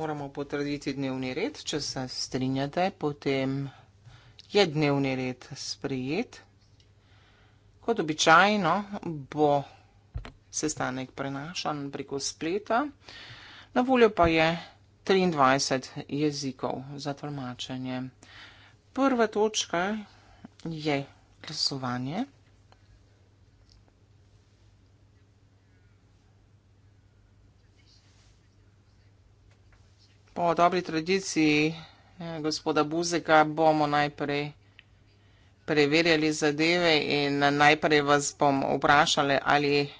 Moramo potrditi dnevni red. Če se strinjate, potem je dnevni red sprejet. Kot običajno bo sestanek prenašan preko spleta. Na voljo pa je 23 jezikov za tolmačenje. Prva točka je glasovanje. Po dobri tradiciji eh, gospoda Buzeka bomo najprej preverjali zadeve in najprej vas bom vprašali, ali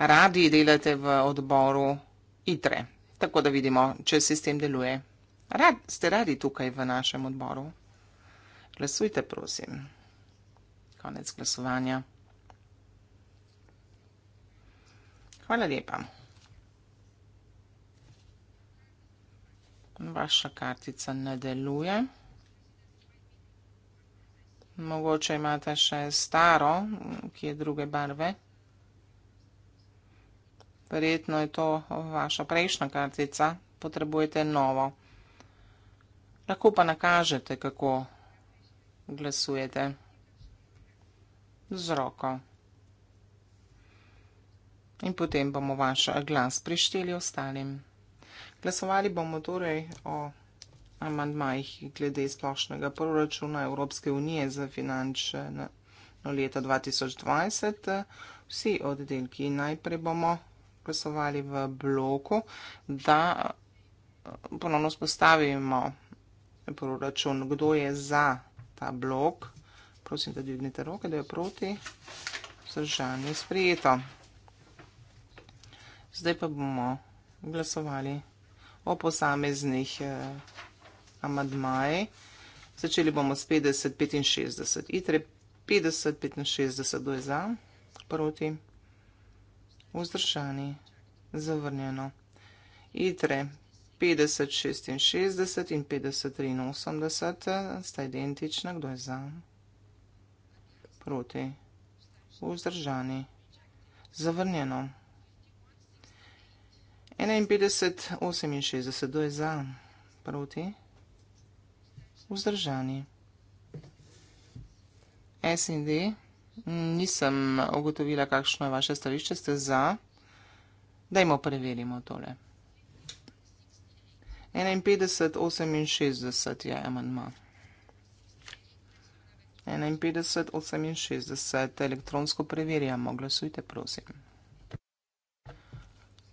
radi delate v odboru ITRE. Tako da vidimo, če sistem deluje. Rad, ste radi tukaj v našem odboru? Glasujte, prosim. Konec glasovanja. Hvala lepa. vaša kartica ne deluje. Mogoče imate še staro, ki je druge barve. Verjetno je to vaša prejšnja kartica, potrebujete novo. Lahko pa nakažete, kako glasujete z roko. In potem bomo vaš glas prišteli ostalim. Glasovali bomo torej o amandmajih glede splošnega proračuna Evropske unije za finančno leto 2020. Vsi oddelki najprej bomo glasovali v bloku, da eh, ponovno spostavimo proračun, kdo je za ta blok. Prosim, da dvignete roke, da je proti. Zdržanje je sprijeto. Zdaj pa bomo glasovali o posameznih eh, amadmaji. Začeli bomo s 50-65, itre 50-65, kdo je za, proti, vzdržani, zavrnjeno. Itre 50-66 in 50-83 sta identična, kdo je za, proti, vzdržani, zavrnjeno. 51, 68, kdo je za, proti, vzdržani. S in D, nisem ugotovila, kakšno je vaše stališče, ste za, dajmo preverimo tole. 51, 68 je MNM. 51, 68, elektronsko preverjamo, glasujte prosim.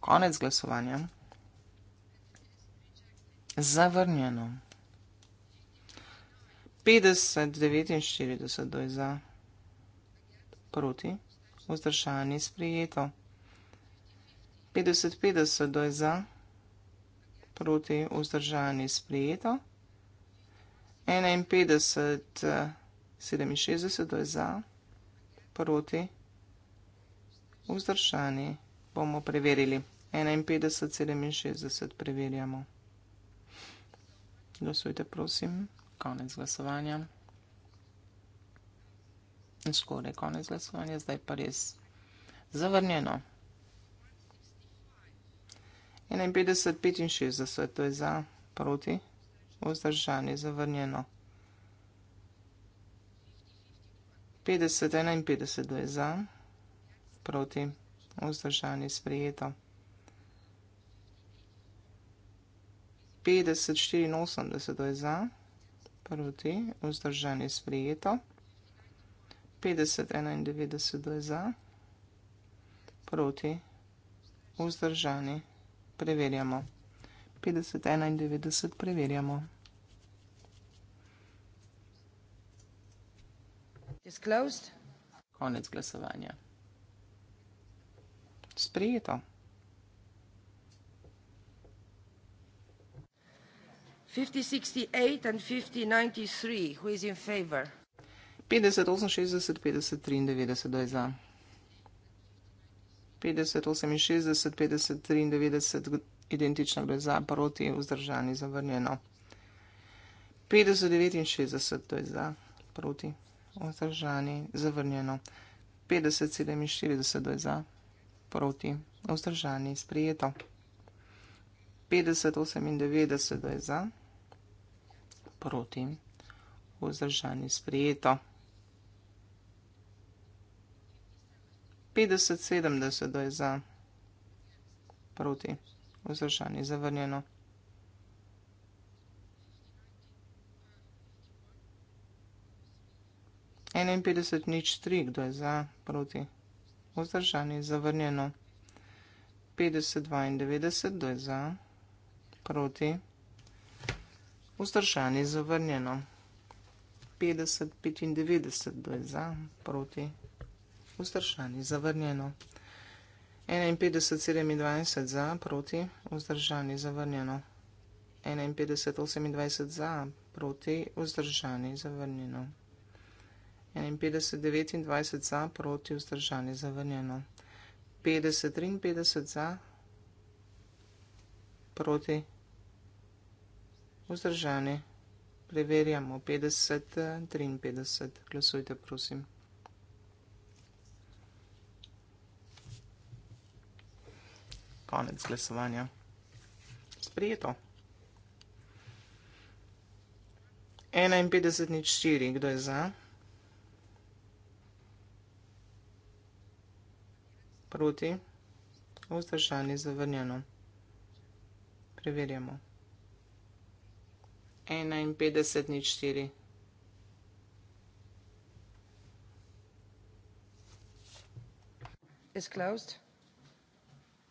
Konec glasovanja. Zavrnjeno. 50, 49 do je za. Proti. Vzdržani sprijeto. 50, 50 do je za. Proti. Vzdržani sprijeto. 51, 67 do je za. Proti. Vzdržani sprijeto bomo preverili. 51-67 preverjamo. Glasujte, prosim. Konec glasovanja. Skoraj konec glasovanja, zdaj pa res zavrnjeno. 51-65, to je za, proti, vzdržani, zavrnjeno. 50-51, to je za, proti, vzdržani vzdržani sprijeto. 50, 84 je za, proti, vzdržani sprijeto. 50, 91 je za, proti, vzdržani, preverjamo. 50, 91 preverjamo. Disclosed. Konec glasovanja sprejeto. Petdeset oseminšestdeset, petdeset triindevetdeset, kdo je za? Petdeset oseminšestdeset, petdeset triindevetdeset, identično kdo je za, proti, vzdržani, zavrnjeno. Petdeset devetinšestdeset, kdo je za, proti, vzdržani, zavrnjeno. Petdeset sedeminštirideset, kdo je za? proti vzdržanji sprijeto. 50-98 je za, proti vzdržanji sprijeto. 50-70 je za, proti vzdržanji zavrnjeno. 51 nič 3, kdo je za, proti vzdržanji vzdržani, zavrnjeno. 50, 92, za, proti, vzdržani, zavrnjeno. 50, 95, za, proti, vzdržani, zavrnjeno. 51, 27, za, proti, vzdržani, zavrnjeno. 51, 28, za, proti, vzdržani, zavrnjeno. 51, 28, za, proti, vzdržani, zavrnjeno. 51-29 za, proti vzdržanje zavrnjeno. 50-53 za, proti vzdržanje. Preverjamo 50-53. Glasujte, prosim. Konec glasovanja. Sprijeto. 51 nič 4, kdo je za? Proti. Vzdržani zavrnjeno. Preverjamo. 51 nič 4. Is closed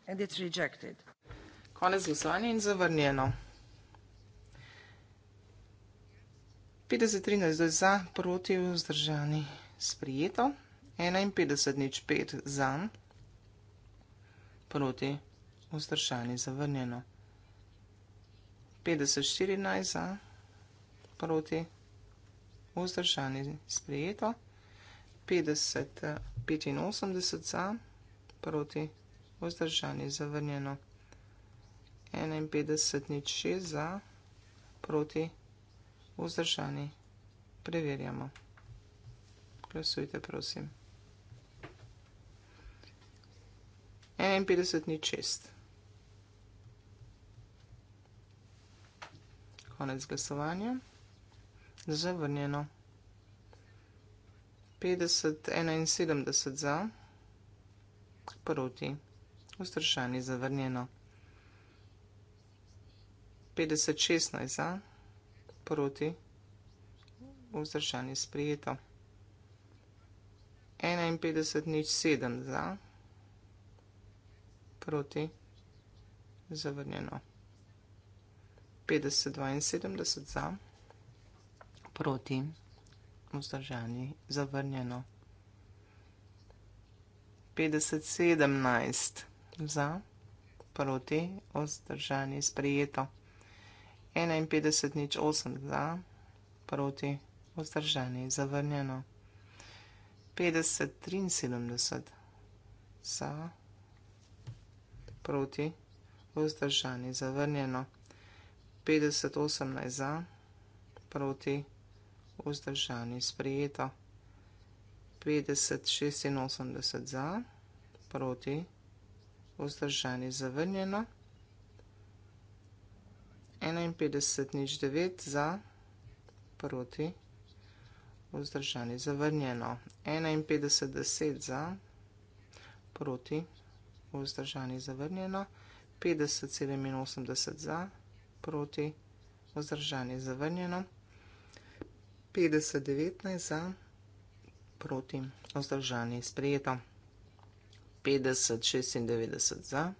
and it's rejected. Konec glasovanja in zavrnjeno. 53 za, proti, vzdržani, sprijeto. 51 nič 5 za proti, vzdržani, zavrnjeno. 514 za, proti, vzdržani, sprejeto. 585 za, proti, vzdržani, zavrnjeno. 516 za, proti, vzdržani, preverjamo. Glasujte, prosim. 51 nič 6. Konec glasovanja. Zavrnjeno. 50, 71 za. Proti. Vzdržani zavrnjeno. 50, 16 za. Proti. Vzdržani sprijeto. 51, nič 7 za. Proti proti, zavrnjeno. 50, 72 za, proti, vzdržani, zavrnjeno. 50, 17 za, proti, vzdržani, sprijeto. 51, nič 8 za, proti, vzdržani, zavrnjeno. 50, 73 za, proti, vzdržani, sprijeto proti, vzdržani zavrnjeno. 50-18 za, proti, vzdržani sprijeto. 50-86 za, proti, vzdržani zavrnjeno. 51-09 za, proti, vzdržani zavrnjeno. 51-10 za, proti, vzdržani zavrnjeno vzdržani zavrnjeno, 50,87 za, proti vzdržani zavrnjeno, 50,19 za, proti vzdržani sprejeto, 50,96 za,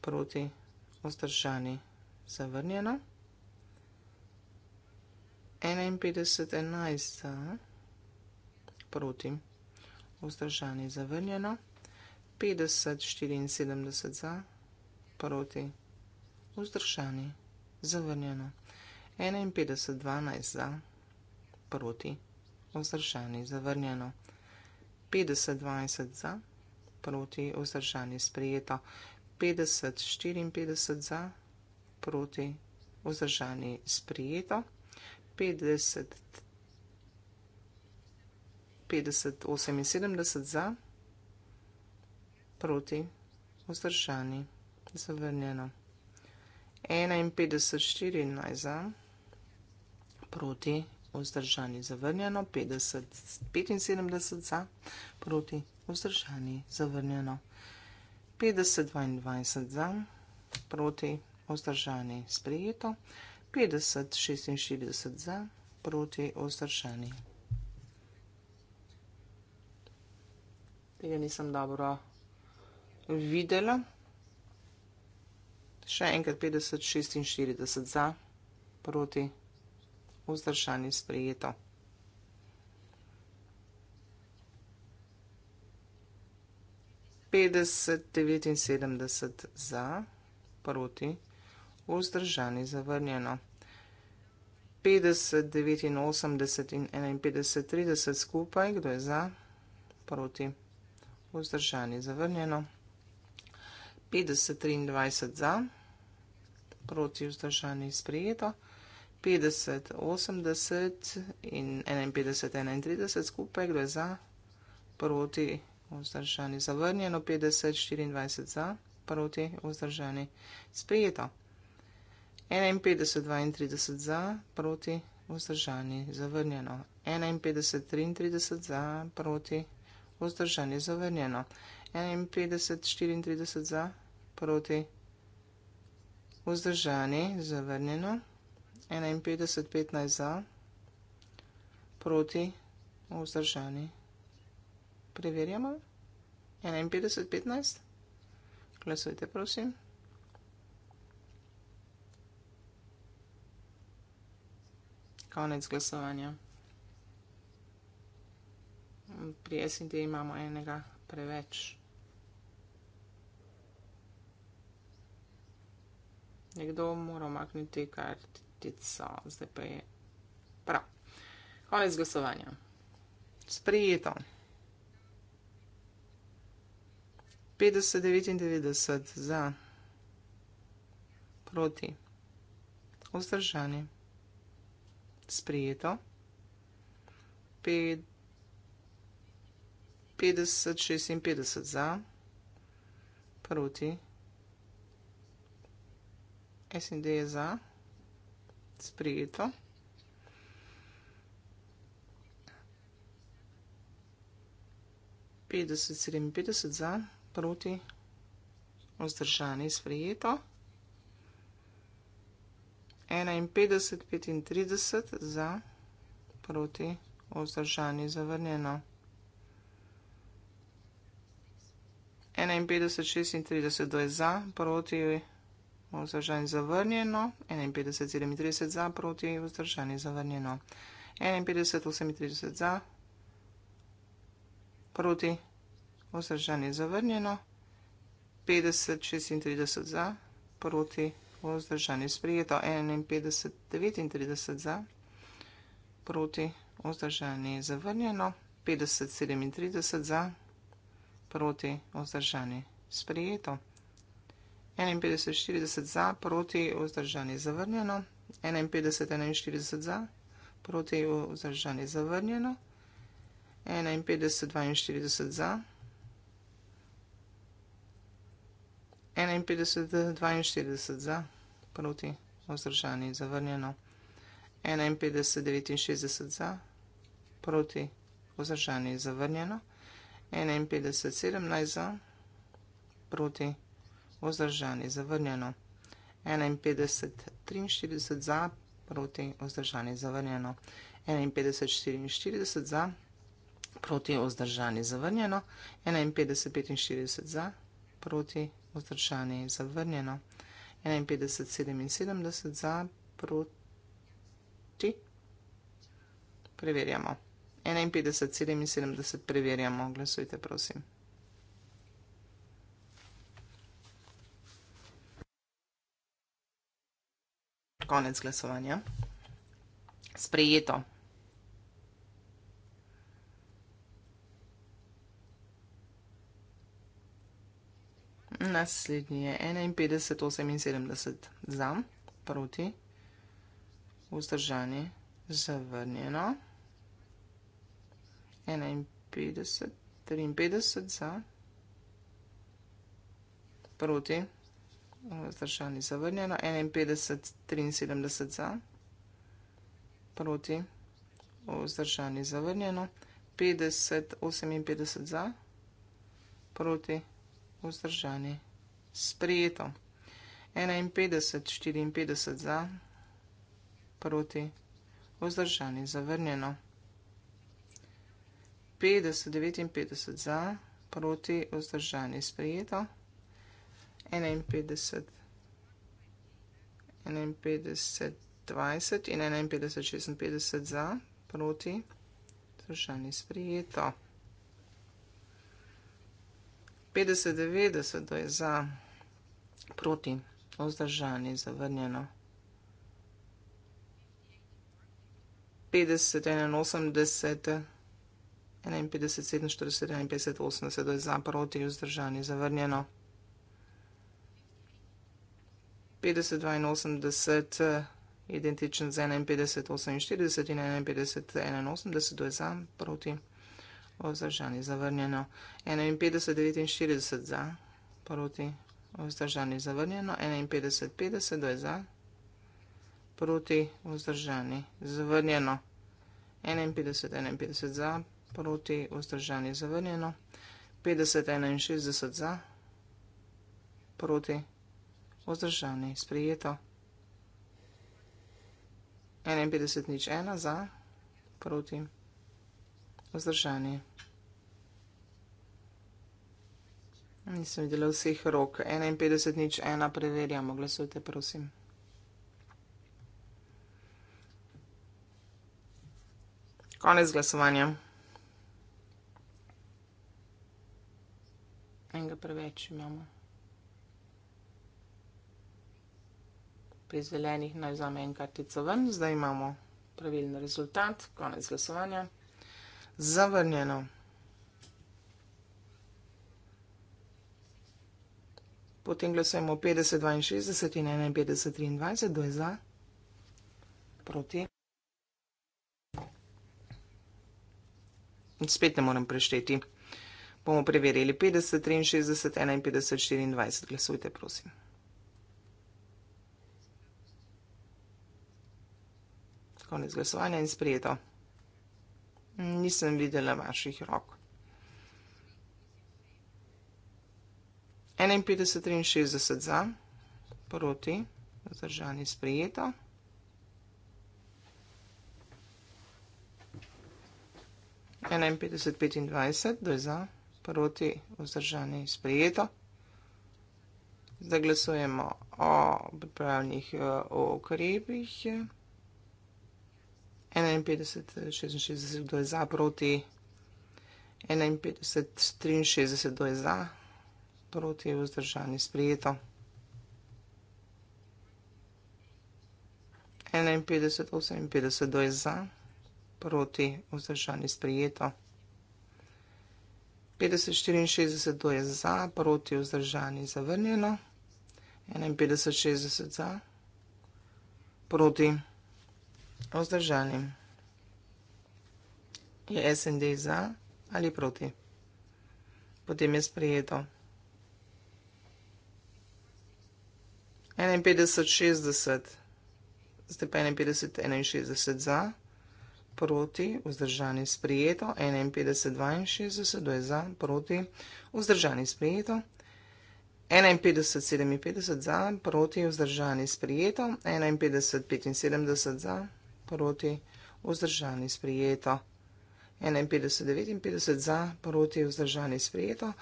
proti vzdržani zavrnjeno, 51,11 za, proti vzdržani zavrnjeno, 51,11 za, proti vzdržani zavrnjeno, 50, 74 za, proti, vzdržani, zavrnjeno. 51, 12 za, proti, vzdržani, zavrnjeno. 50, 20 za, proti, vzdržani, sprijeto. 50, 54 za, proti, vzdržani, sprijeto. 50, 50, 78 za, proti, vzdržani, sprijeto proti, vzdržani, zavrnjeno. 51, 14 za, proti, vzdržani, zavrnjeno. 50, 75 za, proti, vzdržani, zavrnjeno. 50, 22 za, proti, vzdržani, sprejeto. 50, 46 za, proti, vzdržani. Tega nisem dobro videla. Še enkrat 50, 46 za, proti, vzdržanje sprejeto. Petdeset, devetinsedemdeset za, proti, vzdržani, zavrnjeno. Petdeset, devetinosemdeset in enainpetdeset, trideset skupaj, kdo je za, proti, vzdržani, zavrnjeno. 50, 23 za, proti vzdržani sprejeto, 50, 80 in 51, 31 skupaj, kdo je za, proti vzdržani zavrnjeno, 50, 24 za, proti vzdržani sprejeto, 51, 32 za, proti vzdržani zavrnjeno, 51, 33 za, proti vzdržani zavrnjeno. 51, 34 za, proti, vzdržani, zavrnjeno. 51, 15 za, proti, vzdržani. Preverjamo. 51, 15. Glasujte, prosim. Konec glasovanja. Pri SND imamo enega preveč. Nekdo mora omakniti kartico, zdaj pa je prav. Konec glasovanja. Sprijeto. 50-99 za, proti, vzdržani, sprijeto. 50-56 za, proti, vzdržani. SND je za, sprejeto. Petdeset sedeminpetdeset za, proti, vzdržani, sprejeto. Enainpetdeset petintrideset za, proti, vzdržani, zavrnjeno. Enainpetdeset šestintrideset, kdo je za, proti, vzdržani, zavrnjeno vzdržani zavrnjeno, 51,37 za, proti vzdržani zavrnjeno, 51,38 za, proti vzdržani zavrnjeno, 50,36 za, proti vzdržani sprijeto, 51,39 za, proti vzdržani zavrnjeno, 50,37 za, proti vzdržani sprijeto. 51, 40 za, proti, vzdržani, zavrnjeno. 51, 41 za, proti, vzdržani, zavrnjeno. 51, 42 za. 51, 42 za, proti, vzdržani, zavrnjeno. 51, 69 za, proti, vzdržani, zavrnjeno. 51, 17 za, proti, vzdržani, zavrnjeno vzdržani, zavrnjeno. 51, 43 za, proti, vzdržani, zavrnjeno. 51, 44 za, proti, vzdržani, zavrnjeno. 51, 45 za, proti, vzdržani, zavrnjeno. 51, 77 za, proti, preverjamo. 51, 77 preverjamo, glasujte prosim. konec glasovanja. Sprejeto. Naslednji je 51, 78 za, proti, vzdržani, zavrnjeno. 51, 53 za, proti zdržani zavrnjeno, 51, 73 za, proti, zdržani zavrnjeno, 50, 58 za, proti, zdržani sprejeto, 51, 54 za, proti, zdržani zavrnjeno, 50, 59 za, proti, zdržani sprejeto, 51, 51, 20 in 51, 56 za, proti, vzdržani sprijeto. 50, 90 je za, proti, vzdržani, zavrnjeno. 50, 81, 51, 47, 51, 80 je za, proti, vzdržani, zavrnjeno. 50, 82, eh, identičen z 51, 48 in 51, 81, to je za, proti, vzdržani, zavrnjeno. 51, 49 za, proti, vzdržani, zavrnjeno. 51, 50, to je za, proti, vzdržani, zavrnjeno. 51, 51 za, proti, vzdržani, zavrnjeno. 50, 61 za, proti, vzdržani, zavrnjeno vzdržani, sprijeto. 51 nič ena za, proti, vzdržani. Nisem videla vseh rok. 51 nič ena, preverjamo, glasujte, prosim. Konec glasovanja. Enega preveč imamo. pri zelenih naj vzame en kartico ven, zdaj imamo pravilen rezultat, konec glasovanja. Zavrnjeno. Potem glasujemo 50, 62 in 51, 23, kdo je za? Proti. Spet ne morem prešteti. Bomo preverili 50, 63, 51, 24. Glasujte, prosim. Konec glasovanja in sprejeto. Nisem videla vaših rok. 51-63 za, proti, zadržani sprejeto. Ena in petdeset petindvajset, dve za, proti, vzdržani, sprejeto. Zdaj glasujemo o pripravljenih eh, ukrepih. 51, 66, kdo je za, proti. 51, 63, kdo je za, proti je vzdržani, sprijeto. 51, 58, kdo je za, proti je vzdržani, sprijeto. 50, 64, kdo je za, proti je vzdržani, zavrnjeno. 51, 60, za, proti je vzdržani. Vzdržanim. Je SND za ali proti? Potem je sprejeto. 51-60, zdaj pa 51-61 za, proti, vzdržani sprijeto, 51-62, do je za, proti, vzdržani sprijeto, 51-57 za, proti, vzdržani sprijeto, 51-75 za, proti, proti, vzdržani sprijeto. 51-59 za, proti, vzdržani sprijeto.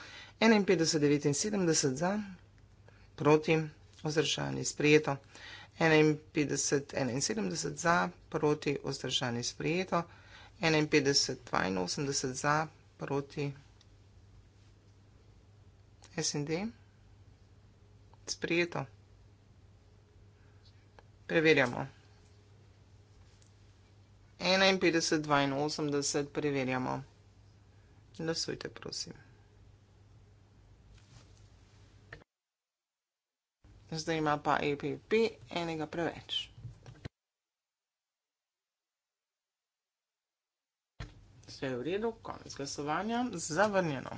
51-79 za, proti, vzdržani sprijeto. 51-71 za, proti, vzdržani sprijeto. 51-82 za, proti. SND sprijeto. Preverjamo. 51, 82, preverjamo. Glasujte, prosim. Zdaj ima pa APP e enega preveč. Vse je v redu, konec glasovanja, zavrnjeno.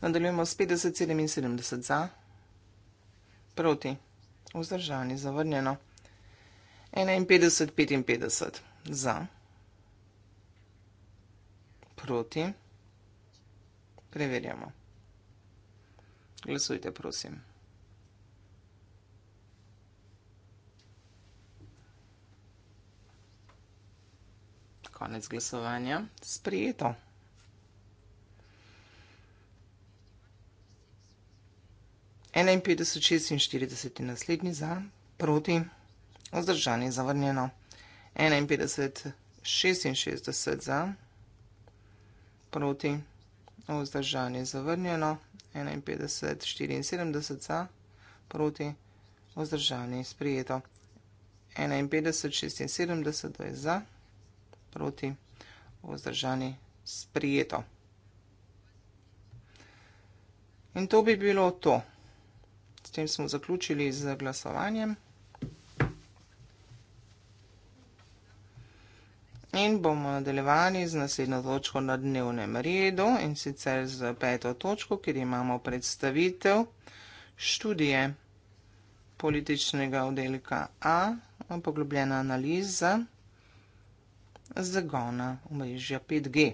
Nadaljujemo s 50,77 za, proti, vzdržani, zavrnjeno. 51, 55 za, proti, preverjamo. Glasujte, prosim. Konec glasovanja, sprijeto. Enainpetdeset šestinštirideset in naslednji za, proti vzdržan je zavrnjeno. 51, 66 za, proti, vzdržan je zavrnjeno. 51, 74 za, proti, vzdržan je sprijeto. 51, 76 je za, proti, vzdržan je sprijeto. In to bi bilo to. S tem smo zaključili z glasovanjem. In bomo nadaljevali z naslednjo točko na dnevnem redu in sicer z peto točko, kjer imamo predstavitev študije političnega oddelka A, poglobljena analiza zagona omrežja 5G.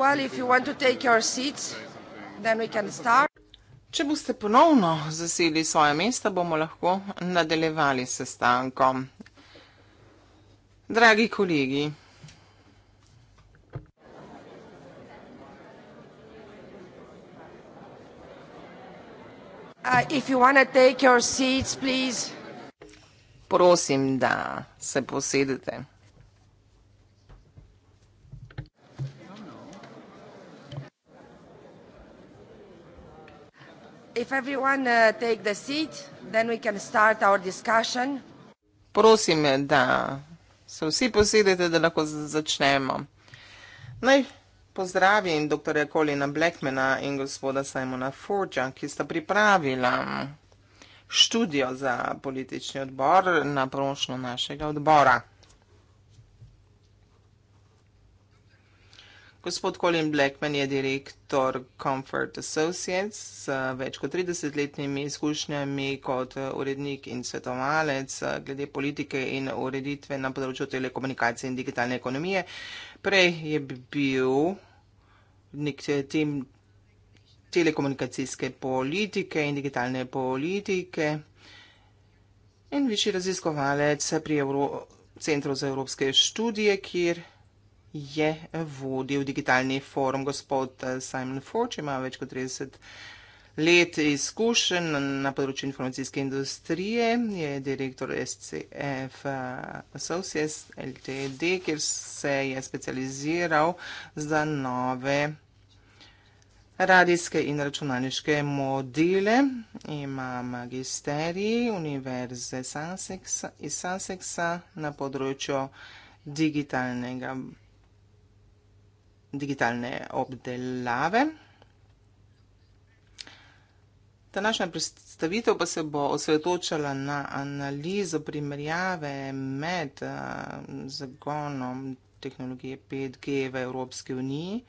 Well, if you want to take your seats, then we can start. Če boste ponovno zasedli svoje mesto, bomo lahko nadaljevali s sestankom. Dragi kolegi, uh, seats, prosim, da se posedete. Uh, Prosim, eh, da se vsi posedete, da lahko začnemo. Naj pozdravim dr. Colina Blackmana in gospoda Simona Forgea, ki sta pripravila študijo za politični odbor na prošlo našega odbora. Gospod Colin Blackman je direktor Comfort Associates z več kot 30-letnimi izkušnjami kot eh, urednik in svetovalec eh, glede politike in ureditve na področju telekomunikacije in digitalne ekonomije. Prej je bil nek eh, tim telekomunikacijske politike in digitalne politike in višji raziskovalec pri Euro centru za evropske študije, kjer je je vodil digitalni forum gospod eh, Simon Forge, ima več kot 30 let izkušen na področju informacijske industrije, je direktor SCF eh, Associates LTD, kjer se je specializiral za nove radijske in računalniške modele. Ima magisterij Univerze Sussexa, iz Sussexa na področju digitalnega digitalne obdelave. Današnja predstavitev pa se bo osredotočala na analizo primerjave med eh, zagonom tehnologije 5G v Evropski uniji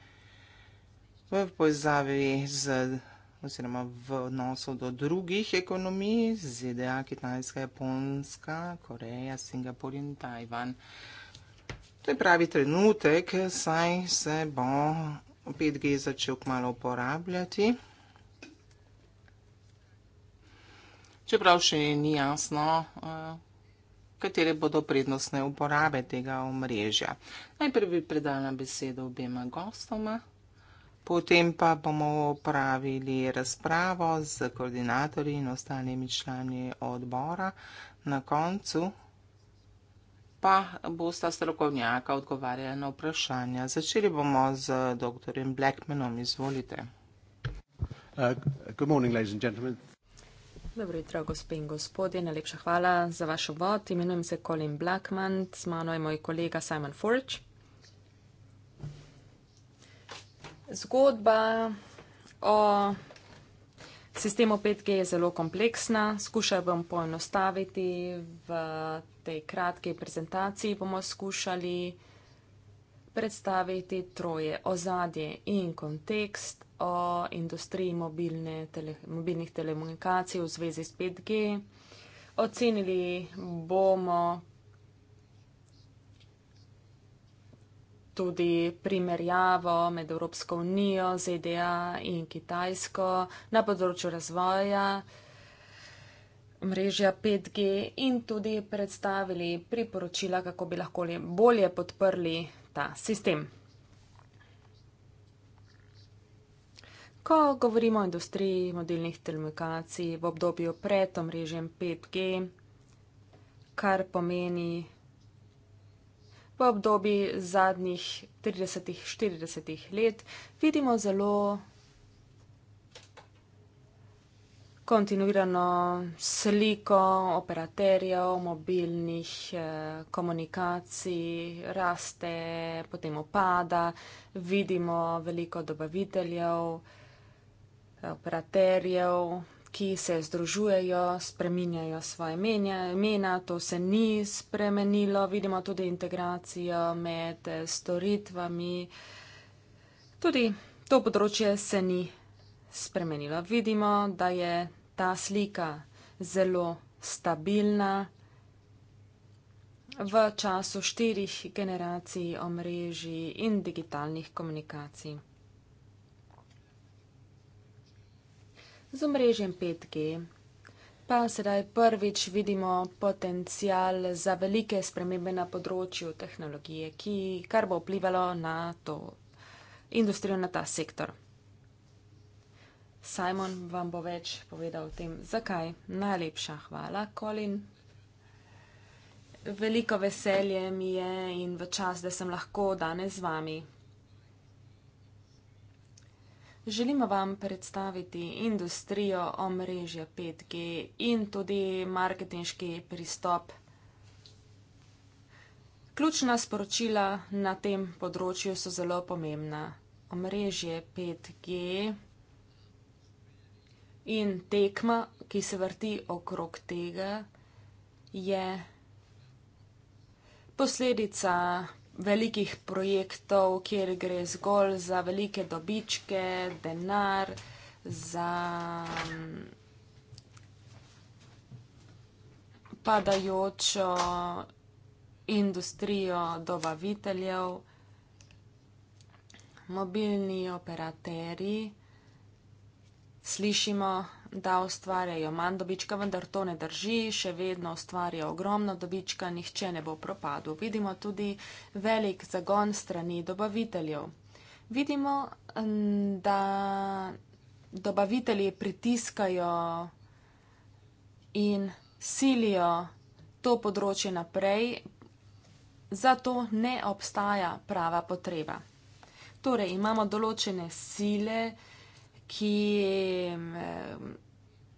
v povezavi z oziroma v odnosu do drugih ekonomij, ZDA, Kitajska, Japonska, Koreja, Singapur in Tajvan. To je pravi trenutek, saj se bo 5G začel kmalo uporabljati. Čeprav še ni jasno, eh, katere bodo prednostne uporabe tega omrežja. Najprej bi predala besedo obema gostoma, potem pa bomo opravili razpravo z koordinatorji in ostalimi člani odbora. Na koncu pa bosta strokovnjaka odgovarjala na vprašanja. Začeli bomo z dr. Blackmanom. Izvolite. Uh, Dobro jutro, gospe in gospodje. Najlepša hvala za vaš obvod. Imenujem se Colin Blackman, s mano je moj kolega Simon Forge. Zgodba o Sistemo 5G je zelo kompleksna, skušal bom poenostaviti v tej kratki prezentaciji. Bomo skušali predstaviti troje ozadje in kontekst o industriji mobilne, tele, mobilnih telekomunikacij v zvezi s 5G. Ocenili bomo tudi primerjavo med Evropsko unijo, ZDA in Kitajsko na področju razvoja mrežja 5G in tudi predstavili priporočila, kako bi lahko bolje podprli ta sistem. Ko govorimo o industriji mobilnih telekomunikacij v obdobju pred omrežjem 5G, kar pomeni v obdobju zadnjih 30-40 let vidimo zelo kontinuirano sliko operaterjev, mobilnih eh, komunikacij, raste, potem opada, vidimo veliko dobaviteljev, operaterjev ki se združujejo, spreminjajo svoje menja, imena, to se ni spremenilo. Vidimo tudi integracijo med storitvami. Tudi to področje se ni spremenilo. Vidimo, da je ta slika zelo stabilna. V času štirih generacij omrežij in digitalnih komunikacij. z omrežjem 5G. Pa sedaj prvič vidimo potencial za velike spremembe na področju tehnologije, ki kar bo vplivalo na to industrijo, na ta sektor. Simon vam bo več povedal o tem, zakaj. Najlepša hvala, Colin. Veliko veselje mi je in v čas, da sem lahko danes z vami Želimo vam predstaviti industrijo omrežja 5G in tudi marketinški pristop. Ključna sporočila na tem področju so zelo pomembna. Omrežje 5G in tekma, ki se vrti okrog tega, je posledica velikih projektov, kjer gre zgolj za velike dobičke, denar, za mm, padajočo industrijo dobaviteljev, mobilni operaterji. Slišimo, da ustvarjajo manj dobička, vendar to ne drži, še vedno ustvarjajo ogromno dobička, nihče ne bo propadel. Vidimo tudi velik zagon strani dobaviteljev. Vidimo, da dobavitelji pritiskajo in silijo to področje naprej, zato ne obstaja prava potreba. Torej imamo določene sile, ki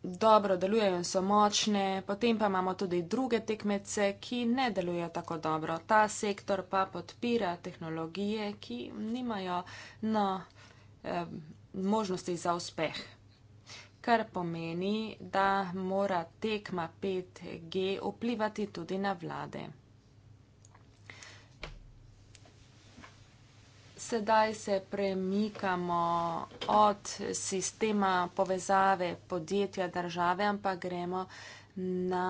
dobro delujejo in so močne, potem pa imamo tudi druge tekmece, ki ne delujejo tako dobro. Ta sektor pa podpira tehnologije, ki nimajo no, možnosti za uspeh. Kar pomeni, da mora tekma 5G vplivati tudi na vlade. sedaj se premikamo od sistema povezave podjetja države, ampak gremo na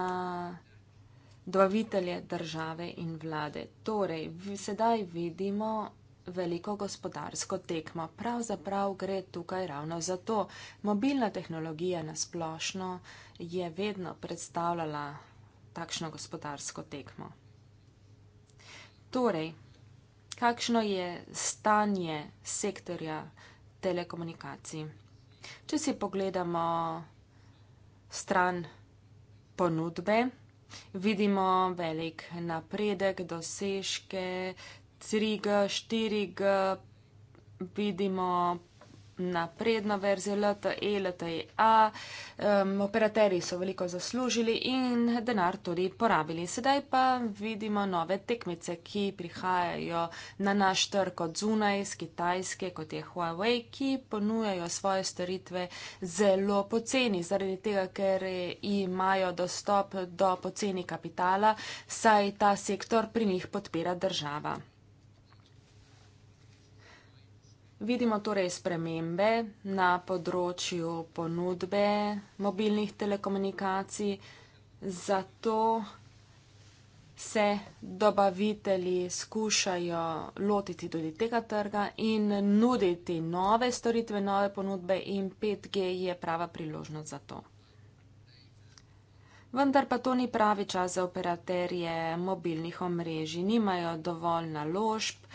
dobavitelje države in vlade. Torej, sedaj vidimo veliko gospodarsko tekmo. Pravzaprav gre tukaj ravno za to. Mobilna tehnologija nasplošno je vedno predstavljala takšno gospodarsko tekmo. Torej, kakšno je stanje sektorja telekomunikacij. Če si pogledamo stran ponudbe, vidimo velik napredek, dosežke 3G, 4G, vidimo napredno verzijo LTE, LTEA, um, operateri so veliko zaslužili in denar tudi porabili. Sedaj pa vidimo nove tekmice, ki prihajajo na naš trg od zunaj, z Kitajske, kot je Huawei, ki ponujajo svoje storitve zelo poceni, zaradi tega, ker imajo dostop do poceni kapitala, saj ta sektor pri njih podpira država. Vidimo torej spremembe na področju ponudbe mobilnih telekomunikacij, zato se dobavitelji skušajo lotiti tudi tega trga in nuditi nove storitve, nove ponudbe in 5G je prava priložnost za to. Vendar pa to ni pravi čas za operaterje mobilnih omrežij. Nimajo dovolj naložb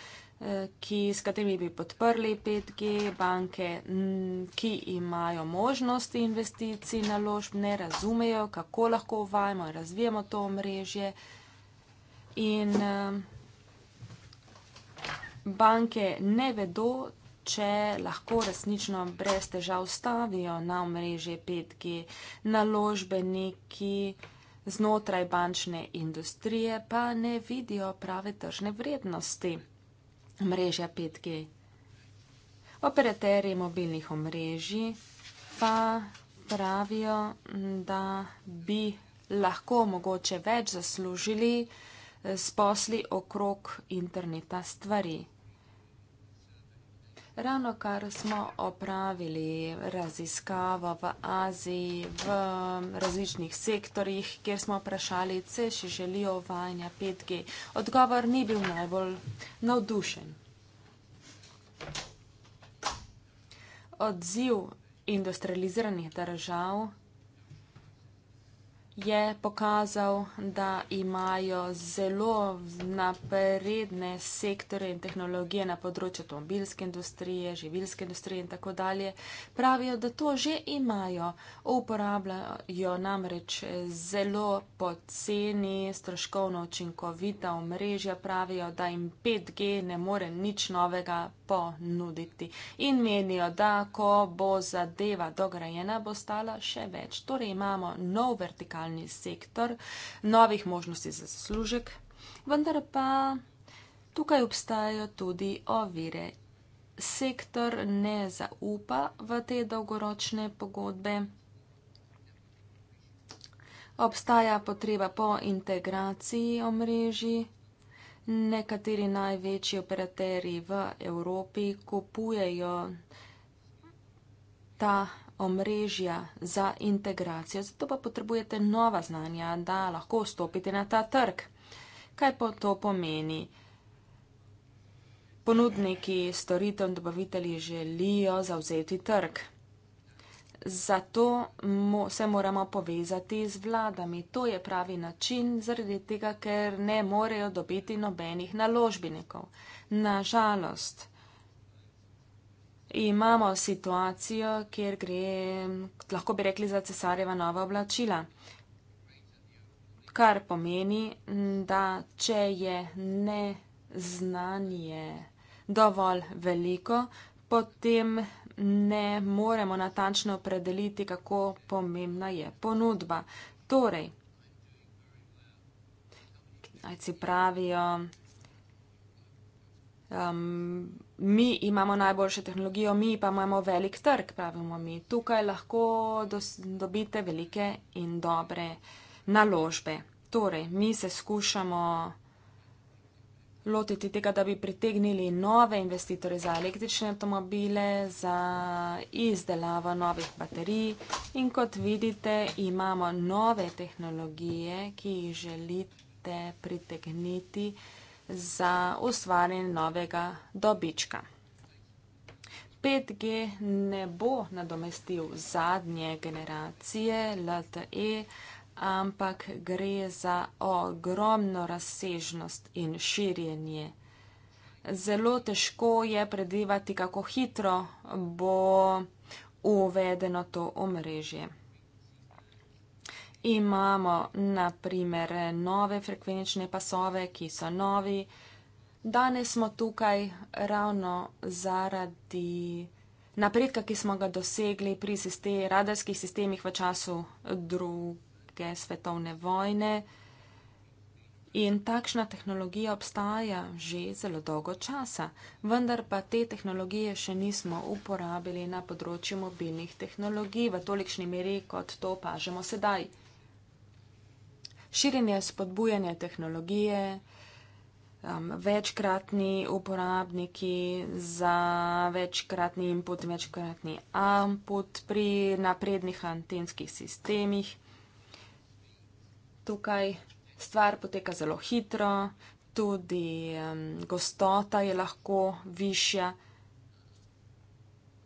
ki, s katerimi bi podprli 5G banke, ki imajo možnosti investicij naložb, ne razumejo, kako lahko uvajamo in razvijamo to mrežje. In eh, banke ne vedo, če lahko resnično brez težav stavijo na mreže 5G naložbeniki znotraj bančne industrije, pa ne vidijo prave tržne vrednosti mreže 5G. Operaterji mobilnih omrežij pa pravijo, da bi lahko mogoče več zaslužili s posli okrog interneta stvari. Ravno kar smo opravili raziskavo v Aziji v različnih sektorjih, kjer smo vprašali, če še želijo uvajanja 5G. Odgovor ni bil najbolj navdušen. Odziv industrializiranih držav je pokazal, da imajo zelo napredne sektore in tehnologije na področju avtomobilske industrije, živilske industrije in tako dalje. Pravijo, da to že imajo, uporabljajo namreč zelo poceni, stroškovno učinkovita omrežja, pravijo, da jim 5G ne more nič novega ponuditi. In menijo, da ko bo zadeva dograjena, bo stala še več. Torej imamo nov vertikalni sektor, novih možnosti za zaslužek, vendar pa tukaj obstajajo tudi ovire. Sektor ne zaupa v te dolgoročne pogodbe. Obstaja potreba po integraciji omrežji. Nekateri največji operaterji v Evropi kupujejo ta omrežja za integracijo, zato pa potrebujete nova znanja, da lahko stopite na ta trg. Kaj pa to pomeni? Ponudniki storitev in dobavitelji želijo zauzeti trg zato mo, se moramo povezati z vladami. To je pravi način, zaradi tega, ker ne morejo dobiti nobenih naložbinikov. Nažalost, imamo situacijo, kjer gre, lahko bi rekli, za cesareva nova oblačila. Kar pomeni, da če je neznanje dovolj veliko, potem ne moremo natančno predeliti, kako pomembna je ponudba. Torej, najci pravijo, um, mi imamo najboljšo tehnologijo, mi pa imamo velik trg, pravimo mi. Tukaj lahko dos, dobite velike in dobre naložbe. Torej, mi se skušamo lotiti tega, da bi pritegnili nove investitore za električne avtomobile, za izdelavo novih baterij. In kot vidite, imamo nove tehnologije, ki jih želite pritegniti za ustvarjanje novega dobička. 5G ne bo nadomestil zadnje generacije LTE, ampak gre za ogromno razsežnost in širjenje. Zelo težko je predvivati, kako hitro bo uvedeno to omrežje. Imamo naprimer nove frekvenčne pasove, ki so novi. Danes smo tukaj ravno zaradi napredka, ki smo ga dosegli pri sistemi, radarskih sistemih v času drugega druge svetovne vojne. In takšna tehnologija obstaja že zelo dolgo časa, vendar pa te tehnologije še nismo uporabili na področju mobilnih tehnologij v tolikšni meri, kot to opažamo sedaj. Širjenje spodbujanja tehnologije, um, večkratni uporabniki za večkratni input, večkratni amput pri naprednih antenskih sistemih tukaj stvar poteka zelo hitro, tudi um, gostota je lahko višja.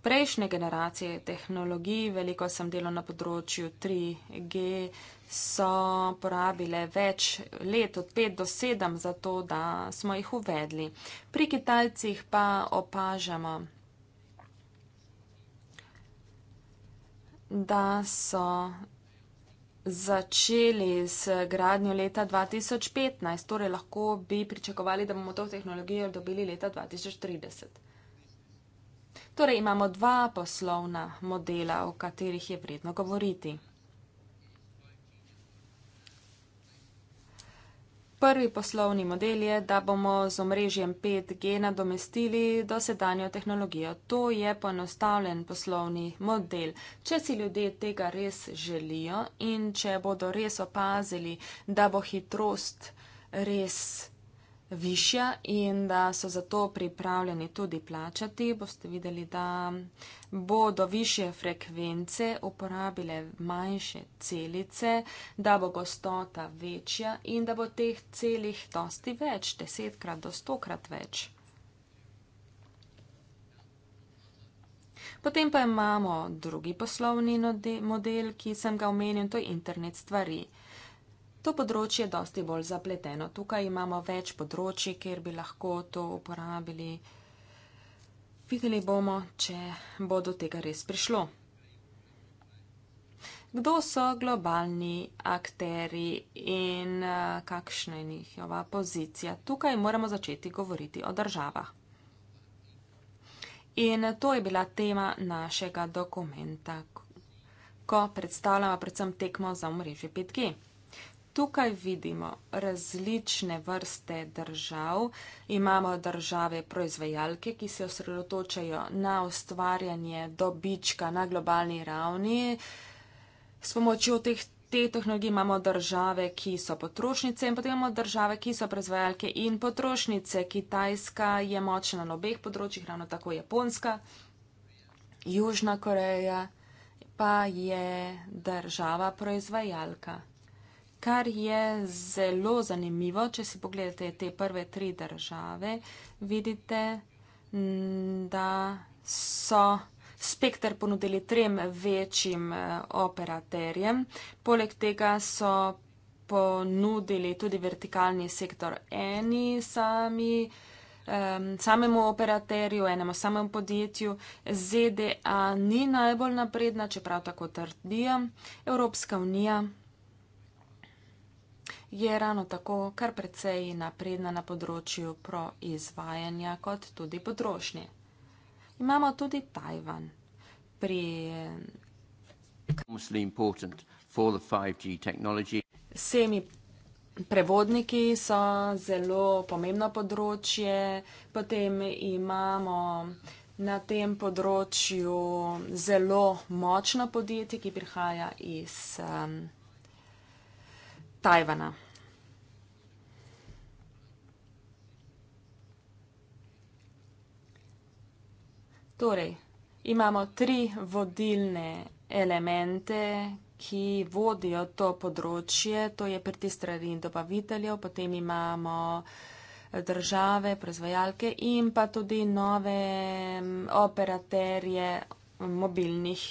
Prejšnje generacije tehnologij, veliko sem delal na področju 3G, so porabile več let, od 5 do 7, zato da smo jih uvedli. Pri Kitajcih pa opažamo, da so začeli s gradnjo leta 2015, torej lahko bi pričakovali, da bomo to tehnologijo dobili leta 2030. Torej imamo dva poslovna modela, o katerih je vredno govoriti. Prvi poslovni model je, da bomo z omrežjem 5G nadomestili dosedanjo tehnologijo. To je ponostavljen poslovni model. Če si ljudje tega res želijo in če bodo res opazili, da bo hitrost res višja in da so zato pripravljeni tudi plačati. Boste videli, da bodo više frekvence uporabile manjše celice, da bo gostota večja in da bo teh celih dosti več, desetkrat do stokrat več. Potem pa imamo drugi poslovni model, ki sem ga omenil, to je internet stvari to področje dosti bolj zapleteno. Tukaj imamo več področji, kjer bi lahko to uporabili. Videli bomo, če bo do tega res prišlo. Kdo so globalni akteri in eh, kakšna je njihova pozicija? Tukaj moramo začeti govoriti o državah. In to je bila tema našega dokumenta, ko predstavljamo predvsem tekmo za mreže 5G. Tukaj vidimo različne vrste držav. Imamo države proizvajalke, ki se osredotočajo na ustvarjanje dobička na globalni ravni. S pomočjo teh, te tehnologije imamo države, ki so potrošnice in potem imamo države, ki so proizvajalke in potrošnice. Kitajska je močna na obeh področjih, ravno tako Japonska, Južna Koreja pa je država proizvajalka. Kar je zelo zanimivo, če si pogledate te prve tri države, vidite, da so spektr ponudili trem večjim eh, operaterjem. Poleg tega so ponudili tudi vertikalni sektor eni sami, um, samemu operaterju, enemu samemu podjetju. ZDA ni najbolj napredna, čeprav tako trdijo. Evropska unija je ravno tako kar precej napredna na področju proizvajanja kot tudi potrošnje. Imamo tudi Tajvan. Pri... Semi prevodniki so zelo pomembno področje, potem imamo na tem področju zelo močno podjetje, ki prihaja iz um, Tajvana. Torej, imamo tri vodilne elemente, ki vodijo to področje, to je pritistrari in dobaviteljev, potem imamo eh, države, proizvajalke in pa tudi nove mm, operaterje mobilnih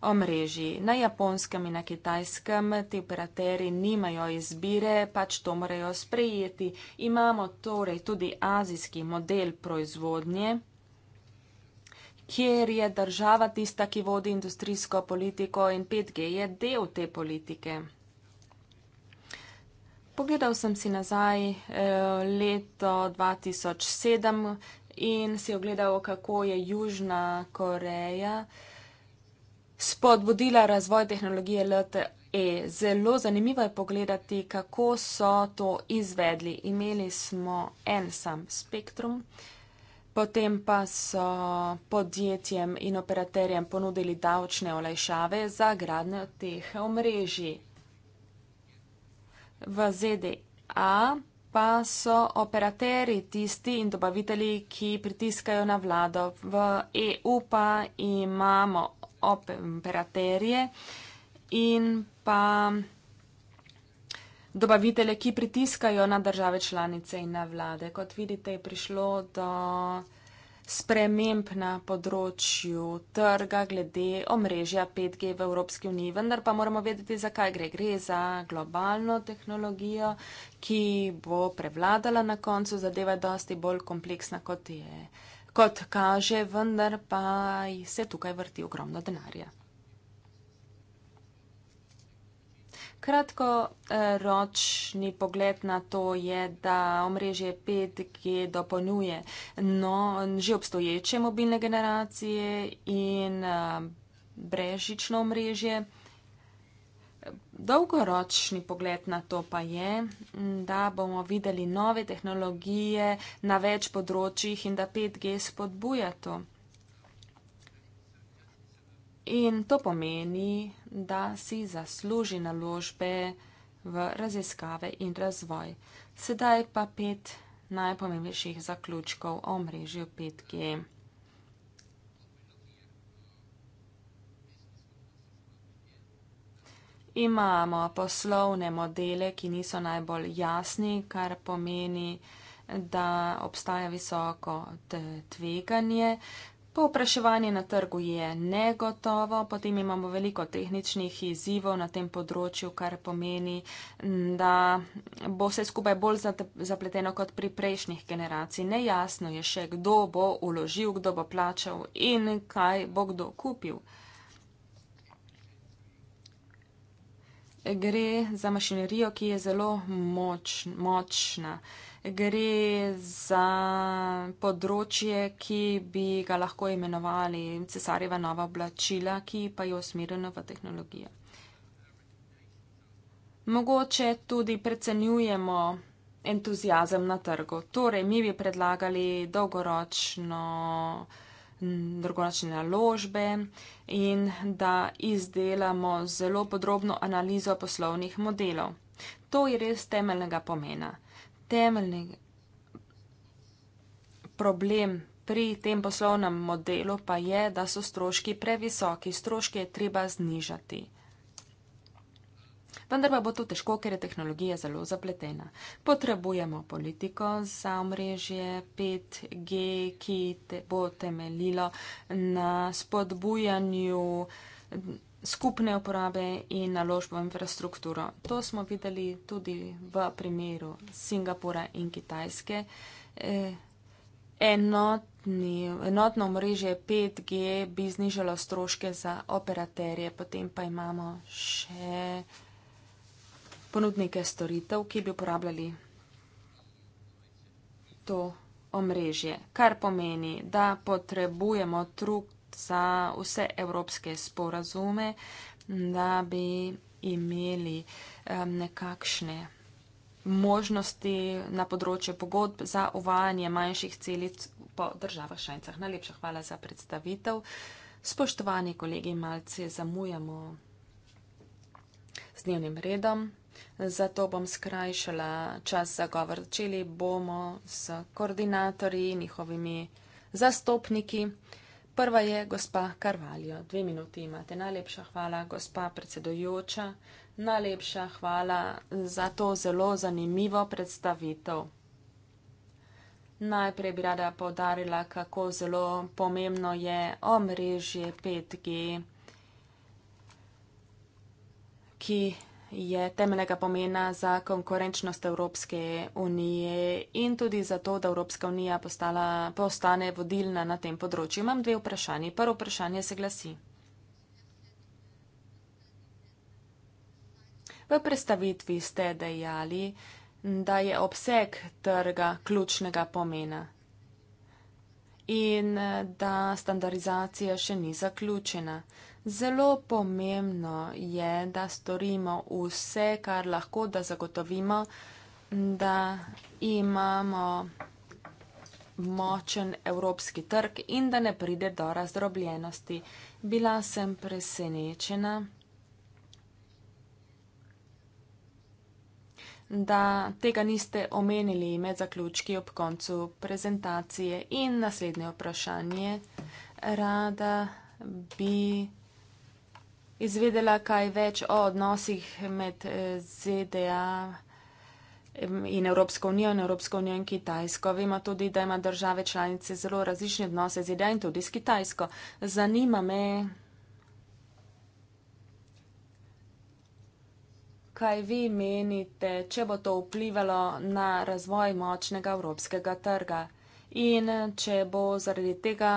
omrežij. Na japonskem in na kitajskem ti operateri nimajo izbire, pač to morajo sprejeti. Imamo torej tudi azijski model proizvodnje kjer je država tista, ki vodi industrijsko politiko in 5G je del te politike. Pogledal sem si nazaj eh, leto 2007 in si ogledal, kako je Južna Koreja spodbudila razvoj tehnologije LTE. Zelo zanimivo je pogledati, kako so to izvedli. Imeli smo en sam spektrum, potem pa so podjetjem in operaterjem ponudili davčne olajšave za gradnjo teh omrežij. V ZDA pa so operateri tisti in dobavitelji, ki pritiskajo na vlado. V EU pa imamo operaterje in pa dobavitelje, ki pritiskajo na države članice in na vlade. Kot vidite, je prišlo do sprememb na področju trga glede omrežja 5G v Evropski uniji, vendar pa moramo vedeti, zakaj gre. Gre za globalno tehnologijo, ki bo prevladala na koncu, zadeva je dosti bolj kompleksna, kot je kot kaže, vendar pa se tukaj vrti ogromno denarja. Kratkoročni pogled na to je, da omrežje 5G dopolnjuje no, že obstoječe mobilne generacije in eh, brežično omrežje. Dolgoročni pogled na to pa je, da bomo videli nove tehnologije na več področjih in da 5G spodbuja to. In to pomeni, da si zasluži naložbe v raziskave in razvoj. Sedaj pa pet najpomembnejših zaključkov o mreži 5G. imamo poslovne modele, ki niso najbolj jasni, kar pomeni, da obstaja visoko tveganje. Popraševanje na trgu je negotovo, potem imamo veliko tehničnih izzivov na tem področju, kar pomeni, da bo vse skupaj bolj zapleteno kot pri prejšnjih generacij. Nejasno je še, kdo bo uložil, kdo bo plačal in kaj bo kdo kupil. gre za mašinerijo, ki je zelo moč, močna. Gre za področje, ki bi ga lahko imenovali cesarjeva nova oblačila, ki pa je usmerjena v tehnologijo. Mogoče tudi predcenjujemo entuzijazem na trgu. Torej, mi bi predlagali dolgoročno drugačne naložbe in da izdelamo zelo podrobno analizo poslovnih modelov. To je res temeljnega pomena. Temeljni problem pri tem poslovnem modelu pa je, da so stroški previsoki, stroške je treba znižati vendar pa bo to težko, ker je tehnologija zelo zapletena. Potrebujemo politiko za omrežje 5G, ki te bo temeljilo na spodbujanju skupne uporabe in naložb v infrastrukturo. To smo videli tudi v primeru Singapura in Kitajske. Eh, enotni, enotno mreže 5G bi znižalo stroške za operaterje, potem pa imamo še ponudnike storitev, ki bi uporabljali to omrežje, kar pomeni, da potrebujemo trud za vse evropske sporazume, da bi imeli um, nekakšne možnosti na področju pogodb za uvajanje manjših celic po državah šanicah. Najlepša hvala za predstavitev. Spoštovani kolegi, malce zamujamo z dnevnim redom. Zato bom skrajšala čas za govor. Začeli bomo s koordinatorji in njihovimi zastopniki. Prva je gospa Karvaljo. Dve minuti imate. Najlepša hvala, gospa predsedojoča. Najlepša hvala za to zelo zanimivo predstavitev. Najprej bi rada povdarila, kako zelo pomembno je omrežje 5G, ki je temeljnega pomena za konkurenčnost Evropske unije in tudi za to, da Evropska unija postala, postane vodilna na tem področju. Imam dve vprašanje. Prvo vprašanje se glasi. V predstavitvi ste dejali, da je obseg trga ključnega pomena in eh, da standardizacija še ni zaključena. Zelo pomembno je, da storimo vse, kar lahko, da zagotovimo, da imamo močen evropski trg in da ne pride do razdrobljenosti. Bila sem presenečena. da tega niste omenili med zaključki ob koncu prezentacije in naslednje vprašanje. Rada bi izvedela kaj več o odnosih med eh, ZDA in Evropsko unijo in Evropsko unijo in Kitajsko. Vemo tudi, da ima države članice zelo različne odnose z ZDA in tudi s Kitajsko. Zanima me, kaj vi menite, če bo to vplivalo na razvoj močnega evropskega trga in če bo zaradi tega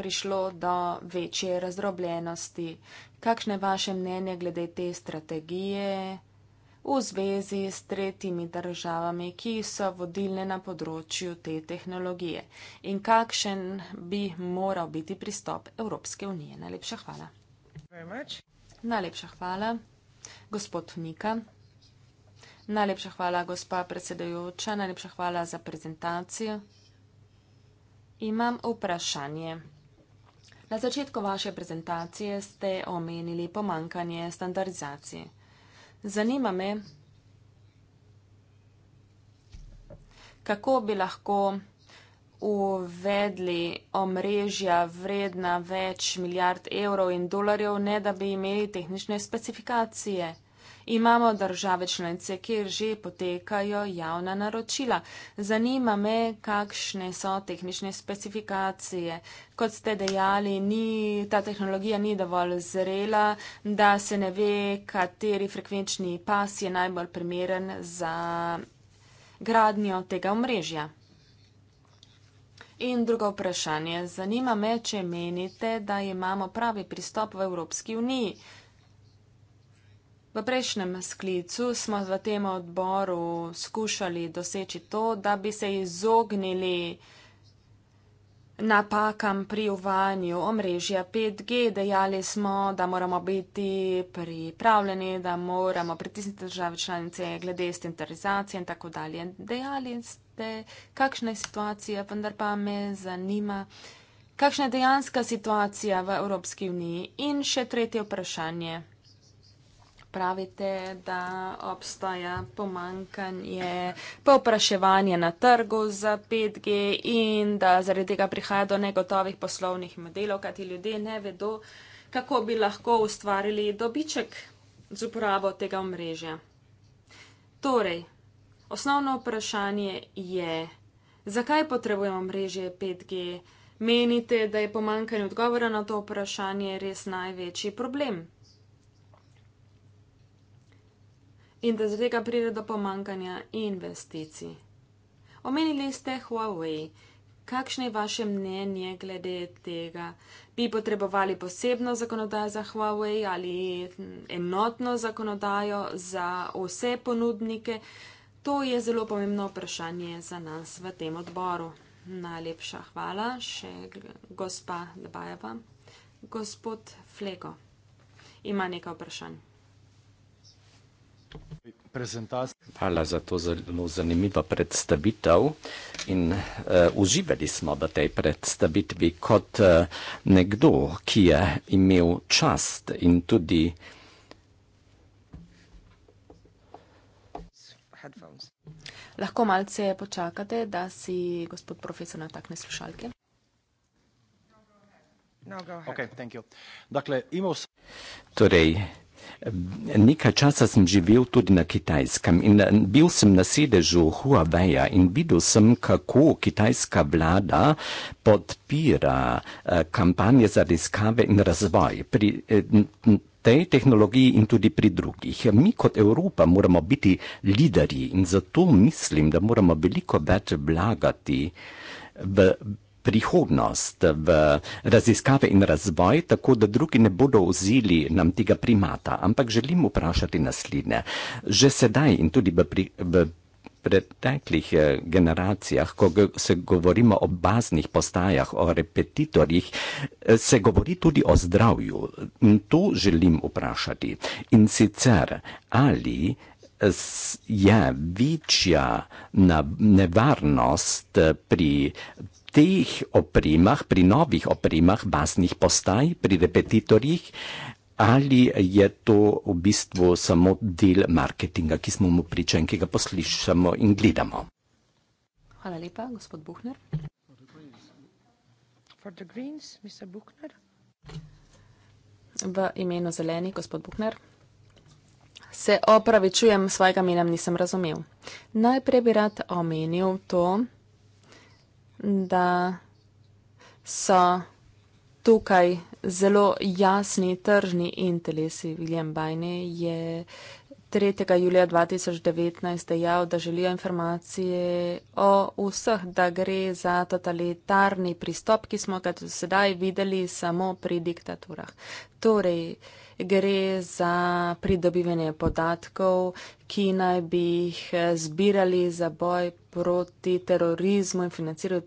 prišlo do večje razdrobljenosti. Kakšne vaše mnenje glede te strategije v zvezi s tretjimi državami, ki so vodilne na področju te tehnologije in kakšen bi moral biti pristop Evropske unije? Najlepša hvala. Najlepša hvala. Gospod Nika. Najlepša hvala, gospa predsedujoča, najlepša hvala za prezentacijo. Imam vprašanje. Na začetku vaše prezentacije ste omenili pomankanje standardizacije. Zanima me, kako bi lahko uvedli omrežja vredna več milijard evrov in dolarjev, ne da bi imeli tehnične specifikacije. Imamo države članice, kjer že potekajo javna naročila. Zanima me, kakšne so tehnične specifikacije. Kot ste dejali, ni, ta tehnologija ni dovolj zrela, da se ne ve, kateri frekvenčni pas je najbolj primeren za gradnjo tega omrežja. In drugo vprašanje. Zanima me, če menite, da imamo pravi pristop v Evropski uniji. V prejšnjem sklicu smo v tem odboru skušali doseči to, da bi se izognili napakam pri uvanju omrežja 5G. Dejali smo, da moramo biti pripravljeni, da moramo pritisniti države članice glede stentarizacije in tako dalje. Dejali ste, kakšna je situacija, vendar pa me zanima, kakšna je dejanska situacija v Evropski uniji. In še tretje vprašanje pravite, da obstaja pomankanje povpraševanja na trgu za 5G in da zaradi tega prihaja do negotovih poslovnih modelov, kaj ti ljudje ne vedo, kako bi lahko ustvarili dobiček z uporabo tega omrežja. Torej, osnovno vprašanje je, zakaj potrebujemo omrežje 5G? Menite, da je pomankanje odgovora na to vprašanje res največji problem in da zrega pride do pomankanja investicij. Omenili ste Huawei. Kakšno je vaše mnenje glede tega? Bi potrebovali posebno zakonodajo za Huawei ali enotno zakonodajo za vse ponudnike? To je zelo pomembno vprašanje za nas v tem odboru. Najlepša hvala še gospa Lebajeva. Gospod Flego ima nekaj vprašanj. Hvala za to zelo zanimivo predstavitev in uh, uživali smo v tej predstavitvi kot uh, nekdo, ki je imel čast in tudi Lahko malce počakate, da si gospod profesor natakne slušalke. No, go ahead. Okay, thank you. Dakle, imel sem. Torej, Nekaj časa sem živel tudi na Kitajskem in eh, bil sem na sedežu Huawei in videl sem, kako kitajska vlada podpira eh, kampanje za raziskave in razvoj pri eh, tej tehnologiji in tudi pri drugih. Mi kot Evropa moramo biti liderji in zato mislim, da moramo veliko več vlagati v prihodnost v raziskave in razvoj, tako da drugi ne bodo vzeli nam tega primata. Ampak želim vprašati naslednje. Že sedaj in tudi v, pri, v preteklih eh, generacijah, ko se govorimo o baznih postajah, o repetitorjih, eh, se govori tudi o zdravju. In to želim vprašati. In sicer ali eh, je večja nevarnost pri teh opremah, pri novih opremah baznih postaj, pri repetitorjih, ali je to v bistvu samo del marketinga, ki smo mu priča in ki ga poslušamo in gledamo? Hvala lepa, gospod Buhner. Greens, Buhner. V imenu zeleni, gospod Buhner. Se opravičujem, svojega imena nisem razumel. Najprej bi rad omenil to, da so tukaj zelo jasni tržni interesi. William Bajne je 3. julija 2019 dejal, da želijo informacije o vseh, da gre za totalitarni pristop, ki smo ga sedaj videli samo pri diktaturah. Torej, gre za pridobivanje podatkov, ki naj bi jih eh, zbirali za boj proti terorizmu in financiranju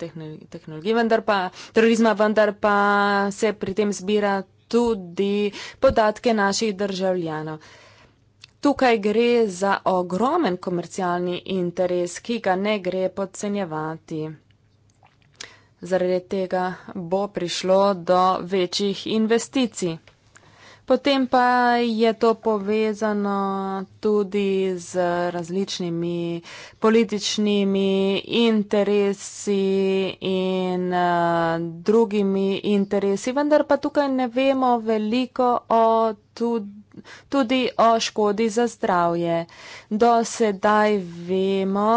tehnologij, vendar pa, terorizma, vendar pa se pri tem zbira tudi podatke naših državljanov. Tukaj gre za ogromen komercialni interes, ki ga ne gre podcenjevati. Zaradi tega bo prišlo do večjih investicij. Potem pa je to povezano tudi z različnimi političnimi interesi in uh, drugimi interesi, vendar pa tukaj ne vemo veliko o tudi. Tudi o škodi za zdravje. Do sedaj vemo,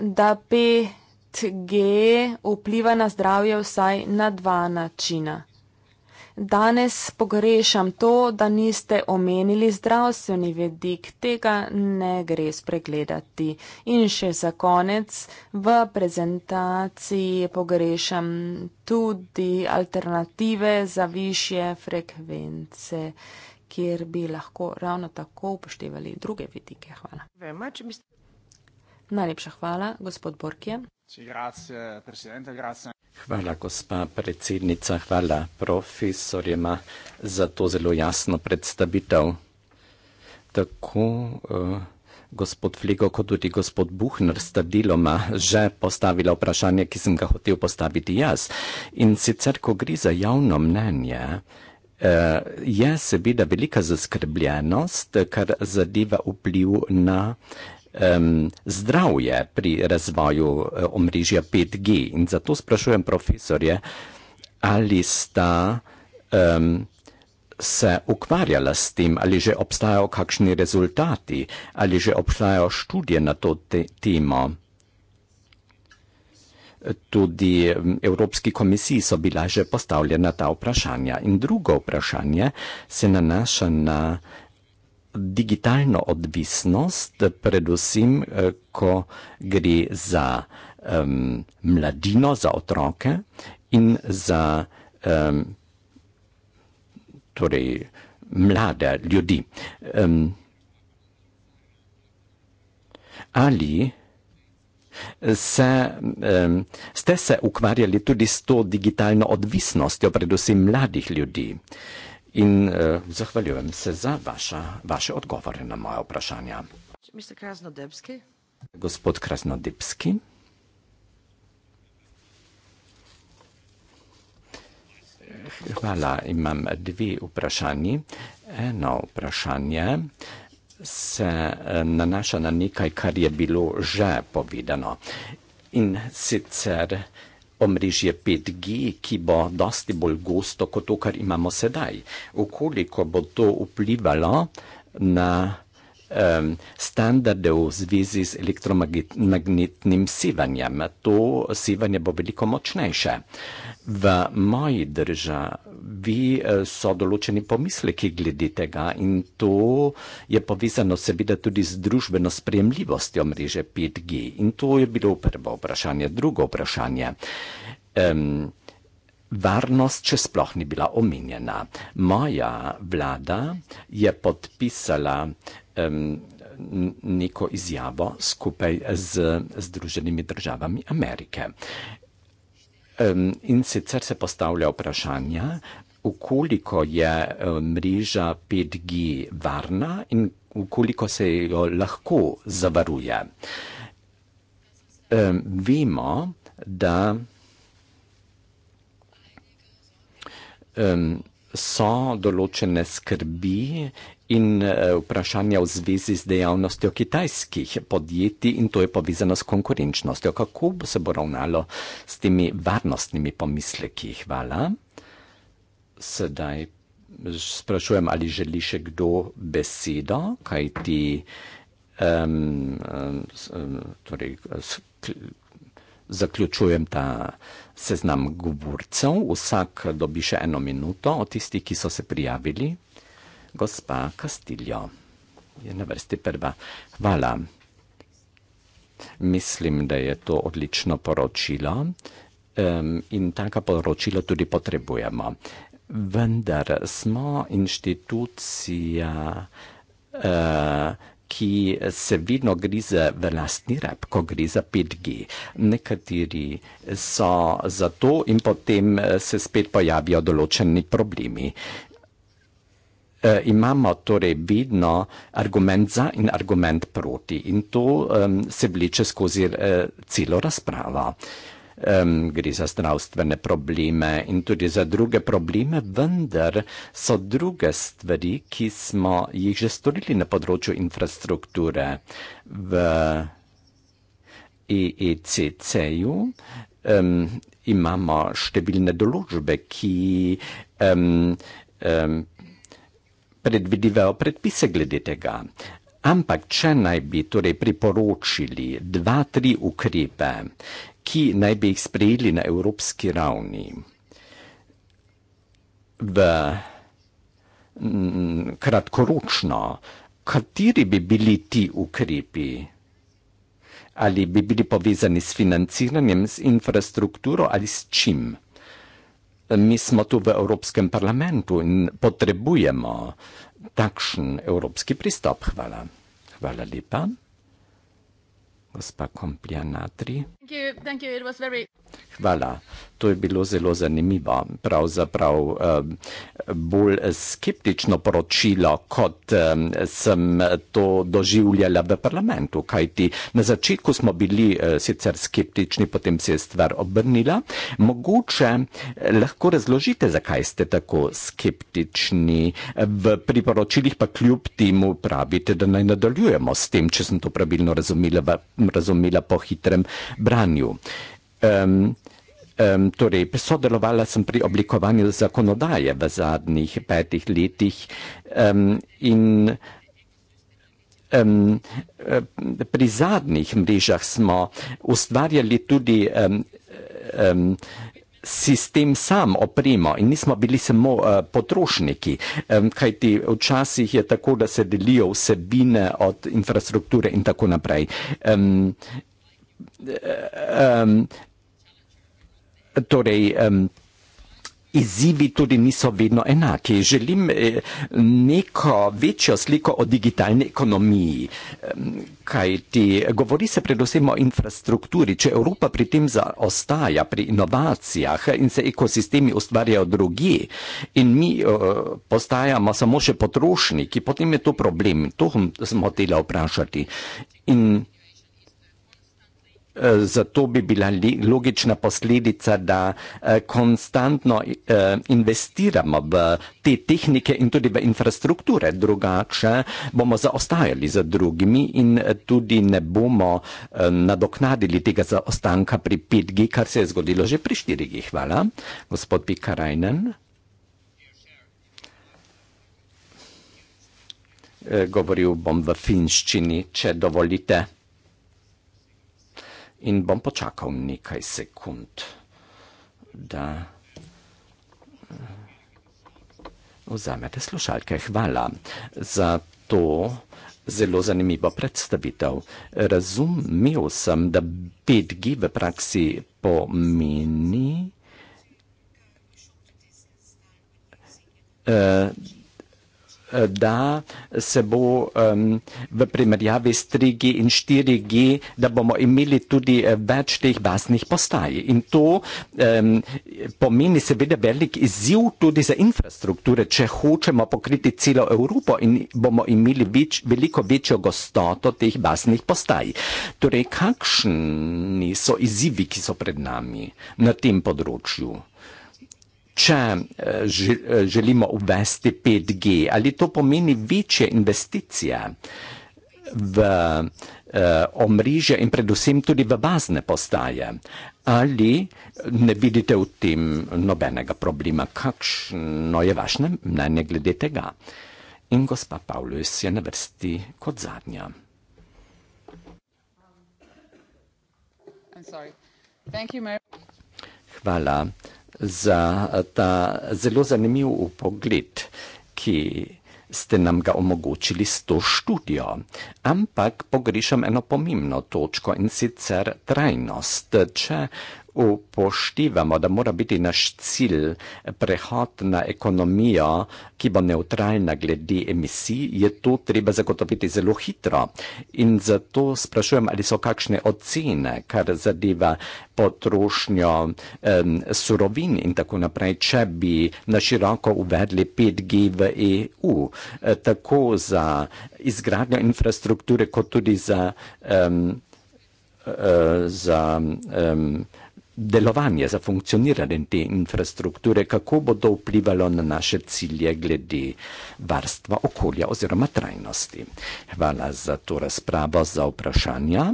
da 5G vpliva na zdravje vsaj na dva načina. Danes pogrešam to, da niste omenili zdravstveni vedik, tega ne gre spregledati. In še za konec, v prezentaciji pogrešam tudi alternative za više frekvence, kjer bi lahko ravno tako upoštevali druge vidike. Hvala. Vema, biste... Najlepša hvala, gospod Borkje. Grazie, presidente, grazie. Hvala, gospa predsednica, hvala profesorjema za to zelo jasno predstavitev. Tako uh, gospod Flego, kot tudi gospod Buhner sta deloma že postavila vprašanje, ki sem ga hotel postaviti jaz. In sicer, ko gre za javno mnenje, uh, je seveda velika zaskrbljenost, kar zadeva vpliv na uh, um, zdravje pri razvoju e, omrežja 5G. In zato sprašujem profesorje, ali sta um, se ukvarjala s tem, ali že obstajajo kakšni rezultati, ali že obstajajo študije na to te temo. Tudi Evropski komisiji so bila že postavljena ta vprašanja. In drugo vprašanje se nanaša na digitalno odvisnost, predvsem eh, ko gre za um, mladino, za otroke in za um, torej, mlade ljudi. Um, ali se, um, ste se ukvarjali tudi s to digitalno odvisnostjo, predvsem mladih ljudi? in uh, zahvaljujem se za vaša, vaše odgovore na moje vprašanja. Gospod Krasnodebski. Hvala, imam dve vprašanji. Eno vprašanje se eh, nanaša na nekaj, kar je bilo že povedano. In sicer omrežje 5G, ki bo dosti bolj gosto kot to, kar imamo sedaj. Ukoliko bo to vplivalo na um, standarde v zvezi z elektromagnetnim sevanjem. To sevanje bo veliko močnejše. V moji državi eh, so določeni pomisleki glede tega in to je povezano seveda tudi z družbeno sprejemljivostjo mreže 5G. In to je bilo prvo vprašanje. Drugo vprašanje. Um, Varnost še sploh ni bila omenjena. Moja vlada je podpisala um, neko izjavo skupaj z Združenimi državami Amerike. Um, in sicer se postavlja vprašanje, ukoliko je mreža 5G varna in ukoliko se jo lahko zavaruje. Um, vemo, da. um, so določene skrbi in uh, vprašanja v zvezi z dejavnostjo kitajskih podjetij in to je povezano s konkurenčnostjo. Kako se bo ravnalo s temi varnostnimi pomisleki? Hvala. Sedaj sprašujem, ali želi še kdo besedo, kaj ti. Um, um, torej, zaključujem ta seznam govorcev. Vsak dobi še eno minuto od tistih, ki so se prijavili. Gospa Kastiljo je na vrsti prva. Hvala. Mislim, da je to odlično poročilo um, in tako poročilo tudi potrebujemo. Vendar smo inštitucija, uh, ki se vedno grize v lastni rep, ko gre za 5G. Nekateri so za to in potem eh, se spet pojavijo določeni problemi. E, imamo torej vedno argument za in argument proti in to um, se vleče skozi uh, celo razpravo um, gre za zdravstvene probleme in tudi za druge probleme, vendar so druge stvari, ki smo jih že storili na področju infrastrukture v EECC-ju. Um, imamo številne določbe, ki um, um, predvidivajo predpise glede tega. Ampak, če naj bi torej priporočili dva, tri ukrepe, ki naj bi jih sprejeli na evropski ravni. V kratkoročno, kateri bi bili ti ukrepi? Ali bi bili povezani s financiranjem, s infrastrukturo ali s čim? Mi smo tu v Evropskem parlamentu in potrebujemo takšen evropski pristop. Hvala. Hvala lepa gospa Kompljanatri. Hvala. To je bilo zelo zanimivo, pravzaprav eh, bolj skeptično poročilo, kot eh, sem to doživljala v parlamentu, kajti na začetku smo bili eh, sicer skeptični, potem se je stvar obrnila. Mogoče lahko razložite, zakaj ste tako skeptični v priporočilih, pa kljub temu pravite, da naj nadaljujemo s tem, če sem to pravilno razumela, razumela po hitrem branju um, um, torej, sodelovala sem pri oblikovanju zakonodaje v zadnjih petih letih um, in um, pri zadnjih mrežah smo ustvarjali tudi um, um, sistem sam opremo in nismo bili samo uh, potrošniki, um, kajti včasih je tako, da se delijo vsebine od infrastrukture in tako naprej. Um, um, torej, um, izzivi tudi niso vedno enaki. Želim eh, neko večjo sliko o digitalni ekonomiji, kaj ti govori se predvsem o infrastrukturi. Če Evropa pri tem zaostaja, pri inovacijah in se ekosistemi ustvarjajo drugi in mi eh, postajamo samo še potrošniki, potem je to problem. To smo hoteli vprašati. In zato bi bila logična posledica, da eh, konstantno eh, investiramo v te tehnike in tudi v infrastrukture, drugače bomo zaostajali za drugimi in eh, tudi ne bomo nadoknadili tega zaostanka pri 5G, kar se je zgodilo že pri 4G. Hvala. Gospod Pikarajnen. Govoril bom v finščini, če dovolite in bom počakal nekaj sekund, da eh, vzamete slušalke. Hvala za to zelo zanimivo predstavitev. Razumel sem, da 5G v praksi pomeni. Uh, da se bo um, v primerjavi s 3G in 4G, da bomo imeli tudi eh, več teh baznih postaj. In to um, pomeni seveda velik izziv tudi za infrastrukture, če hočemo pokriti celo Evropo in bomo imeli več, veliko večjo gostoto teh baznih postaj. Torej, kakšni so izzivi, ki so pred nami na tem področju? če eh, eh, želimo uvesti 5G, ali to pomeni večje investicije v eh, omrežje in predvsem tudi v bazne postaje. Ali ne vidite v tem nobenega problema? Kakšno je vaše mnenje glede tega? In gospa Pavlis je na vrsti kot zadnja. Hvala za eh, ta zelo zanimiv pogled, ki ste nam ga omogočili s to študijo. Ampak pogrešam eno pomembno točko in sicer trajnost. Če uh, upoštevamo, da mora biti naš cilj prehod na ekonomijo, ki bo neutralna glede emisij, je to treba zagotoviti zelo hitro. In zato sprašujem, ali so kakšne ocene, kar zadeva potrošnjo um, surovin in tako naprej, če bi na široko uvedli 5G v EU, eh, tako za izgradnjo infrastrukture, kot tudi za. Um, uh, za um, delovanje, za funkcioniranje te infrastrukture, kako bo to vplivalo na naše cilje glede varstva okolja oziroma trajnosti. Hvala za to razpravo, za vprašanja.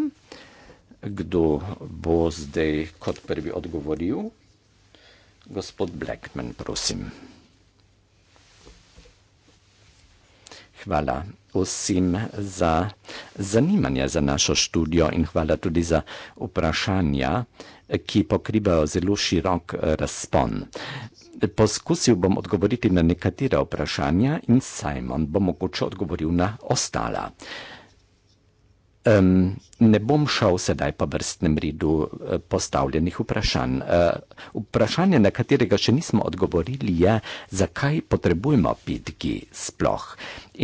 Kdo bo zdaj kot prvi odgovoril? Gospod Blackman, prosim. Hvala vsem za zanimanje za našo študijo in hvala tudi za vprašanja ki pokrivajo zelo širok eh, razpon. Poskusil bom odgovoriti na nekatera vprašanja in Simon bo mogoče odgovoril na ostala. Um, ne bom šel sedaj po vrstnem redu eh, postavljenih vprašanj. Uh, vprašanje, na katerega še nismo odgovorili, je, zakaj potrebujemo 5G sploh.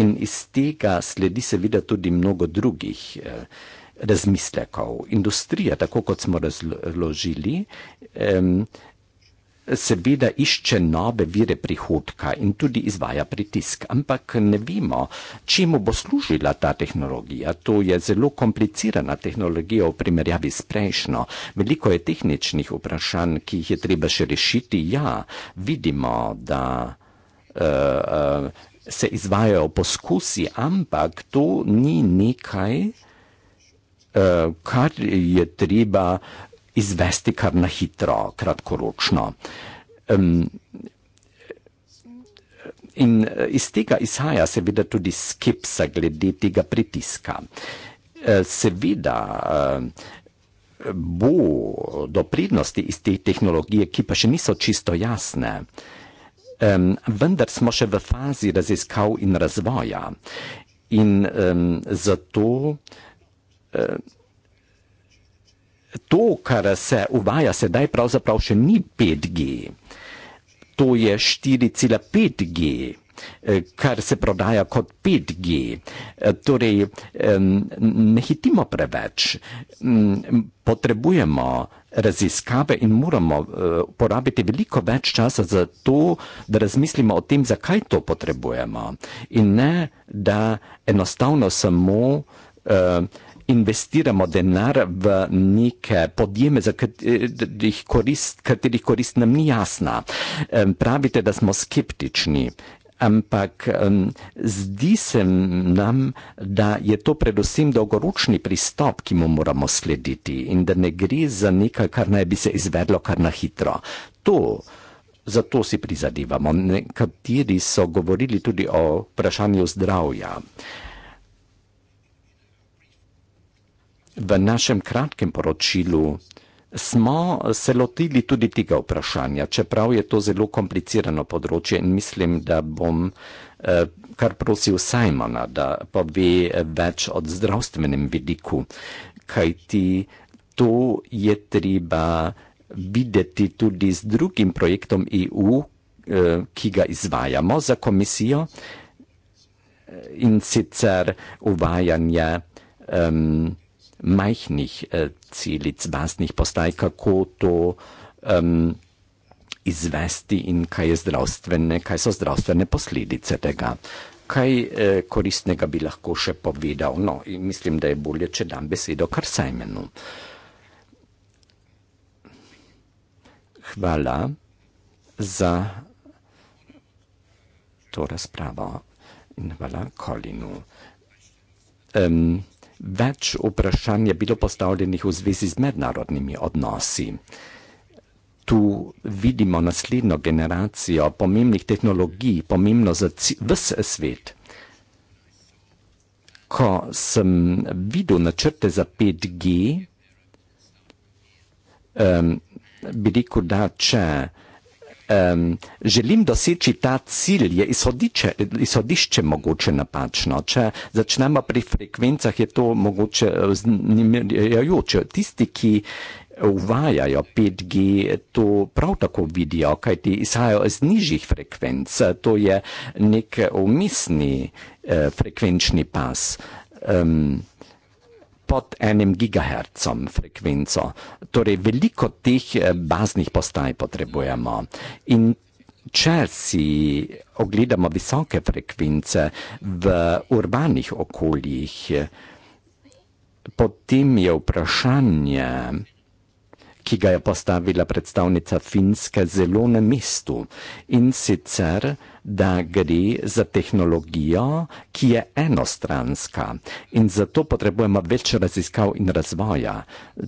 In iz tega sledi seveda tudi mnogo drugih. Uh, razmislekov. Industrija, tako kot smo razložili, seveda išče nove vire prihodka in tudi izvaja pritisk, ampak ne vemo, čemu bo služila ta tehnologija. To je zelo komplicirana tehnologija v primerjavi s prejšnjo. Veliko je tehničnih vprašanj, ki jih je treba še rešiti. Ja, vidimo, da uh, uh, se izvajajo poskusi, ampak to ni nekaj, uh, kar je treba izvesti kar na hitro, kratkoročno. Um, in eh, iz tega izhaja seveda tudi skepsa glede tega pritiska. Uh, seveda uh, bo do prednosti iz te tehnologije, ki pa še niso čisto jasne. Um, vendar smo še v fazi raziskav in razvoja in um, zato to, kar se uvaja sedaj, pravzaprav še ni 5G, to je 4,5G, eh, kar se prodaja kot 5G. Eh, torej, ne hitimo preveč, potrebujemo raziskave in moramo eh, porabiti veliko več časa za to, da razmislimo o tem, zakaj to potrebujemo. In ne, da enostavno samo investiramo denar v neke podjeme, za katerih korist, katerih korist nam ni jasna. Pravite, da smo skeptični. Ampak um, zdi se nam, da je to predvsem dolgoročni pristop, ki mu moramo slediti in da ne gre za nekaj, kar naj bi se izvedlo kar na hitro. To, za to si prizadevamo. Nekateri so govorili tudi o vprašanju zdravja. Uh, V našem kratkem poročilu smo se lotili tudi tega vprašanja, čeprav je to zelo komplicirano področje in mislim, da bom eh, kar prosil Simona, da pove več od zdravstvenem vidiku, kaj ti to je treba videti tudi z drugim projektom EU, eh, ki ga izvajamo za komisijo eh, in sicer uvajanje um, majhnih eh, celic, vasnih postaj, kako to um, izvesti in kaj, kaj so zdravstvene posledice tega. Kaj eh, koristnega bi lahko še povedal? No, mislim, da je bolje, če dam besedo kar Simonu. Hvala za to razpravo in hvala Kolinu. Um, Več vprašanj je bilo postavljenih v zvezi z mednarodnimi odnosi. Tu vidimo naslednjo generacijo pomembnih tehnologij, pomembno za vse svet. Ko sem videl načrte za 5G, um, bi rekel, da če um, želim doseči ta cilj, je izhodišče, izhodišče mogoče napačno. Če začnemo pri frekvencah, je to mogoče eh, zanimajoče. Tisti, ki uvajajo 5G, to prav tako vidijo, kaj ti izhajajo z nižjih frekvenc. To je nek umisni uh, eh, frekvenčni pas. Um, pod enim gigahercem frekvenco. Torej, veliko teh eh, baznih postaj potrebujemo. In če si ogledamo visoke frekvence v urbanih okoljih, potem je vprašanje, ki ga je postavila predstavnica Finske, zelo na mestu. In sicer, da gre za tehnologijo, ki je enostranska in zato potrebujemo več raziskav in razvoja.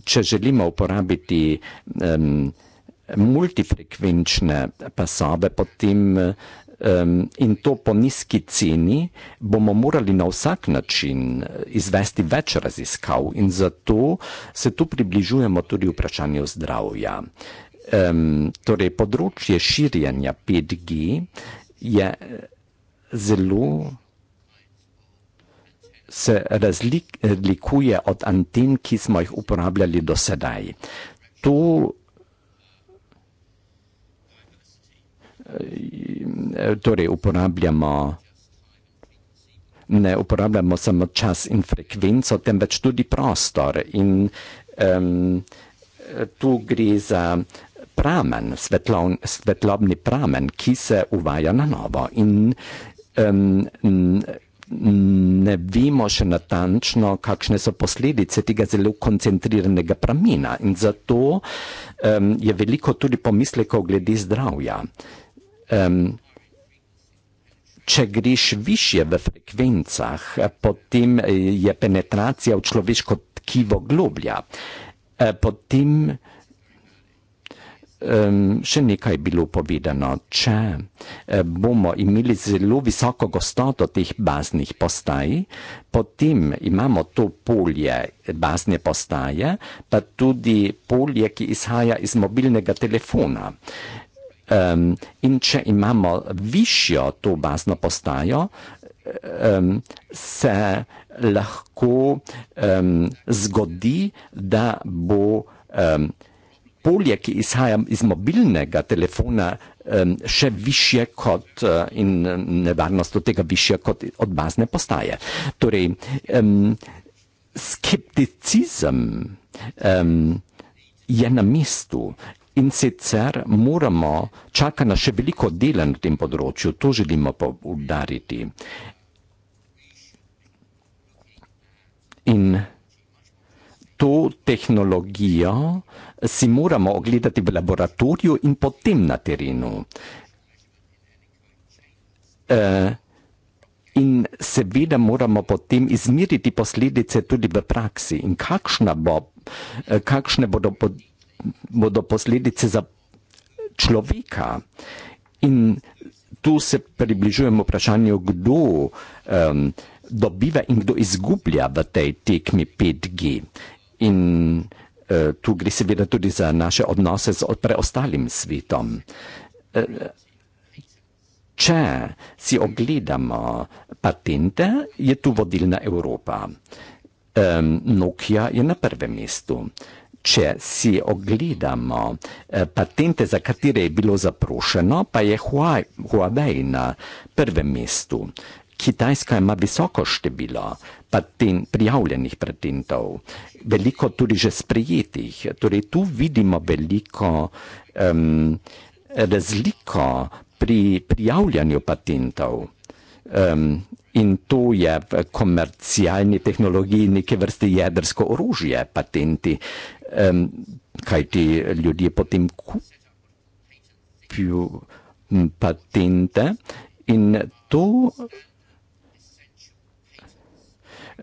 Če želimo uporabiti um, multifrekvenčne pasove, potem um, in to po nizki ceni, bomo morali na vsak način eh, izvesti več raziskav in zato se tu približujemo tudi vprašanju zdravja. Um, torej, področje širjenja 5G je eh, zelo se razlikuje od anten, ki smo jih uporabljali do sedaj. To eh, torej uporabljamo ne uporabljamo samo čas in frekvenco, temveč tudi prostor in um, tu gre za pramen, svetlon, svetlobni pramen, ki se uvaja na novo. In, um, ne vemo še natančno, kakšne so posledice tega zelo koncentriranega pramena. In zato um, je veliko tudi pomislekov glede zdravja. Um, Če greš više v frekvencah, eh, potem eh, je penetracija v človeško tkivo globlja. Eh, potem, um, še nekaj bilo povedano. Če eh, bomo imeli zelo visoko gostoto teh baznih postaj, potem imamo to polje bazne postaje, pa tudi polje, ki izhaja iz mobilnega telefona. Um, in če imamo višjo to bazno postajo, um, se lahko um, zgodi, da bo um, polje, ki izhaja iz mobilnega telefona, še više kot eh, in nevarnost od tega više kot od bazne postaje. Torej, um, skepticizem um, je na mestu. In sicer moramo, čaka nas še veliko dela na tem področju, to želimo poudariti. In to tehnologijo si moramo ogledati v laboratoriju in potem na terenu. E, in seveda moramo potem izmeriti posledice tudi v praksi in kakšna bo, e, kakšne bodo, bodo posledice za človeka. In tu se približujemo vprašanju, kdo um, dobiva in kdo izgublja v tej tekmi 5G. Uh, in uh, tu gre seveda tudi za naše odnose z preostalim svetom. Uh, če si ogledamo patente, je tu vodilna Evropa. Um, Nokia je na prvem mestu. Če si ogledamo eh, patente, za katere je bilo zaprošeno, pa je Huawei na prvem mestu. Kitajska ima visoko število patent, prijavljenih patentov, veliko tudi že sprejetih. Torej, tu vidimo veliko um, razliko pri prijavljanju patentov. Um, in to je v komercialni tehnologiji neke vrste jedrsko orožje, patenti, um, kaj ti ljudje potem kupijo patente in to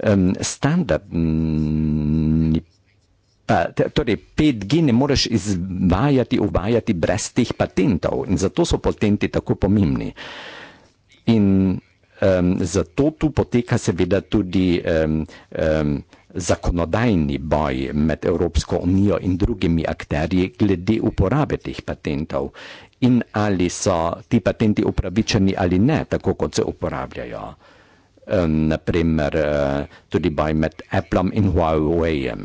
um, standardni. Mm, pa, torej, 5G ne moreš izvajati, uvajati brez teh patentov in zato so patenti tako pomembni. In um, zato tu poteka seveda tudi um, um, zakonodajni boj med Evropsko unijo in drugimi akterji glede uporabe teh patentov in ali so ti patenti upravičeni ali ne, tako kot se uporabljajo. Ehm, na primer eh, tudi boj med Apple in Huawei. -em.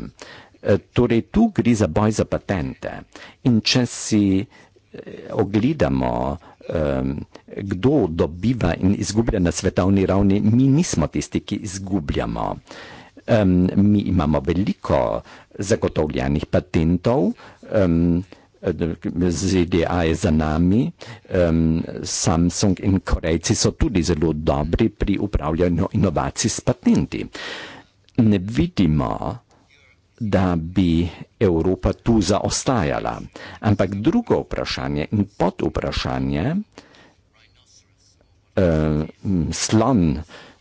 Eh, torej, tu gre za boj za patente. In če si eh, ogledamo, ehm, kdo dobiva in izgublja na svetovni ravni, mi nismo tisti, ki izgubljamo. Ehm, mi imamo veliko zagotovljenih patentov. Eh, ZDA je za nami, um, Samsung in Korejci so tudi zelo dobri pri upravljanju inovacij s patenti. Ne vidimo, da bi Evropa tu zaostajala. Ampak drugo vprašanje in pod vprašanje, uh, slon,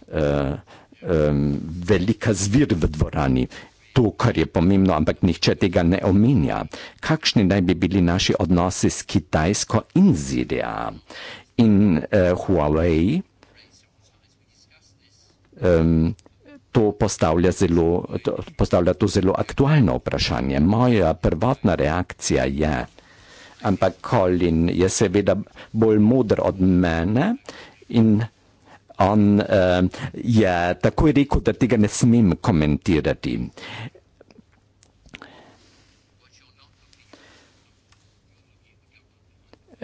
uh, um, velika zvir v dvorani, To, kar je pomembno, ampak nihče tega ne omenja, kakšni naj bi bili naši odnosi s Kitajsko in ZDA in uh, Huawei. Um, To postavlja, zelo, to postavlja to zelo aktualno vprašanje. Moja prvotna reakcija je, ampak Colin je seveda bolj modr od mene in on uh, je takoj rekel, da tega ne smem komentirati.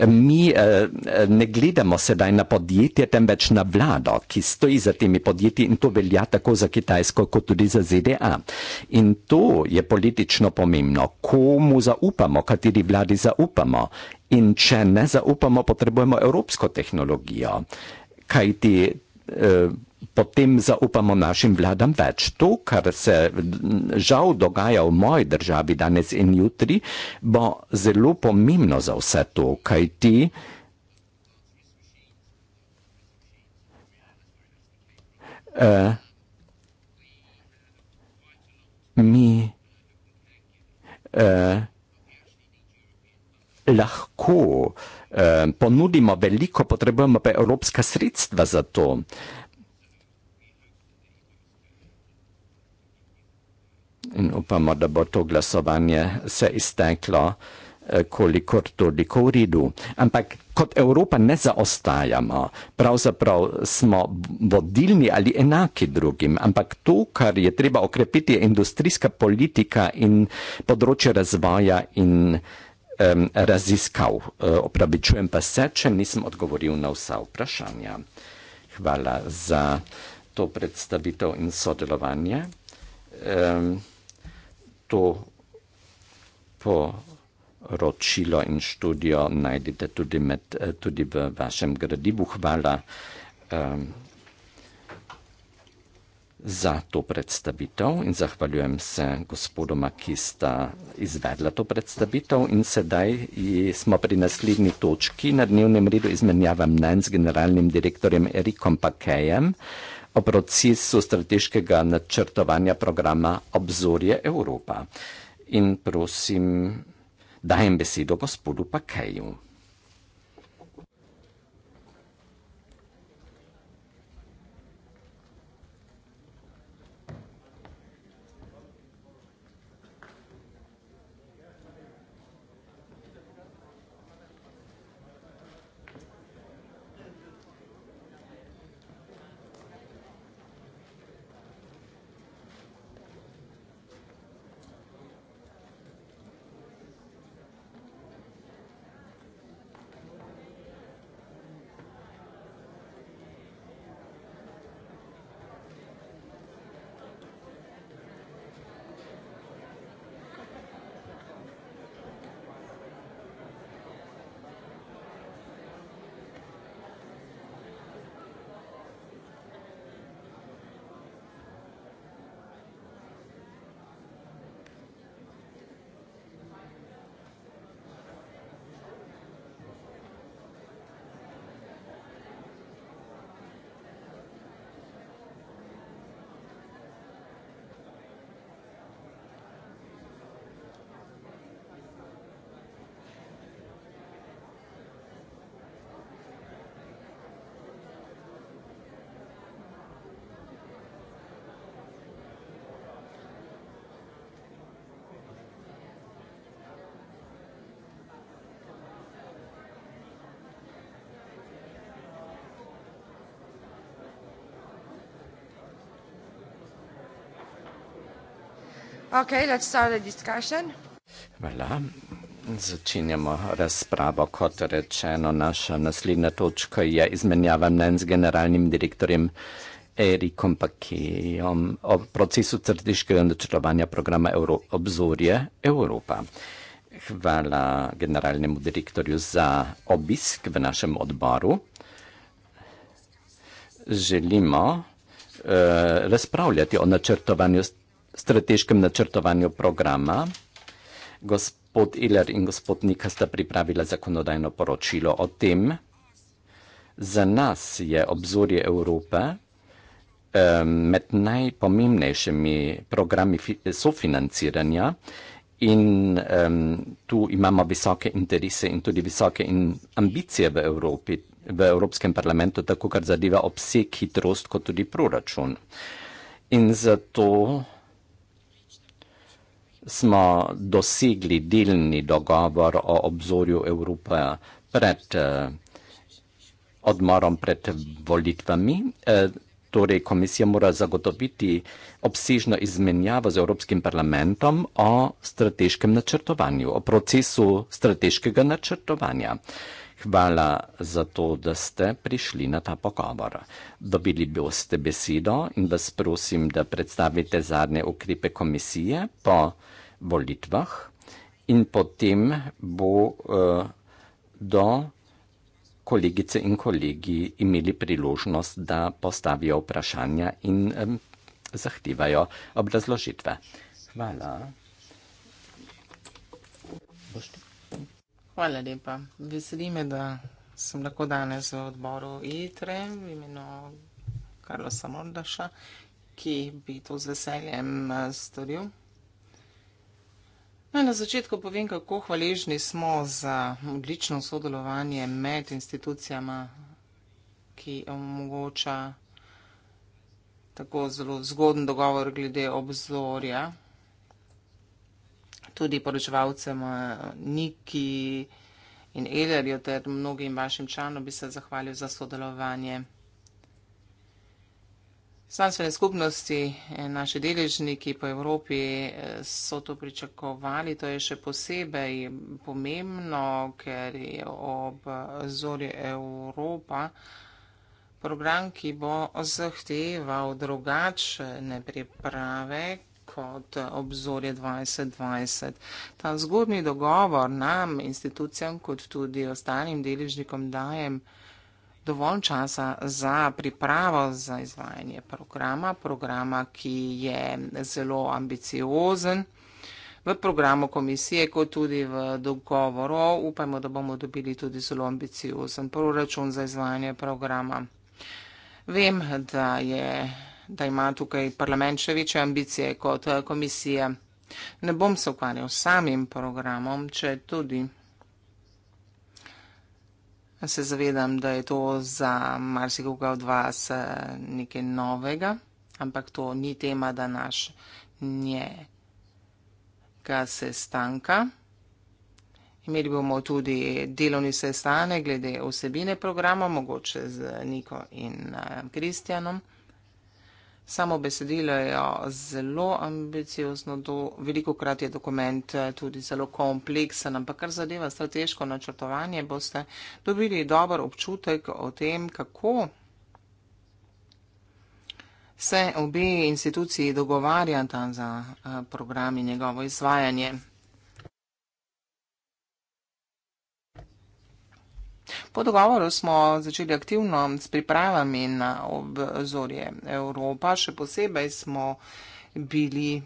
Mi eh, ne gledamo sedaj na podjetje, temveč na vlado, ki stoji za temi podjetji in to velja tako za Kitajsko, kot tudi za ZDA. In to je politično pomembno, komu zaupamo, kateri vladi zaupamo. In če ne zaupamo, potrebujemo evropsko tehnologijo. Eh, kajti eh, potem zaupamo našim vladam več. To, kar se žal dogaja v moji državi danes in jutri, bo zelo pomembno za vse to, kajti eh, mi eh, lahko Ehm, ponudimo veliko, potrebujemo pa evropska sredstva za to. In upamo, da bo to glasovanje se izteklo, eh, kolikor toliko v redu. Ampak kot Evropa ne zaostajamo, pravzaprav smo vodilni ali enaki drugim, ampak to, kar je treba okrepiti, je industrijska politika in področje razvoja in um, raziskał. E, Oprawy czułem pasecze, nisem odgovoril na vsa vprašanja. Hvala za to predstavitev in sodelovanje. Um, to poročilo in študijo najdete tudi, med, tudi v vašem gradivu. Hvala. Um, za to predstavitev in zahvaljujem se gospodoma, ki sta izvedla to predstavitev in sedaj smo pri naslednji točki na dnevnem redu izmenjava mnen z generalnim direktorjem Erikom Pakejem o procesu strateškega načrtovanja programa Obzorje Evropa. In prosim, dajem besedo gospodu Pakeju. Ok, let's start the discussion. Hvala. Začenjamo razpravo, kot rečeno, naša naslednja točka je izmenjava mnen z generalnim direktorjem Erikom Pakejom o procesu strateškega načrtovanja programa Euro obzorje Evropa. Hvala generalnemu direktorju za obisk v našem odboru. Želimo uh, razpravljati o načrtovanju strateškega strateškem načrtovanju programa. Gospod Iler in gospod Nika sta pripravila zakonodajno poročilo o tem. Za nas je obzorje Evrope med najpomembnejšimi programi sofinanciranja in um, tu imamo visoke interese in tudi visoke in ambicije v Evropi, v Evropskem parlamentu, tako kar zadeva obseg hitrost kot tudi proračun. In zato smo dosegli delni dogovor o obzorju Evrope pred eh, odmorom pred volitvami. Eh, torej, komisija mora zagotoviti obsežno izmenjavo z Evropskim parlamentom o strateškem načrtovanju, o procesu strateškega načrtovanja. Uh, Hvala za to, da ste prišli na ta pogovor. Dobili boste besedo in vas prosim, da predstavite zadnje ukrepe komisije po volitvah in potem bo uh, do kolegice in kolegi imeli priložnost, da postavijo vprašanja in um, zahtevajo obrazložitve. Hvala. Hvala lepa. Veseli me, da sem lahko danes v odboru ITRE v imenu Karlosa Mordaša, ki bi to z veseljem eh, storil. No, na začetku povem, kako hvaležni smo za odlično sodelovanje med institucijama, ki omogoča tako zelo zgodn dogovor glede obzorja tudi poročevalcem eh, Niki in Elerju ter mnogim vašim članom bi se zahvalil za sodelovanje. Znanstvene skupnosti, eh, naši deležniki po Evropi eh, so to pričakovali. To je še posebej pomembno, ker je ob zori Evropa program, ki bo zahteval drugačne priprave, kot obzorje 2020. Ta zgodni dogovor nam, institucijam, kot tudi ostalim deležnikom dajem dovolj časa za pripravo za izvajanje programa, programa, ki je zelo ambiciozen. V programu komisije, kot tudi v dogovoru, upajmo, da bomo dobili tudi zelo ambiciozen proračun za izvajanje programa. Vem, da je da ima tukaj parlament še večje ambicije kot eh, komisija. Ne bom se ukvarjal s samim programom, če tudi se zavedam, da je to za marsikoga od vas eh, nekaj novega, ampak to ni tema današnjega sestanka. Imeli bomo tudi delovni sestanek glede osebine programa, mogoče z Niko in eh, Kristjanom. Uh, Samo besedilo je zelo ambiciozno, do, veliko krat je dokument eh, tudi zelo kompleksen, ampak kar zadeva strateško načrtovanje, boste dobili dober občutek o tem, kako se obe instituciji dogovarjata za eh, program in njegovo izvajanje. Po dogovoru smo začeli aktivno s pripravami na obzorje Evropa, še posebej smo bili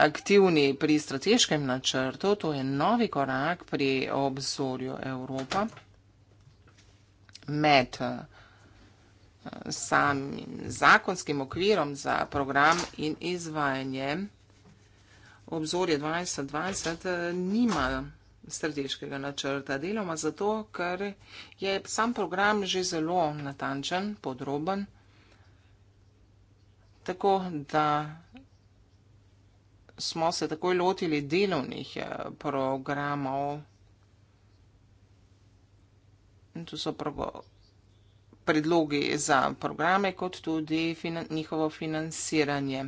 aktivni pri strateškem načrtu, to je novi korak pri obzorju Evropa med eh, samim zakonskim okvirom za program in izvajanje obzorje 2020 eh, nima strateškega načrta. Deloma zato, ker je sam program že zelo natančen, podroben, tako da smo se takoj lotili delovnih eh, programov. In tu so predlogi za programe, kot tudi finan njihovo financiranje.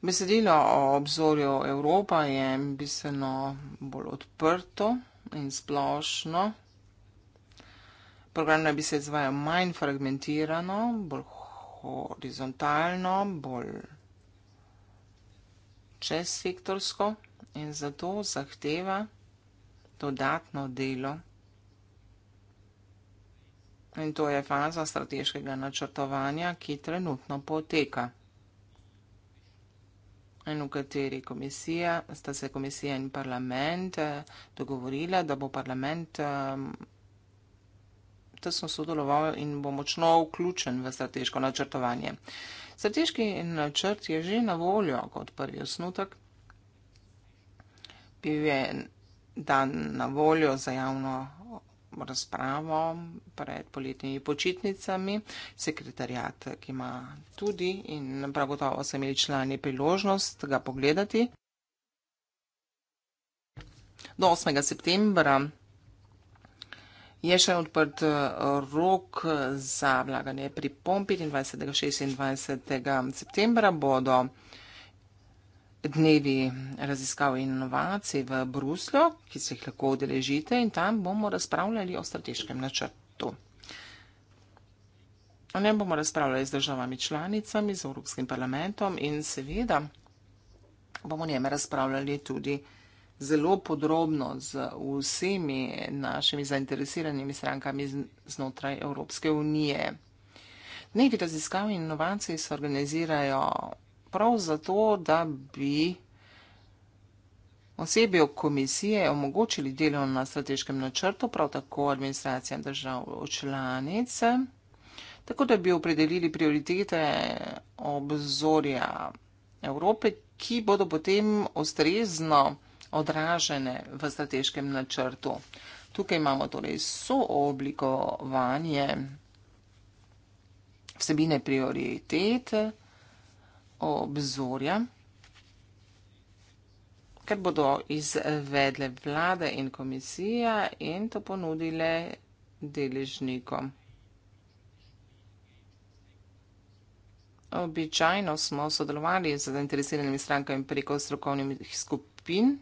Besedilo o obzorju Evropa je bistveno bolj odprto in splošno. Program naj bi se izvajal manj fragmentirano, bolj horizontalno, bolj čezsektorsko in zato zahteva dodatno delo. In to je faza strateškega načrtovanja, ki trenutno poteka in v kateri komisija, sta se komisija in parlament eh, dogovorila, da bo parlament ehm, tesno sodeloval in bo močno vključen v strateško načrtovanje. Strateški načrt je že na voljo kot prvi osnutek. Bil je dan na voljo za javno razpravo pred poletnimi počitnicami. Sekretarjat, ki ima tudi in prav gotovo so imeli člani priložnost ga pogledati. Do 8. septembra je še odprt eh, rok za vlaganje pripom 25. in 26. septembra bodo dnevi raziskav in inovacij v Bruslju, ki se jih lahko odeležite in tam bomo razpravljali o strateškem načrtu. O njem bomo razpravljali z državami članicami, z Evropskim parlamentom in seveda bomo o njem razpravljali tudi zelo podrobno z vsemi našimi zainteresiranimi strankami znotraj Evropske unije. Dnevi raziskav in inovacij se organizirajo prav zato, da bi osebi v komisije omogočili delo na strateškem načrtu, prav tako administracijam držav članic, tako da bi opredelili prioritete obzorja Evrope, ki bodo potem ustrezno odražene v strateškem načrtu. Tukaj imamo torej sooblikovanje vsebine prioritete obzorja, ker bodo izvedle vlade in komisija in to ponudile deležnikom. Običajno smo sodelovali z zainteresiranimi strankami preko strokovnih skupin,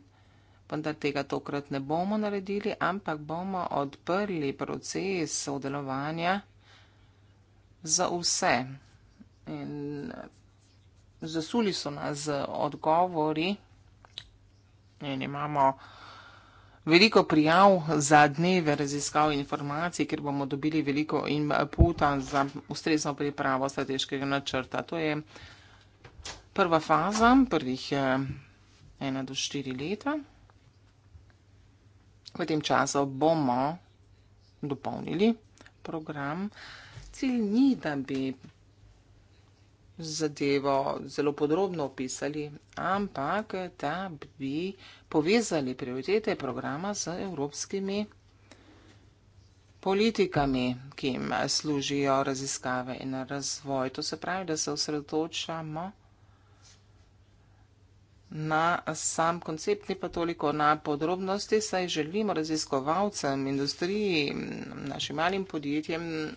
vendar tega tokrat ne bomo naredili, ampak bomo odprli proces sodelovanja za vse. In zasuli so nas z odgovori in imamo veliko prijav za dneve raziskav informacij, ker bomo dobili veliko inputa za ustrezno pripravo strateškega načrta. To je prva faza, prvih eh, ena do štiri leta. V tem času bomo dopolnili program. Cilj ni, da bi zadevo zelo podrobno opisali, ampak da bi povezali prioritete programa z evropskimi politikami, ki jim služijo raziskave in razvoj. To se pravi, da se osredotočamo na sam koncept, ne pa toliko na podrobnosti, saj želimo raziskovalcem, industriji, našim malim podjetjem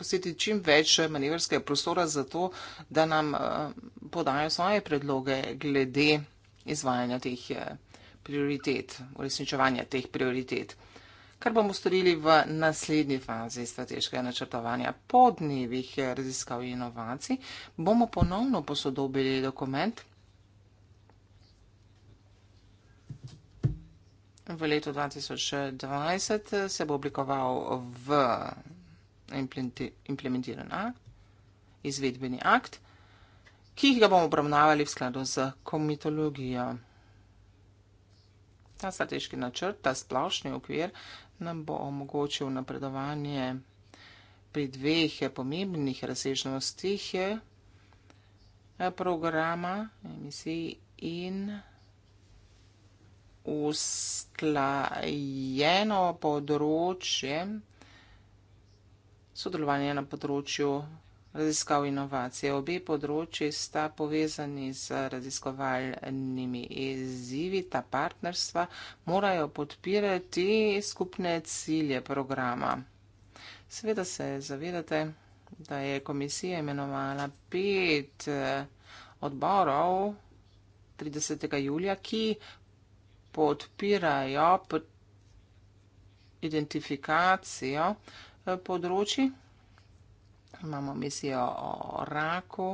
posveti čim več manevrskega prostora za to, da nam eh, podajo svoje predloge glede izvajanja teh eh, prioritet, uresničevanja teh prioritet. Kar bomo storili v naslednji fazi strateškega načrtovanja podnevih eh, raziskav in inovacij, bomo ponovno posodobili dokument. V letu 2020 se bo oblikoval v implementiran A, izvedbeni akt, ki ga bomo obravnavali v skladu z komitologijo. Ta strateški načrt, ta splošni okvir nam bo omogočil napredovanje pri dveh pomembnih razsežnostih eh, programa emisij in ustlajeno področje sodelovanje na področju raziskav inovacije. Obe področji sta povezani z raziskovalnimi izzivi, ta partnerstva morajo podpirati skupne cilje programa. Seveda se zavedate, da je komisija imenovala pet eh, odborov 30. julija, ki podpirajo identifikacijo področji. Imamo misijo o raku,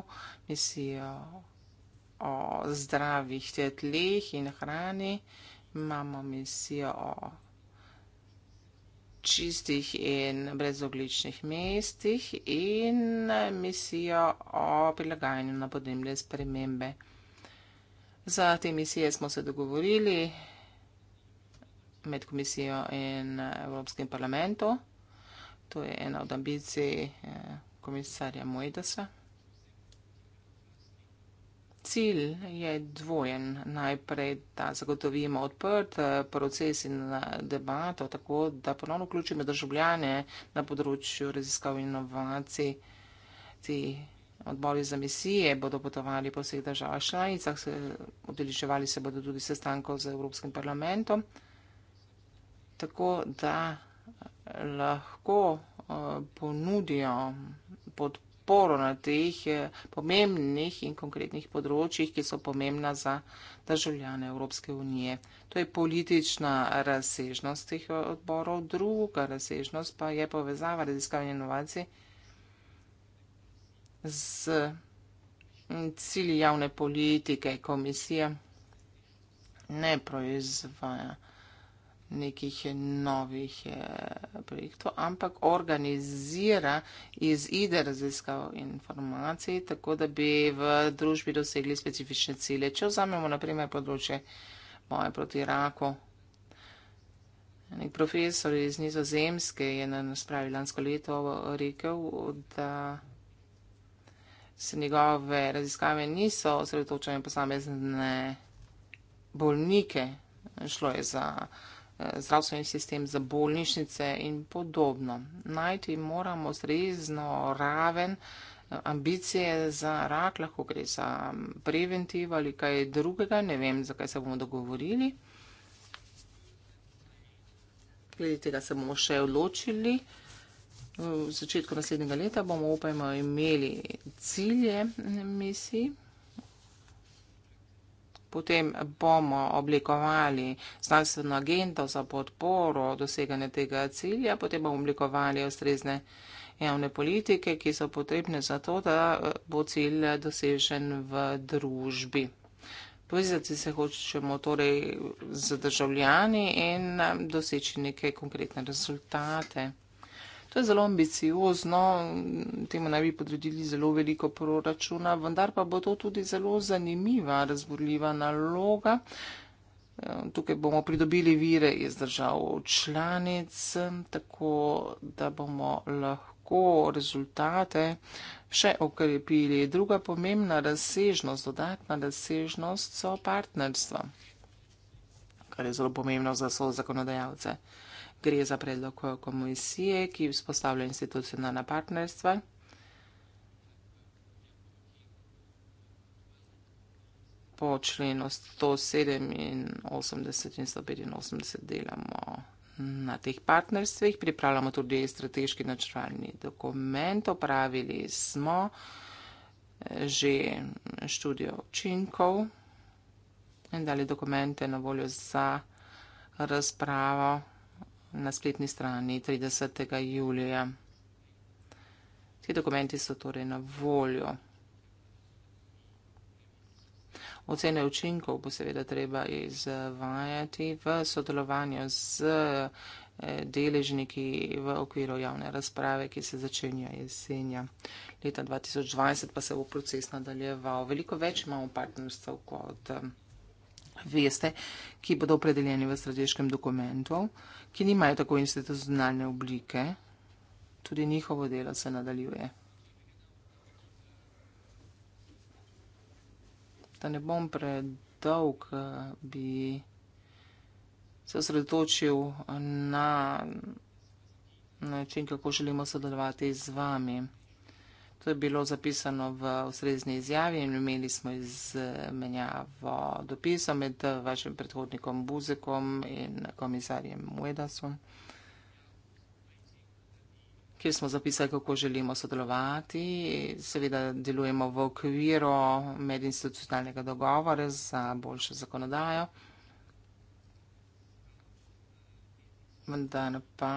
misijo o zdravih tleh in hrani, imamo misijo o čistih in brezogličnih mestih in misijo o prilagajanju na podnebne spremembe. Za te misije smo se dogovorili med komisijo in Evropskim parlamentom. To je ena od ambicij eh, komisarja Mojdasa. Cilj je dvojen. Najprej, da zagotovimo odprt eh, proces in eh, debato, tako da ponovno vključimo državljane na področju raziskav in inovacij. Ti odbori za misije bodo potovali po vseh državah članicah, odeliževali se bodo tudi sestankov z Evropskim parlamentom, tako da lahko eh, ponudijo podporo na teh eh, pomembnih in konkretnih področjih, ki so pomembna za državljane Evropske unije. To je politična razsežnost teh odborov, druga razsežnost pa je povezava raziskavanja inovacij z cilji javne politike. Komisija ne proizvaja nekih novih eh, projektov, ampak organizira iz ide raziskav informacij, tako da bi v družbi dosegli specifične cilje. Če vzamemo naprimer področje boja proti raku, nek profesor iz Nizozemske je na nas pravi lansko leto rekel, da se njegove raziskave niso osredotočene posamezne bolnike. Šlo je za zdravstveni sistem, za bolnišnice in podobno. Najti moramo zrezno raven eh, ambicije za rak, lahko gre za mm, preventiv ali kaj drugega, ne vem, zakaj se bomo dogovorili. Glede tega se bomo še odločili. V začetku naslednjega leta bomo upajmo imeli cilje misij potem bomo oblikovali znanstveno agendo za podporo doseganja tega cilja, potem bomo oblikovali ustrezne javne politike, ki so potrebne za to, da eh, bo cilj eh, dosežen v družbi. Povezati se hočemo torej z državljani in eh, doseči neke konkretne rezultate. To je zelo ambiciozno, temu naj bi podredili zelo veliko proračuna, vendar pa bo to tudi zelo zanimiva, razborljiva naloga. Ehm, tukaj bomo pridobili vire iz držav članic, tako da bomo lahko rezultate še okrepili. Druga pomembna razsežnost, dodatna razsežnost so partnerstva, kar je zelo pomembno za so zakonodajalce. Gre za predlog eh, komisije, ki vzpostavlja institucionalna partnerstva. Po členu 187 in 185 delamo na teh partnerstvih, pripravljamo tudi strateški načrtovalni dokument, opravili smo eh, že študijo učinkov in dali dokumente na voljo za razpravo na spletni strani 30. julija. Ti dokumenti so torej na voljo. Ocene učinkov bo seveda treba izvajati v sodelovanju z eh, deležniki v okviru javne razprave, ki se začenja jesenja. Leta 2020 pa se bo proces nadaljeval. Veliko več imamo partnerstv kot veste, ki bodo opredeljeni v strateškem dokumentu, ki nimajo tako institucionalne oblike, tudi njihovo delo se nadaljuje. Da ne bom predolg, bi se osredotočil na način, kako želimo sodelovati z vami. To je bilo zapisano v ustrezni izjavi in imeli smo izmenjavo dopisa med vašim predhodnikom Buzekom in komisarjem Muedasom, kjer smo zapisali, kako želimo sodelovati. Seveda delujemo v okviru medinstitucionalnega dogovora za boljšo zakonodajo. Vendar pa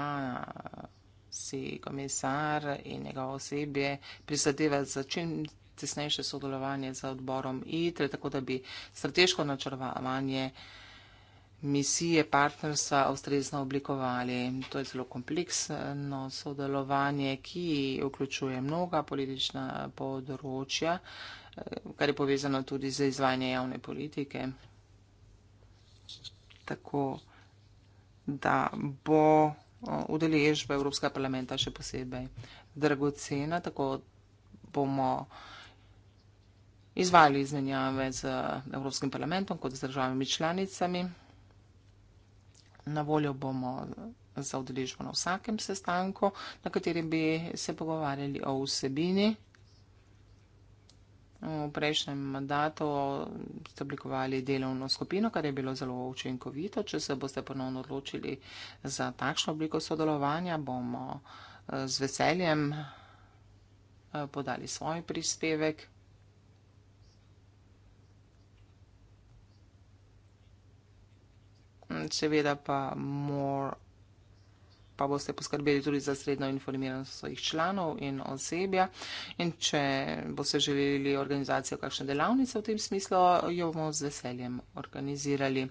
si komisar in njegovo osebje prizadevati za čim tesnejše sodelovanje z odborom ITRE, tako da bi strateško načrvanje misije partnerstva ustrezno oblikovali. To je zelo kompleksno sodelovanje, ki vključuje mnoga politična področja, eh, kar je povezano tudi z izvajanje javne politike. Tako da bo udeležbe Evropskega parlamenta še posebej dragocena, tako bomo izvali izmenjave z Evropskim parlamentom kot z državami članicami. Na voljo bomo za udeležbo na vsakem sestanku, na katerem bi se pogovarjali o vsebini. V prejšnjem mandatu ste oblikovali delovno skupino, kar je bilo zelo učinkovito. Če se boste ponovno odločili za takšno obliko sodelovanja, bomo eh, z veseljem eh, podali svoj prispevek. Seveda pa more pa boste poskrbeli tudi za sredno informiranost svojih članov in osebja. In če boste želeli organizacijo kakšne delavnice v tem smislu, jo bomo z veseljem organizirali.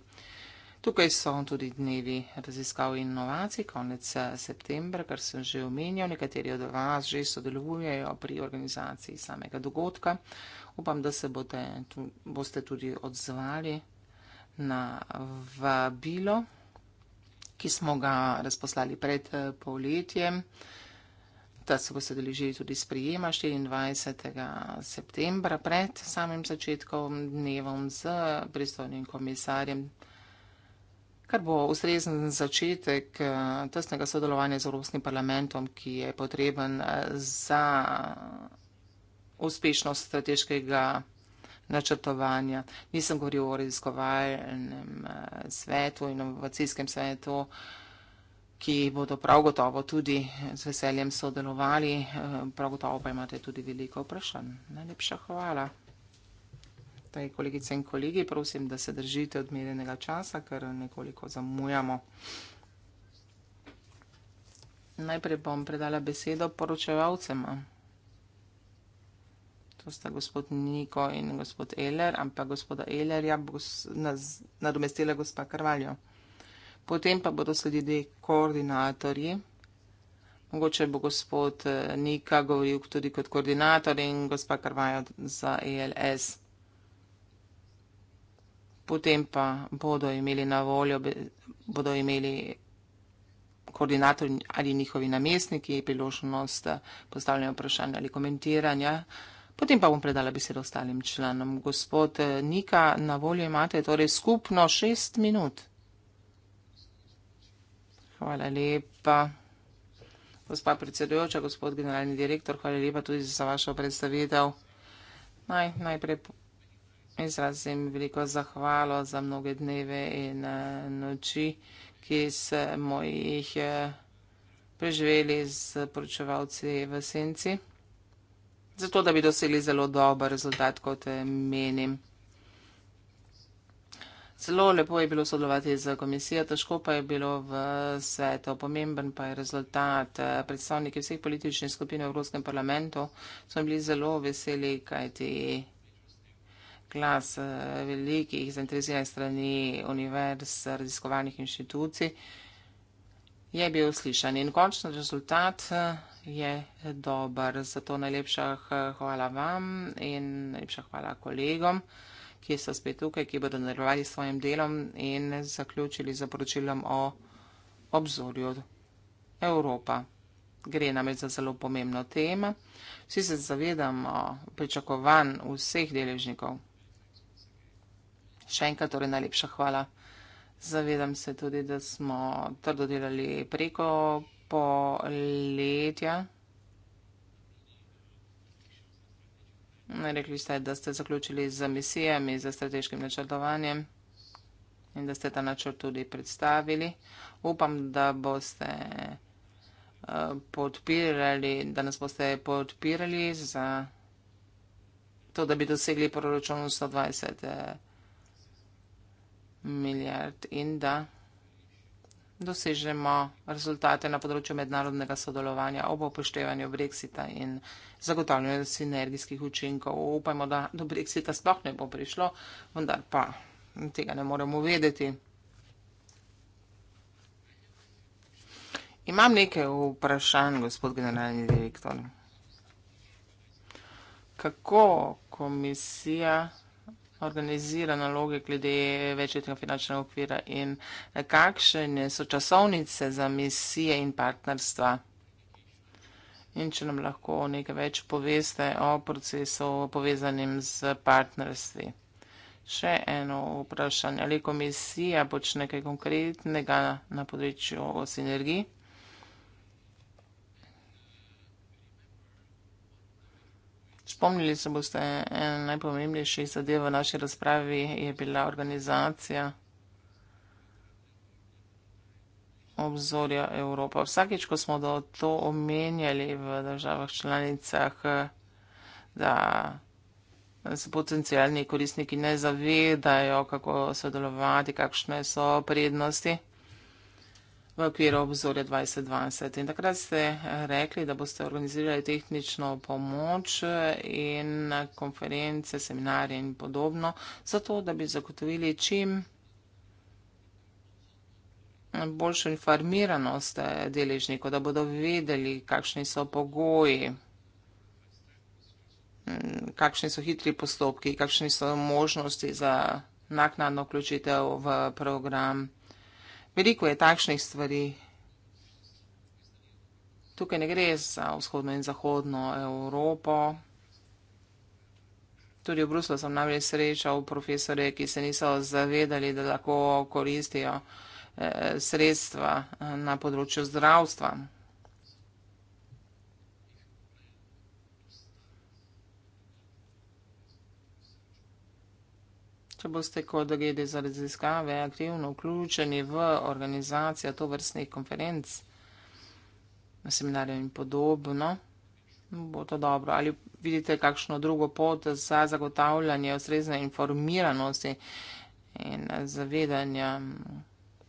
Tukaj so tudi dnevi raziskav in inovacij, konec septembra, kar sem že omenjal, nekateri od vas že sodelujejo pri organizaciji samega dogodka. Upam, da se bote, boste tudi odzvali na vabilo ki smo ga razposlali pred eh, poletjem. Ta se bo sedeležil tudi sprijema 24. septembra pred samim začetkom dnevom z pristojnim komisarjem, kar bo ustrezen začetek eh, tesnega sodelovanja z Evropskim parlamentom, ki je potreben eh, za uspešnost strateškega načrtovanja. Nisem govoril o raziskovalnem eh, svetu in inovacijskem svetu, ki bodo prav gotovo tudi z veseljem sodelovali. Eh, prav gotovo pa imate tudi veliko vprašanj. Najlepša hvala. Taj, kolegice in kolegi, prosim, da se držite odmerenega časa, ker nekoliko zamujamo. Najprej bom predala besedo poročevalcema to sta gospod Niko in gospod Eler, ampak gospoda Elerja bo nadomestila gospa Krvaljo. Potem pa bodo sledili koordinatorji. Mogoče bo gospod eh, Nika govoril tudi kot koordinator in gospa Krvaljo za ELS. Potem pa bodo imeli na voljo, bodo imeli koordinatorji ali njihovi namestniki priložnost eh, postavljanja vprašanja ali komentiranja. Potem pa bom predala besedo ostalim članom. Gospod eh, Nika, na voljo imate torej skupno šest minut. Hvala lepa. Gospa predsedujoča, gospod generalni direktor, hvala lepa tudi za vašo predstavitev. Naj, najprej izrazim veliko zahvalo za mnoge dneve in eh, noči, ki smo jih eh, preživeli s poročevalci v senci zato da bi dosegli zelo dober rezultat, kot menim. Zelo lepo je bilo sodelovati z komisijo, težko pa je bilo v svetu. Pomemben pa je rezultat. Predstavniki vseh političnih skupin v Evropskem parlamentu so bili zelo veseli, kajti glas eh, velikih zainteresiranih strani univerz, raziskovalnih inštitucij je bil slišan. In končni rezultat eh, je dober. Zato najlepša hvala vam in najlepša hvala kolegom, ki so spet tukaj, ki bodo nadaljevali s svojim delom in zaključili z poročilom o obzorju Evropa. Gre namreč za zelo pomembno temo. Vsi se zavedamo pričakovanj vseh deležnikov. Še enkrat torej najlepša hvala. Zavedam se tudi, da smo trdo delali preko poletja. Rekli ste, da ste zaključili z misijami, z strateškim načrtovanjem in da ste ta načrt tudi predstavili. Upam, da boste eh, podpirali, da nas boste podpirali za to, da bi dosegli proračun 120 eh, milijard in da dosežemo rezultate na področju mednarodnega sodelovanja ob upoštevanju Brexita in zagotavljanju sinergijskih učinkov. Upajmo, da do Brexita sploh ne bo prišlo, vendar pa tega ne moremo vedeti. Imam nekaj vprašanj, gospod generalni direktor. Kako komisija organizira naloge glede večletnega finančnega okvira in kakšne so časovnice za misije in partnerstva. In če nam lahko nekaj več poveste o procesu povezanim z partnerstvi. Še eno vprašanje. Ali komisija počne kaj konkretnega na področju sinergij? Spomnili se boste, ena najpomembnejših zadev v naši razpravi je bila organizacija obzorja Evropa. Vsakič, ko smo to omenjali v državah članicah, da se potencijalni koristniki ne zavedajo, kako sodelovati, kakšne so prednosti v okviru obzorja 2020. In takrat ste rekli, da boste organizirali tehnično pomoč in konference, seminarje in podobno, zato da bi zagotovili čim boljšo informiranost deležnikov, da bodo vedeli, kakšni so pogoji, kakšni so hitri postopki, kakšni so možnosti za naknadno vključitev v program. Veliko je takšnih stvari. Tukaj ne gre za vzhodno in zahodno Evropo. Tudi v Bruslu sem namreč srečal profesore, ki se niso zavedali, da lahko koristijo eh, sredstva eh, na področju zdravstva. Če boste kot redi za raziskave aktivno vključeni v organizacijo to vrstnih konferenc, na seminarju in podobno, bo to dobro. Ali vidite kakšno drugo pot za zagotavljanje ustrezne informiranosti in zavedanja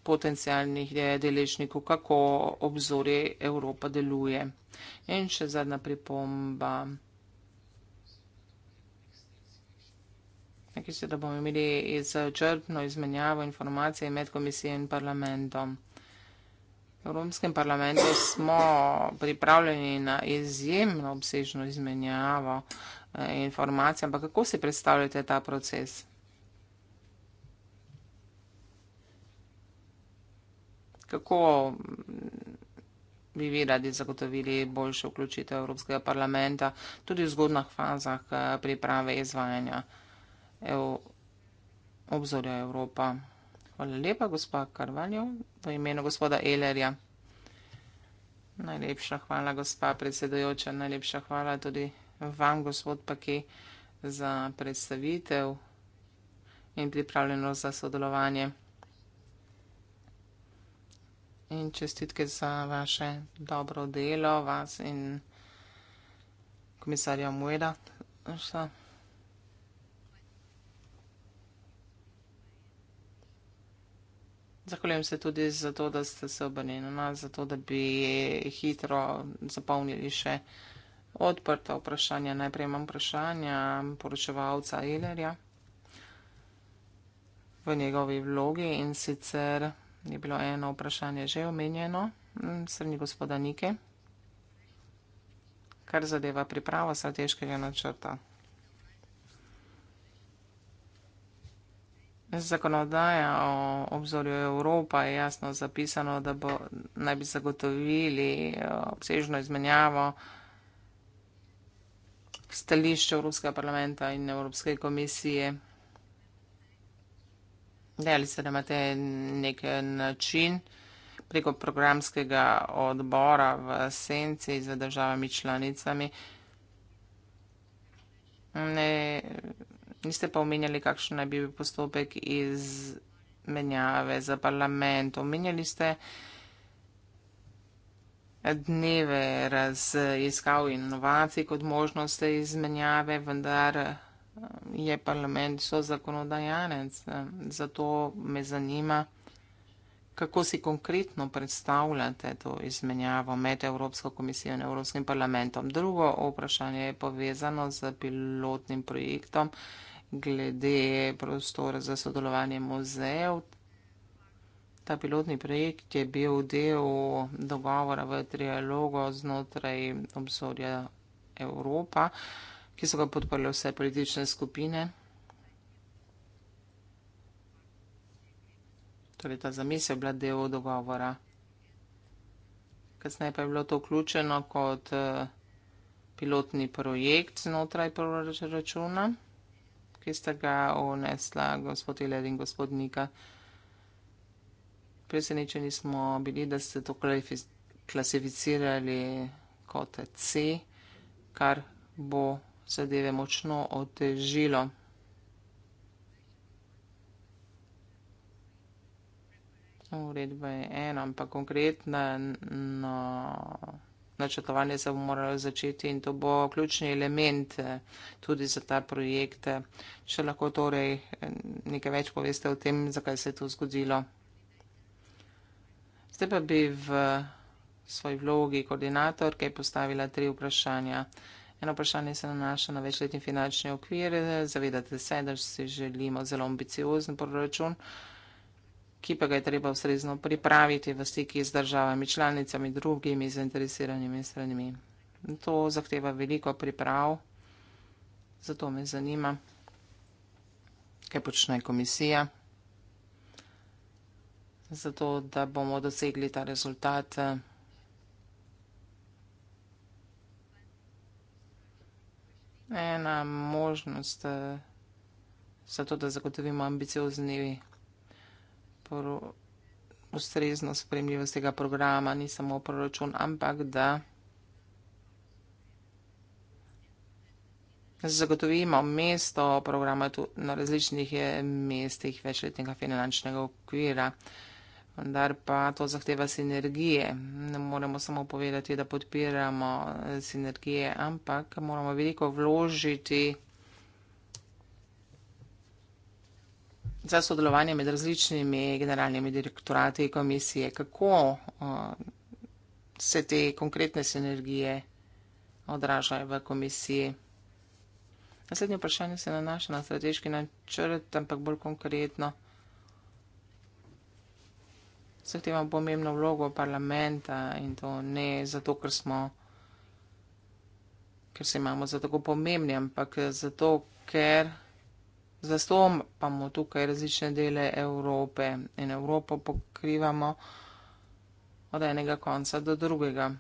potencijalnih deležnikov, kako obzorje Evropa deluje. In še zadnja pripomba. ki se da bomo imeli izčrpno izmenjavo informacij med komisijo in parlamentom. V Evropskem parlamentu smo pripravljeni na izjemno obsežno izmenjavo eh, informacij, ampak kako si predstavljate ta proces? Kako bi vi radi zagotovili boljšo vključitev Evropskega parlamenta tudi v zgodnih fazah eh, priprave izvajanja? EU obzorja Evropa. Hvala lepa, gospa Karvaljo, v imenu gospoda Elerja. Najlepša hvala, gospa predsedojoča, najlepša hvala tudi vam, gospod Pake, za predstavitev in pripravljenost za sodelovanje. In čestitke za vaše dobro delo, vas in komisarja Mueda. 是。Zahvaljujem se tudi za to, da ste se obrnili na nas, zato da bi hitro zapolnili še odprta vprašanja. Najprej imam vprašanja poročevalca Ilerja v njegovi vlogi in sicer je bilo eno vprašanje že omenjeno strani gospoda Nike, kar zadeva pripravo strateškega načrta. Zakonodaja o obzorju Evropa je jasno zapisano, da bo, naj bi zagotovili eh, obsežno izmenjavo stališča Evropskega parlamenta in Evropske komisije. Dejali ste, da imate nek eh, način preko programskega odbora v senci z državami članicami. Ne, niste pa omenjali, kakšen naj bi bil postopek iz menjave za parlament. Omenjali ste dneve raziskav in inovacij kot možnost izmenjave, vendar eh, je parlament so zakonodajanec. Eh, zato me zanima, kako si konkretno predstavljate to izmenjavo med Evropsko komisijo in Evropskim parlamentom. Drugo vprašanje je povezano z pilotnim projektom glede prostora za sodelovanje muzejev. Ta pilotni projekt je bil del dogovora v trialogu znotraj obzorja Evropa, ki so ga podprle vse politične skupine. Torej, ta zamisel je bila del dogovora. Kasneje pa je bilo to vključeno kot eh, pilotni projekt znotraj proračuna. Pr ki sta ga unesla gospod Iler in gospod Nika. Presenečeni smo bili, da ste to klasificirali kot C, kar bo zadeve močno otežilo. Uredba je ena, ampak konkretna. No, načrtovanje se bo moralo začeti in to bo ključni element eh, tudi za ta projekt. Eh, Če lahko torej eh, nekaj več poveste o tem, zakaj se je to zgodilo. Zdaj pa bi v svoji vlogi koordinatorke postavila tri vprašanja. Eno vprašanje se nanaša na večletni finančni okvir. Zavedate se, da si želimo zelo ambiciozen proračun ki pa ga je treba ustrezno pripraviti v stiki z državami, članicami, drugimi zainteresiranimi stranimi. To zahteva veliko priprav, zato me zanima, kaj počne komisija, zato da bomo dosegli ta rezultat. Ena možnost, eh, zato da zagotovimo ambiciozni poro, ustrezno spremljivost tega programa, ni samo proračun, ampak da zagotovimo mesto programa tudi na različnih eh, mestih večletnega finančnega okvira. Vendar pa to zahteva sinergije. Ne moremo samo povedati, da podpiramo eh, sinergije, ampak moramo veliko vložiti. za sodelovanje med različnimi generalnimi direktorati komisije. Kako uh, se te konkretne sinergije odražajo v komisiji? Naslednje vprašanje se nanaša na strateški načrt, ampak bolj konkretno. Zahteva pomembno vlogo parlamenta in to ne zato, ker smo, ker se imamo za tako pomembni, ampak zato, ker zastopamo tukaj različne dele Evrope in Evropo pokrivamo od enega konca do drugega.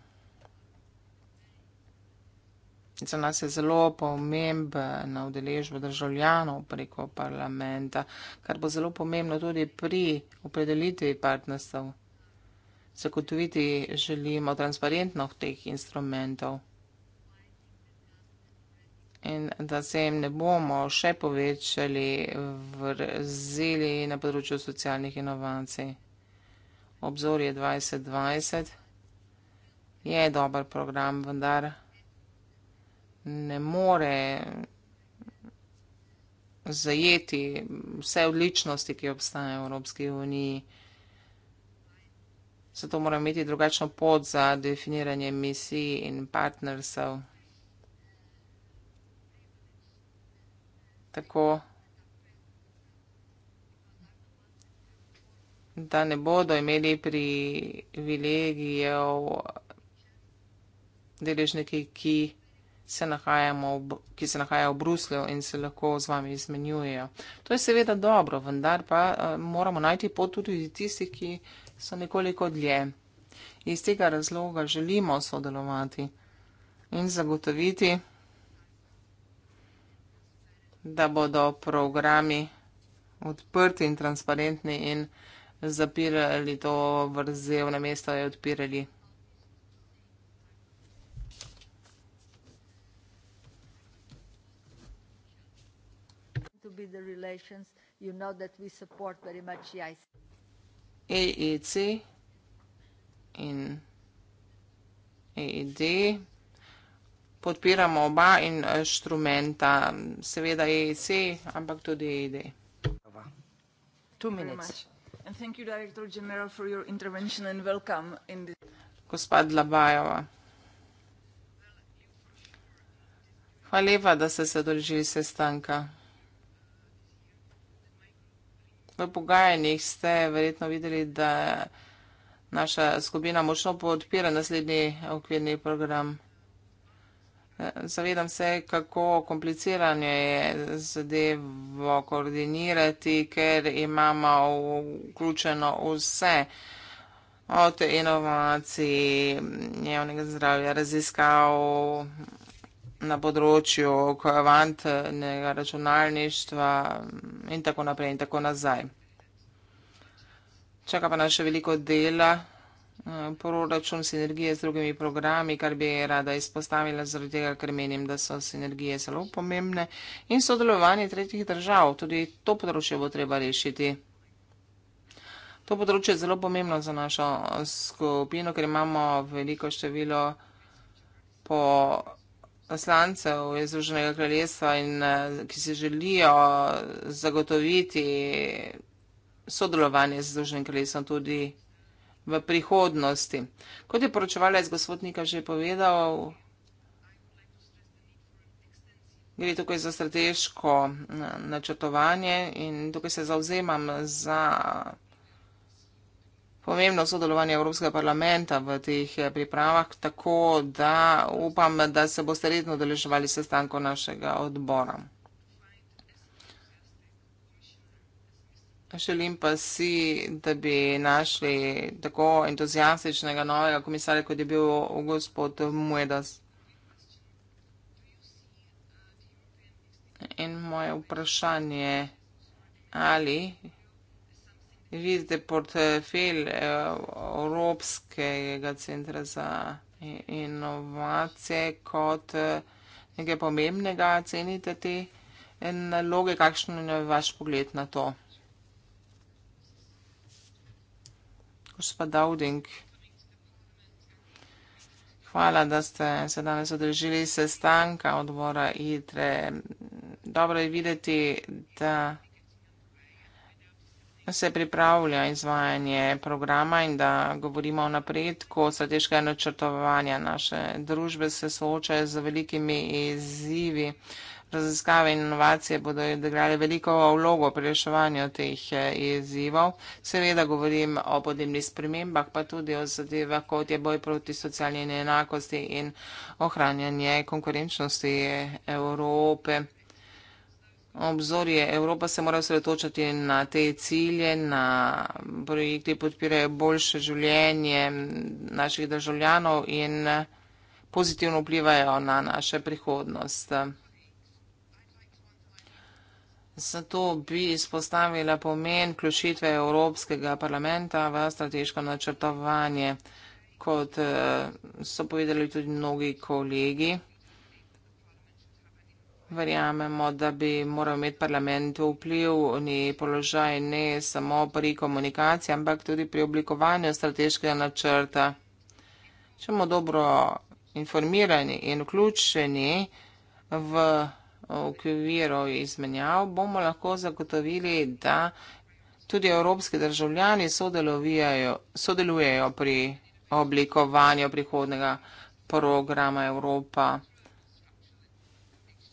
Za nas je zelo pomembna udeležba državljanov preko parlamenta, kar bo zelo pomembno tudi pri opredelitvi partnerstv. Zagotoviti želimo transparentnost teh instrumentov in da se jim ne bomo še povečali vrzeli na področju socialnih inovacij. Obzor je 2020, je dober program, vendar ne more zajeti vse odličnosti, ki obstajajo v Evropski uniji. Zato moramo imeti drugačno pot za definiranje misij in partnersev. tako, da ne bodo imeli privilegijev deležniki, ki se nahajamo, ki se nahajajo v Bruslju in se lahko z vami izmenjujejo. To je seveda dobro, vendar pa eh, moramo najti pot tudi tisti, ki so nekoliko dlje. Iz tega razloga želimo sodelovati in zagotoviti, da bodo programi odprti in transparentni in zapirali to vrzel na mesto in odpirali. AEC e e in AED podpiramo oba inštrumenta, eh, seveda EEC, ampak tudi EED. Gospod Dlabajova. Hvala lepa, da ste se držili sestanka. V pogajanjih ste verjetno videli, da naša skupina močno podpira naslednji okvirni program. Zavedam se, kako komplicirano je zadevo koordinirati, ker imamo vključeno vse od inovacij javnega zdravja, raziskav na področju kvantnega računalništva in tako naprej in tako nazaj. Čaka pa nas še veliko dela. Eh, proračun sinergije z drugimi programi, kar bi rada izpostavila zaradi tega, ker menim, da so sinergije zelo pomembne in sodelovanje tretjih držav. Tudi to področje bo treba rešiti. To področje je zelo pomembno za našo skupino, ker imamo veliko število po poslancev Združenega kraljestva in eh, ki si želijo zagotoviti sodelovanje z Združenim kraljestvom tudi v prihodnosti. Kot je poročevalec gospod Nika že povedal, gre tukaj za strateško načrtovanje in tukaj se zauzemam za pomembno sodelovanje Evropskega parlamenta v teh eh, pripravah, tako da upam, da se boste redno odeleževali sestanko našega odbora. Želim pa si, da bi našli tako entuzijastičnega novega komisarja, kot je bil gospod Muedas. In moje vprašanje, ali vidite portfelj eh, Evropskega centra za inovacije kot eh, nekaj pomembnega, cenite te eh, naloge, kakšen je vaš pogled na to? gospa Dowding. Hvala, da ste se danes odrežili sestanka odbora IDRE. Dobro je videti, da se pripravlja izvajanje programa in da govorimo o napredku strateškega načrtovanja. Naše družbe se soočajo z velikimi izzivi raziskave in inovacije bodo igrali veliko vlogo pri reševanju teh eh, izzivov. Seveda govorim o podnebnih spremembah, pa tudi o zadevah, kot je boj proti socialni neenakosti in ohranjanje konkurenčnosti Evrope. Obzorje Evropa se mora osredotočiti na te cilje, na projekte podpirajo boljše življenje naših državljanov in eh, pozitivno vplivajo na naše prihodnost. Zato bi izpostavila pomen vključitve Evropskega parlamenta v strateško načrtovanje, kot eh, so povedali tudi mnogi kolegi. Verjamemo, da bi moral imeti parlament vpliv ni položaj ne samo pri komunikaciji, ampak tudi pri oblikovanju strateškega načrta. Če bomo dobro informirani in vključeni v okviru izmenjav, bomo lahko zagotovili, da tudi evropski državljani sodelujejo pri oblikovanju prihodnega programa Evropa,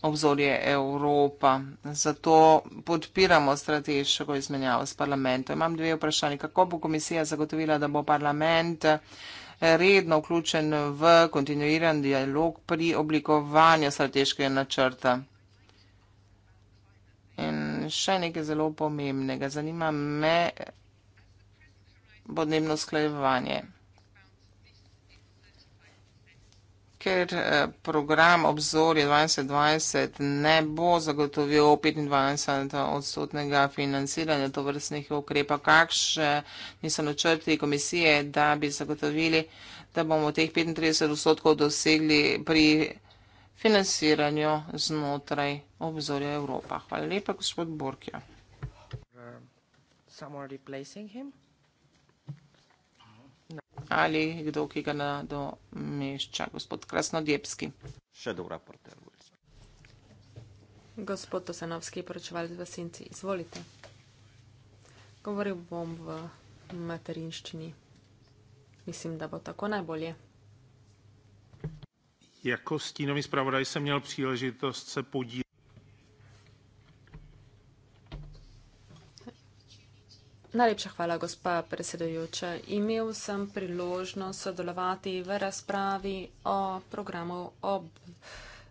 obzorje Evropa. Zato podpiramo strateško izmenjavo s parlamentom. Imam dve vprašanje. Kako bo komisija zagotovila, da bo parlament eh, redno vključen v kontinuiran dialog pri oblikovanju strateškega načrta? še nekaj zelo pomembnega. Zanima me podnebno sklajevanje. Ker eh, program obzorje 2020 ne bo zagotovil 25 odstotnega financiranja to vrstnih ukrepa, kakšne niso načrti komisije, da bi zagotovili, da bomo teh 35 odstotkov dosegli pri financiranju znotraj obzorja Evropa. Hvala lepa, gospod Borkja. No. Ali kdo, ki ga nadomešča, gospod Krasnodjepski. Še do raporter. Gospod Osanovski, poročevalec v Sinci, izvolite. Govoril bom v materinščini. Mislim, da bo tako najbolje jako stínový zpravodaj jsem měl příležitost se podívat. Najlepša hvala, gospa predsedujoča. Imel sem priložnost sodelovati v razpravi o programu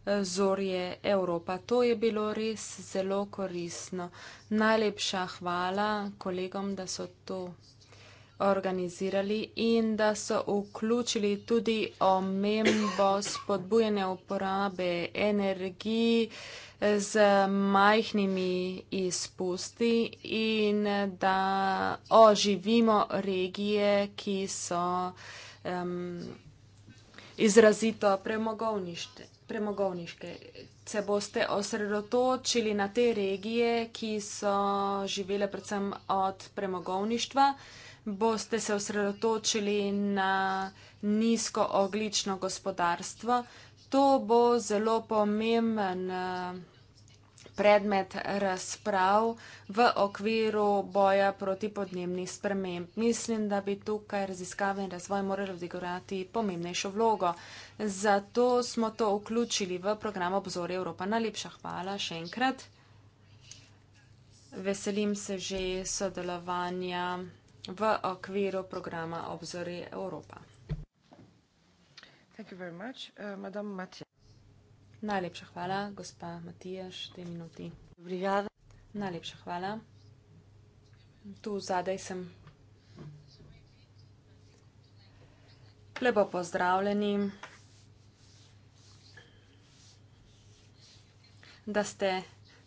Obzorje Evropa. To je bilo res zelo korisno. Najlepša hvala kolegom, da so to organizirali in da so vključili tudi omembo spodbujene uporabe energiji z majhnimi izpusti in da oživimo regije, ki so um, izrazito premogovniške. Se boste osredotočili na te regije, ki so živele predvsem od premogovništva. Uh, boste se osredotočili na nizkooglično gospodarstvo. To bo zelo pomemben eh, predmet razprav v okviru boja proti podnebnih sprememb. Mislim, da bi tukaj raziskave in razvoj morali odigrati pomembnejšo vlogo. Zato smo to vključili v program Obzor Evropa. Najlepša hvala še enkrat. Veselim se že sodelovanja v okviru programa Obzori Evropa. Thank you very much, uh, Madame Matija. Najlepša hvala, gospa Matija, šte minuti. Brigada. Najlepša hvala. Tu zadaj sem. Lepo pozdravljeni, da ste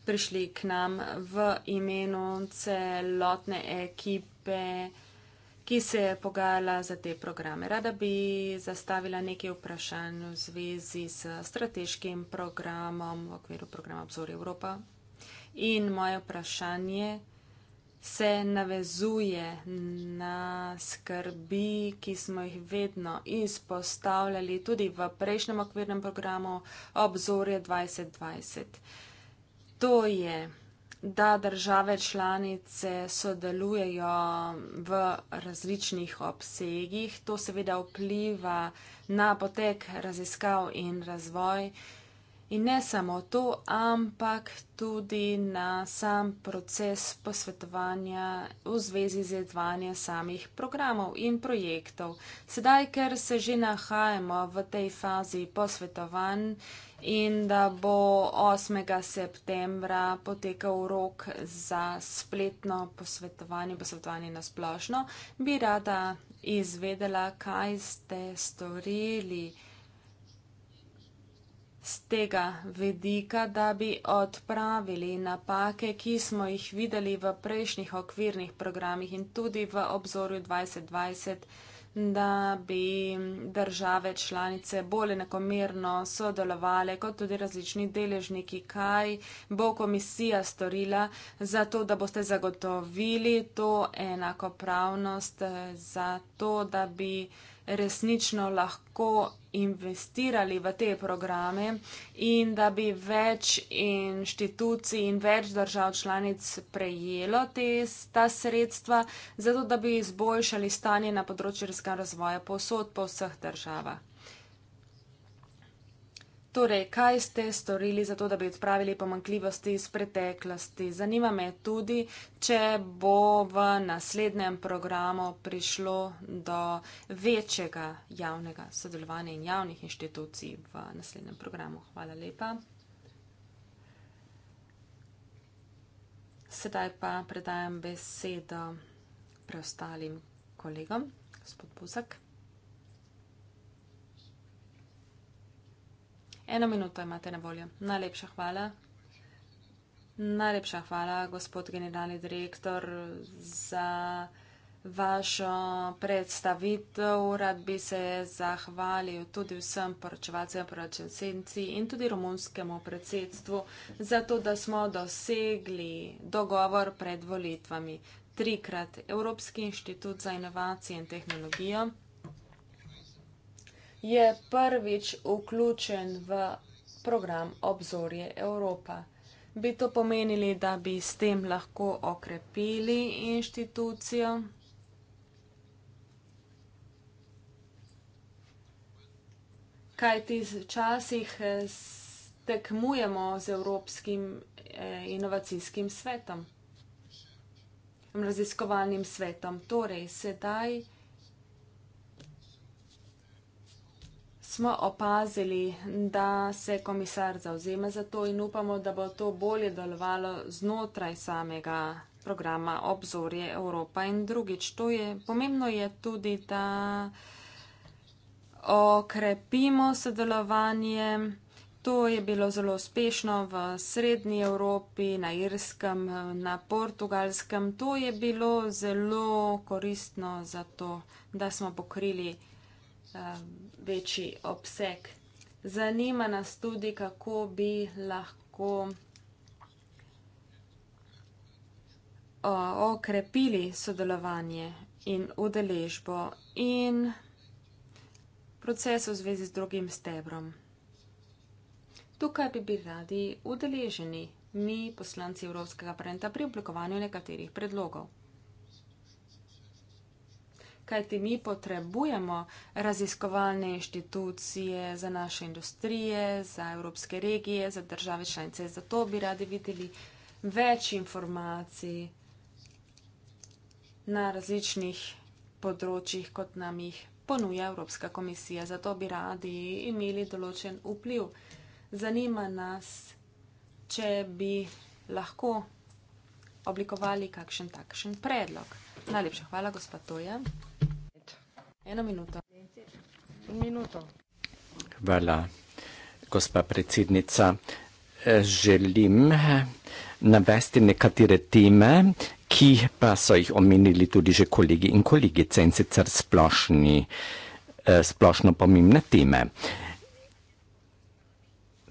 prišli k nam v imenu celotne ekipe, ki se je pogajala za te programe. Rada bi zastavila nekaj vprašanj v zvezi s strateškim programom v okviru programa Obzor Evropa. In moje vprašanje se navezuje na skrbi, ki smo jih vedno izpostavljali tudi v prejšnjem okvirnem programu Obzorje 2020 to je, da države članice sodelujejo v različnih obsegih. To seveda vpliva na potek raziskav in razvoj. In ne samo to, ampak tudi na sam proces posvetovanja v zvezi z izvanjem samih programov in projektov. Sedaj, ker se že nahajamo v tej fazi posvetovanj, in da bo 8. septembra potekal rok za spletno posvetovanje, posvetovanje na splošno, bi rada izvedela, kaj ste storili z tega vedika, da bi odpravili napake, ki smo jih videli v prejšnjih okvirnih programih in tudi v obzorju 2020 da bi države članice bolj enakomerno sodelovali, kot tudi različni deležniki, kaj bo komisija storila za to, da boste zagotovili to enakopravnost, za to, da bi resnično lahko investirali v te programe in da bi več inštitucij in več držav članic prejelo te, ta sredstva, zato da bi izboljšali stanje na področju reskega razvoja posod po vseh državah. Torej, kaj ste storili za to, da bi odpravili pomankljivosti iz preteklosti? Zanima me tudi, če bo v naslednjem programu prišlo do večjega javnega sodelovanja in javnih inštitucij v naslednjem programu. Hvala lepa. Sedaj pa predajam besedo preostalim kolegom, gospod Buzak. Eno minuto imate na voljo. Najlepša hvala. Najlepša hvala, gospod generalni direktor, za vašo predstavitev. Rad bi se zahvalil tudi vsem poročevalcem, poročevalcem in tudi romunskemu predsedstvu za to, da smo dosegli dogovor pred volitvami. Trikrat Evropski inštitut za inovacije in tehnologijo je prvič vključen v program Obzorje Evropa. Bi to pomenili, da bi s tem lahko okrepili inštitucijo? Kaj ti včasih eh, tekmujemo z Evropskim eh, inovacijskim svetom, raziskovalnim svetom. Torej, sedaj smo opazili, da se komisar zauzema za to in upamo, da bo to bolje delovalo znotraj samega programa Obzorje Evropa. In drugič, to je pomembno je tudi, da okrepimo sodelovanje. To je bilo zelo uspešno v Srednji Evropi, na Irskem, na Portugalskem. To je bilo zelo koristno za to, da smo pokrili um, večji obseg. Zanima nas tudi, kako bi lahko o, okrepili sodelovanje in udeležbo in proces v zvezi z drugim stebrom. Tukaj bi bili radi udeleženi mi, poslanci Evropskega parlamenta, pri oblikovanju nekaterih predlogov kajti mi potrebujemo raziskovalne inštitucije za naše industrije, za evropske regije, za države članice. Zato bi radi videli več informacij na različnih področjih, kot nam jih ponuja Evropska komisija. Zato bi radi imeli določen vpliv. Zanima nas, če bi lahko oblikovali kakšen takšen predlog. Najlepša hvala, gospod Toja. Eno minuto. En minuto. Hvala, gospa predsednica. Želim navesti nekatere teme, ki pa so jih omenili tudi že kolegi in kolegice in sicer splošni, eh, splošno pomembne teme.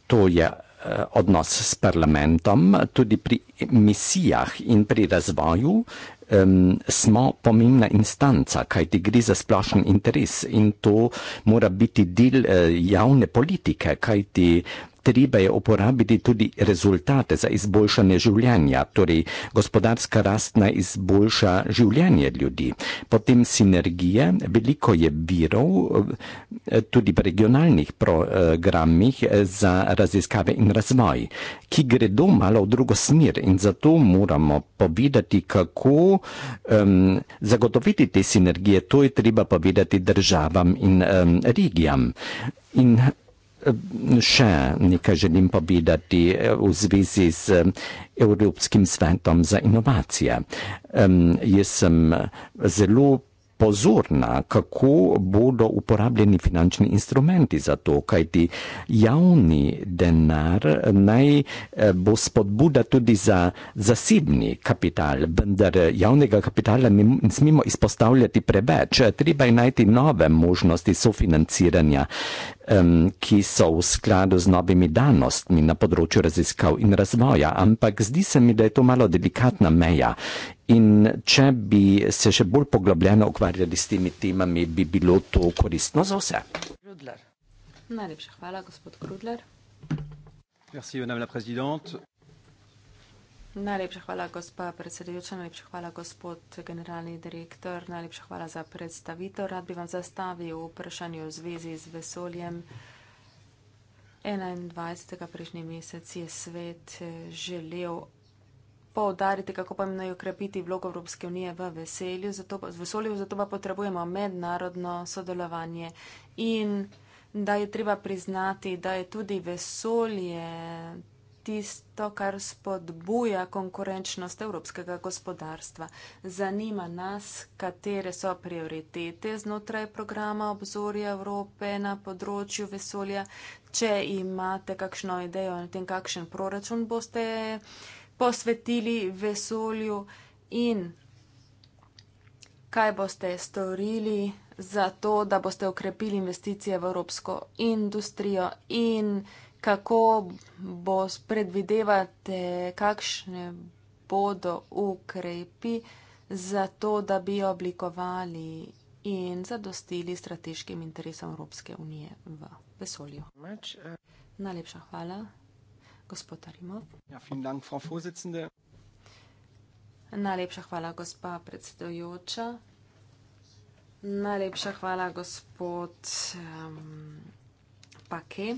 To je eh, odnos s parlamentom, tudi pri misijah in pri razvoju um, smo pomembna instanca, kajti gre za splošen interes in to mora biti del uh, javne politike, kajti treba je uporabiti tudi rezultate za izboljšanje življenja, torej gospodarska rast naj izboljša življenje ljudi. Potem sinergije, veliko je virov eh, tudi v regionalnih programih eh, za raziskave in razvoj, ki gredo malo v drugo smer in zato moramo povedati, kako um, zagotoviti te sinergije, to je treba povedati državam in um, regijam. In še nekaj želim povedati eh, v zvezi z eh, Evropskim svetom za inovacije. Jaz sem eh, zelo pozor na, kako bodo uporabljeni finančni instrumenti za to, kajti javni denar naj eh, bo spodbuda tudi za zasebni kapital, vendar eh, javnega kapitala ne smemo izpostavljati preveč. Treba je najti nove možnosti sofinanciranja, ki so v skladu z novimi danostmi na področju raziskav in razvoja, ampak zdi se mi, da je to malo delikatna meja In če bi se še bolj poglobljeno ukvarjali s temi temami, bi bilo to koristno za vse. Krudler. Najlepša hvala, gospod Krudler. Merci, Najlepša hvala, gospa predsedujoča, najlepša hvala, gospod generalni direktor, najlepša hvala za predstavitev. Rad bi vam zastavil vprašanje v zvezi z vesoljem. 21. prejšnji mesec je svet eh, želel poudariti, kako pa jim naj ukrepiti vlogo Evropske unije v veselju, zato, v vesolju, zato pa potrebujemo mednarodno sodelovanje in da je treba priznati, da je tudi vesolje tisto, kar spodbuja konkurenčnost evropskega gospodarstva. Zanima nas, katere so prioritete znotraj programa obzorja Evrope na področju vesolja, če imate kakšno idejo o tem, kakšen proračun boste posvetili vesolju in kaj boste storili za to, da boste ukrepili investicije v evropsko industrijo in kako bo predvidevate, kakšne bodo ukrepi za to, da bi oblikovali in zadostili strateškim interesom Evropske unije v vesolju. Uh, Najlepša hvala. Gospod Arimov. Ja, vielen Dank, Frau Vorsitzende. Najlepša hvala, gospa predsedujoča. Najlepša hvala, gospod um, Pake.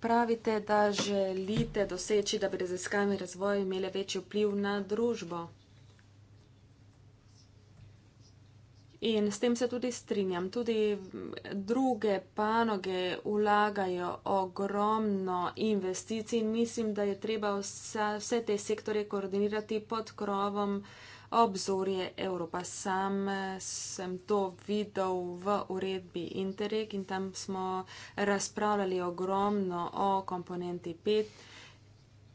Pravite, da želite doseči, da bi raziskave in razvoj imele večji vpliv na družbo. In s tem se tudi strinjam. Tudi druge panoge vlagajo ogromno investicij in mislim, da je treba vse, vse te sektore koordinirati pod krovom obzorje Evropa. Sam sem to videl v uredbi Interreg in tam smo razpravljali ogromno o komponenti 5,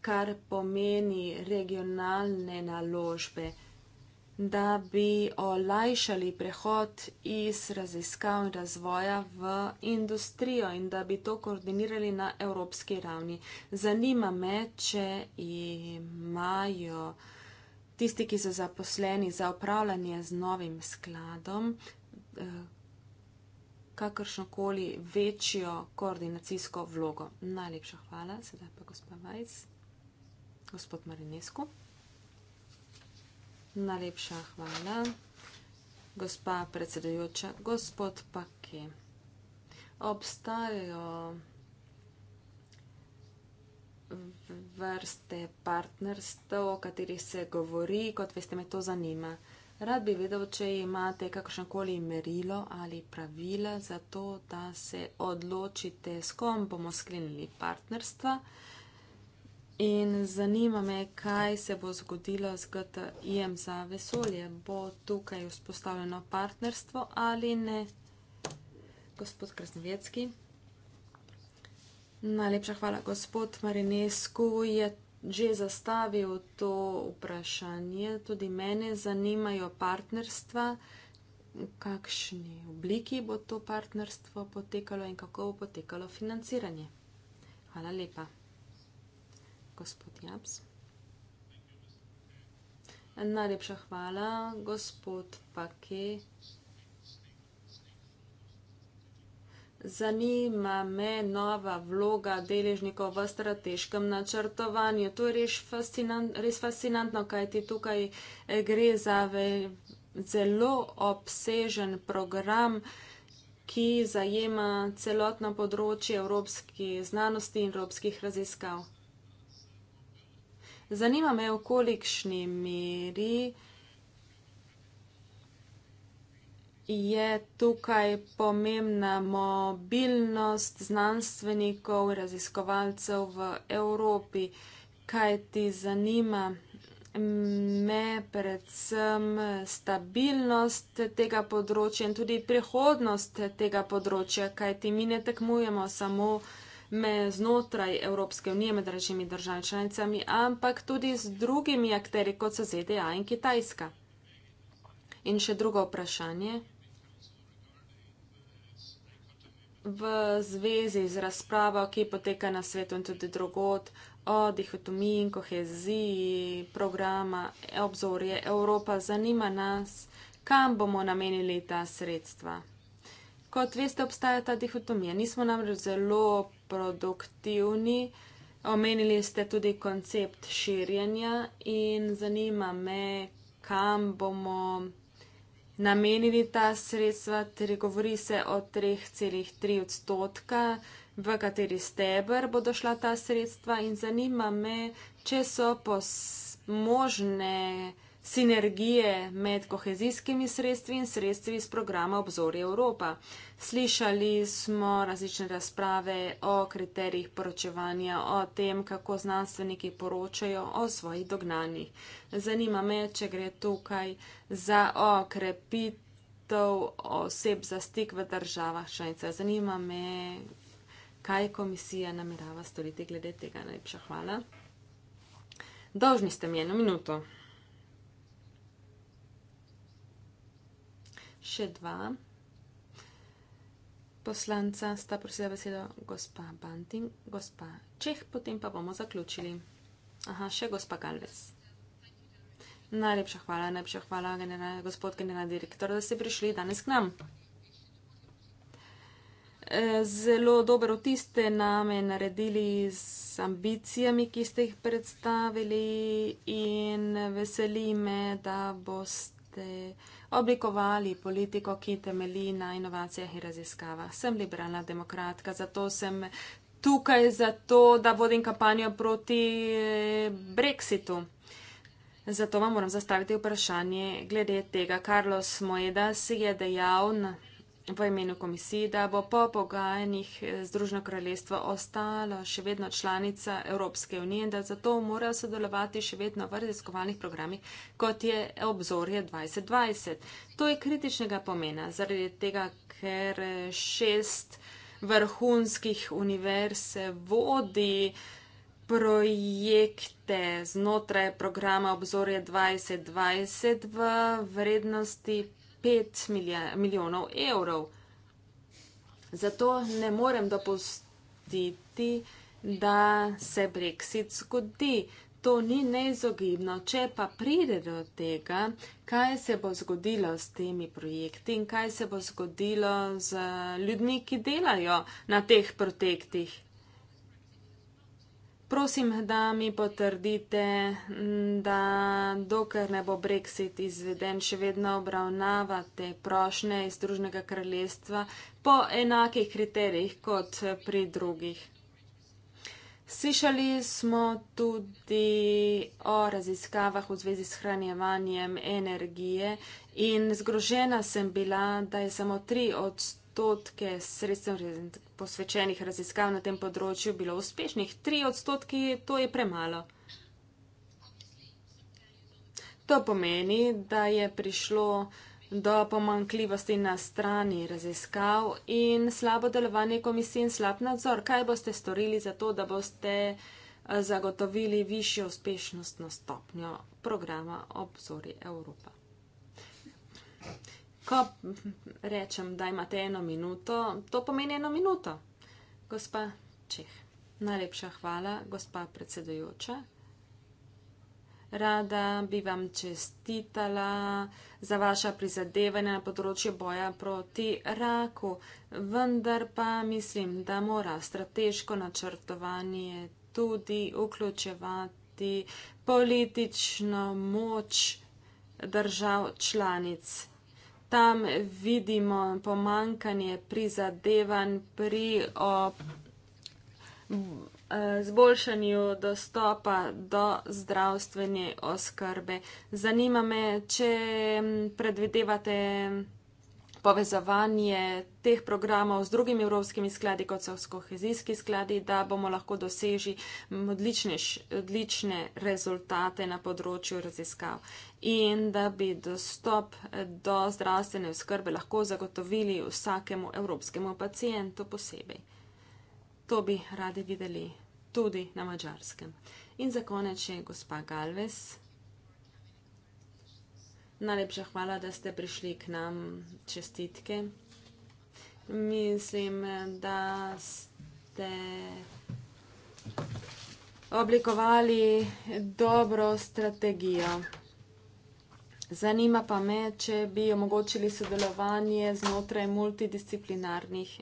kar pomeni regionalne naložbe da bi olajšali prehod iz raziskav in razvoja v industrijo in da bi to koordinirali na evropski ravni. Zanima me, če imajo tisti, ki so zaposleni za upravljanje z novim skladom, eh, kakršnokoli večjo koordinacijsko vlogo. Najlepša hvala, sedaj pa gospod Vajc, gospod Marinesku. Najlepša hvala. Gospa predsedujoča, gospod Paki, obstajajo vrste partnerstv, o katerih se govori, kot veste, me to zanima. Rad bi vedel, če imate kakršnokoli merilo ali pravila za to, da se odločite, s kom bomo sklenili partnerstva. In zanima me, kaj se bo zgodilo z GTI-jem za vesolje. Bo tukaj vzpostavljeno partnerstvo ali ne? Gospod Krasnevecki. Najlepša hvala. Gospod Marinescu je že zastavil to vprašanje. Tudi mene zanimajo partnerstva. V kakšni obliki bo to partnerstvo potekalo in kako bo potekalo financiranje? Hvala lepa gospod Jabs. Najlepša hvala, gospod Pake. Zanima me nova vloga deležnikov v strateškem načrtovanju. To je res, fascinant, res fascinantno, kaj ti tukaj eh, gre za zelo obsežen program, ki zajema celotno področje evropskih znanosti in evropskih raziskav. Zanima me, v kolikšni meri je tukaj pomembna mobilnost znanstvenikov, raziskovalcev v Evropi, kaj ti zanima me predvsem stabilnost tega področja in tudi prihodnost tega področja, kaj ti mi ne tekmujemo samo me znotraj Evropske unije med režimi državami članicami, ampak tudi z drugimi akteri, kot so ZDA in Kitajska. In še drugo vprašanje. V zvezi z razpravo, ki poteka na svetu in tudi drugot, o dihotomiji in koheziji programa obzorje Evropa, zanima nas, kam bomo namenili ta sredstva kot veste, obstaja ta dihotomija. Nismo namreč zelo produktivni. Omenili ste tudi koncept širjenja in zanima me, kam bomo namenili ta sredstva. Tri, torej, govori se o 3,3 odstotka, v kateri steber bodo šla ta sredstva in zanima me, če so pos, možne sinergije med kohezijskimi sredstvi in sredstvi iz programa Obzorje Evropa. Slišali smo različne razprave o kriterijih poročevanja, o tem, kako znanstveniki poročajo o svojih dognanjih. Zanima me, če gre tukaj za okrepitev oseb za stik v državah članica. Zanima me, kaj komisija namerava storiti glede tega. Najlepša hvala. Dožni ste mi eno minuto. še dva poslanca, sta prosila besedo gospa Banting, gospa Čeh, potem pa bomo zaključili. Aha, še gospa Galvez. Najlepša hvala, najlepša hvala, general, gospod generalni direktor, da ste prišli danes k nam. E, zelo dober vtis ste name naredili z ambicijami, ki ste jih predstavili in veseli me, da boste ste oblikovali politiko, ki temelji na inovacijah in raziskavah. Sem liberalna demokratka, zato sem tukaj, zato, da vodim kampanjo proti eh, Brexitu. Zato vam moram zastaviti vprašanje glede tega. Carlos Moedas je dejal, v imenu komisije, da bo po pogajanjih eh, Združeno kraljestvo ostalo še vedno članica Evropske unije in da zato morajo sodelovati še vedno v raziskovalnih programih, kot je obzorje 2020. To je kritičnega pomena, zaradi tega, ker eh, šest vrhunskih univerz eh, vodi projekte znotraj programa obzorje 2020 v vrednosti 5 milijonov evrov. Zato ne morem dopustiti, da se Brexit zgodi. To ni neizogibno. Če pa pride do tega, kaj se bo zgodilo s temi projekti in kaj se bo zgodilo z ljudmi, ki delajo na teh projektih. Prosim, da mi potrdite, da dokler ne bo Brexit izveden, še vedno obravnavate prošnje iz družnega kraljestva po enakih kriterijih kot pri drugih. Slišali smo tudi o raziskavah v zvezi s hranjevanjem energije in zgrožena sem bila, da je samo 3 odstotkov odstotke sredstev posvečenih raziskav na tem področju bilo uspešnih, tri odstotki to je premalo. To pomeni, da je prišlo do pomankljivosti na strani raziskav in slabo delovanje komisij in slab nadzor. Kaj boste storili za to, da boste eh, zagotovili višjo uspešnostno stopnjo programa Obzori Evropa? Ko rečem, da imate eno minuto, to pomeni eno minuto. Gospa Čeh, najlepša hvala, gospa predsedujoča. Rada bi vam čestitala za vaša prizadevanja na področju boja proti raku, vendar pa mislim, da mora strateško načrtovanje tudi vključevati politično moč držav članic tam vidimo pomankanje prizadevanj pri e, zboljšanju dostopa do zdravstvene oskrbe. Zanima me, če predvidevate povezovanje teh programov z drugimi evropskimi skladi, kot so skohezijski skladi, da bomo lahko doseži odlične rezultate na področju raziskav in da bi dostop do zdravstvene oskrbe lahko zagotovili vsakemu evropskemu pacijentu posebej. To bi radi videli tudi na mačarskem. In za konec je gospa Galves. Najlepša hvala, da ste prišli k nam čestitke. Mislim, da ste oblikovali dobro strategijo. Zanima pa me, če bi omogočili sodelovanje znotraj multidisciplinarnih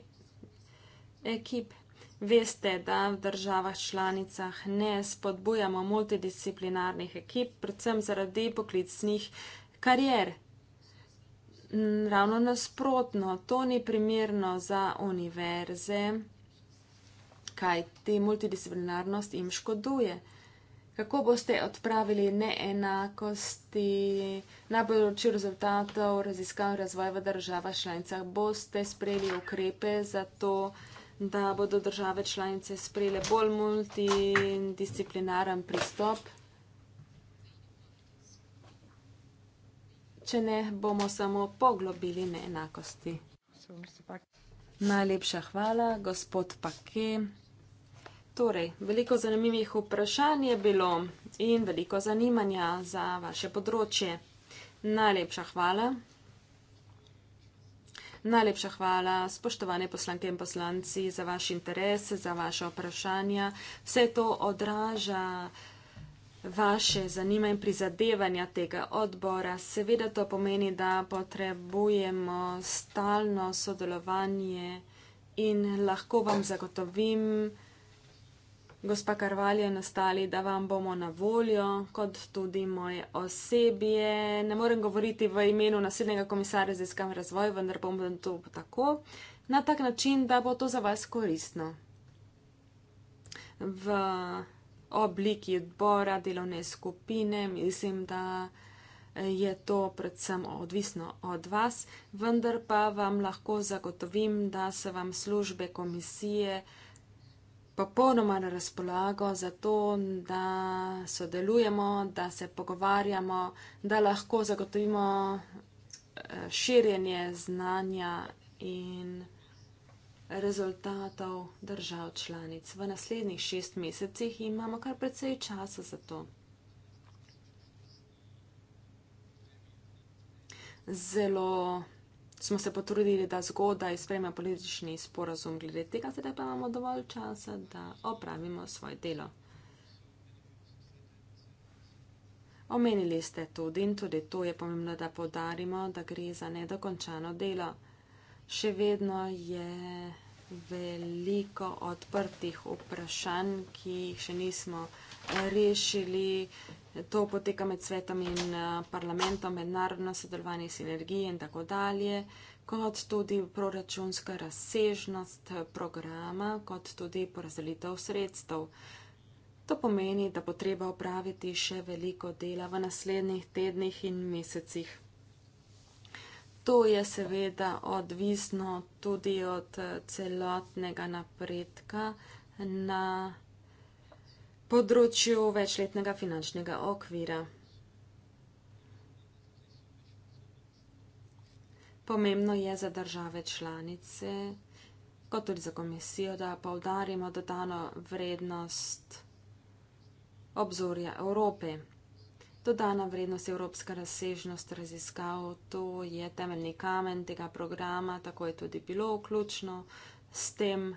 ekip. Veste, da v državah članicah ne spodbujamo multidisciplinarnih ekip, predvsem zaradi poklicnih ekip karijer. Ravno nasprotno, to ni primerno za univerze, kaj te multidisciplinarnost jim škoduje. Kako boste odpravili neenakosti na področju rezultatov raziskav in razvoja v državah članicah? Boste sprejeli ukrepe za to, da bodo države članice sprejele bolj multidisciplinaren pristop če ne bomo samo poglobili neenakosti. Najlepša hvala, gospod Pake. Torej, veliko zanimivih vprašanj je bilo in veliko zanimanja za vaše področje. Najlepša hvala. Najlepša hvala, spoštovane poslanke in poslanci, za vaš interes, za vaše vprašanja. Vse to odraža vaše zanimanje in prizadevanja tega odbora. Seveda to pomeni, da potrebujemo stalno sodelovanje in lahko vam zagotovim, gospa Karvalje, nastali, da vam bomo na voljo, kot tudi moje osebje. Ne morem govoriti v imenu naslednjega komisarja za iskam razvoj, vendar bom to tako, na tak način, da bo to za vas koristno. V obliki odbora, delovne skupine, mislim, da eh, je to predvsem odvisno od vas, vendar pa vam lahko zagotovim, da se vam službe komisije popolnoma na razpolago za to, da sodelujemo, da se pogovarjamo, da lahko zagotovimo eh, širjenje znanja in rezultatov držav članic. V naslednjih šest mesecih imamo kar precej časa za to. Zelo smo se potrudili, da zgodaj sprejme politični sporazum glede tega, sedaj pa imamo dovolj časa, da opravimo svoje delo. Omenili ste tudi in tudi to je pomembno, da podarimo, da gre za nedokončano delo še vedno je veliko odprtih vprašanj, ki jih še nismo rešili. To poteka med svetom in eh, parlamentom, mednarodno sodelovanje, sinergije in tako dalje, kot tudi proračunska razsežnost eh, programa, kot tudi porazdelitev sredstev. To pomeni, da bo treba opraviti še veliko dela v naslednjih tednih in mesecih. To je seveda odvisno tudi od eh, celotnega napredka na področju večletnega finančnega okvira. Pomembno je za države članice, kot tudi za komisijo, da poudarimo dodano vrednost obzorja Evrope. Dodana vrednost evropska razsežnost raziskav, to je temeljni kamen tega programa, tako je tudi bilo vključno s tem,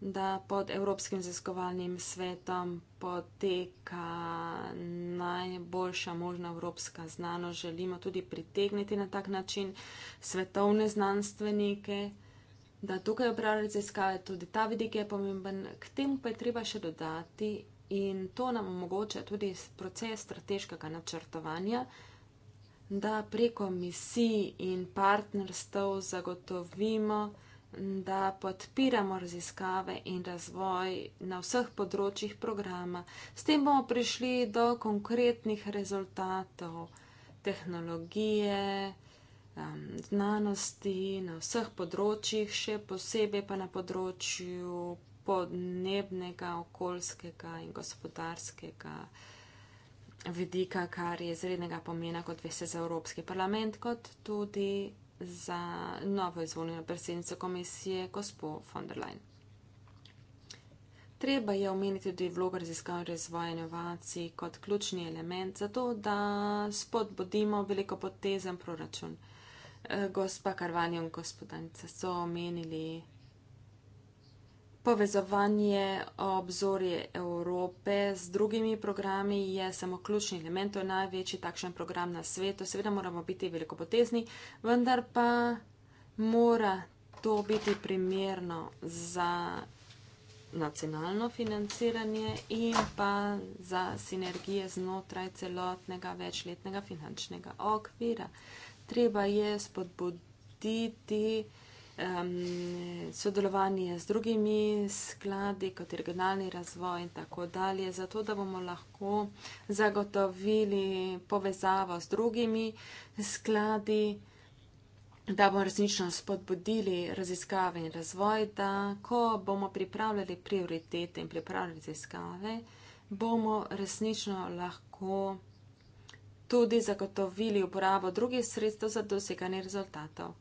da pod Evropskim raziskovalnim svetom poteka najboljša možna evropska znanost. Želimo tudi pritegniti na tak način svetovne znanstvenike, da tukaj opravljajo raziskave, tudi ta vidik je pomemben. K temu pa je treba še dodati In to nam omogoča tudi proces strateškega načrtovanja, da preko misij in partnerstv zagotovimo, da podpiramo raziskave in razvoj na vseh področjih programa. S tem bomo prišli do konkretnih rezultatov tehnologije, znanosti na vseh področjih, še posebej pa na področju podnebnega, okoljskega in gospodarskega vidika, kar je izrednega pomena, kot veste, za Evropski parlament, kot tudi za novo izvoljeno predsednico komisije, gospod von der Leyen. Treba je omeniti tudi vlogo raziskav in razvoja inovacij kot ključni element za to, da spodbudimo veliko potezen proračun. Eh, gospa Karvanjo in gospodanica so omenili Povezovanje obzorje Evrope z drugimi programi je samo ključni element, to je največji takšen program na svetu. Seveda moramo biti velikopotezni, vendar pa mora to biti primerno za nacionalno financiranje in pa za sinergije znotraj celotnega večletnega finančnega okvira. Treba je spodbuditi um, sodelovanje z drugimi skladi, kot je regionalni razvoj in tako dalje, zato da bomo lahko zagotovili povezavo z drugimi skladi, da bomo resnično spodbudili raziskave in razvoj, da ko bomo pripravljali prioritete in pripravljali raziskave, bomo resnično lahko tudi zagotovili uporabo drugih sredstev za doseganje rezultatov.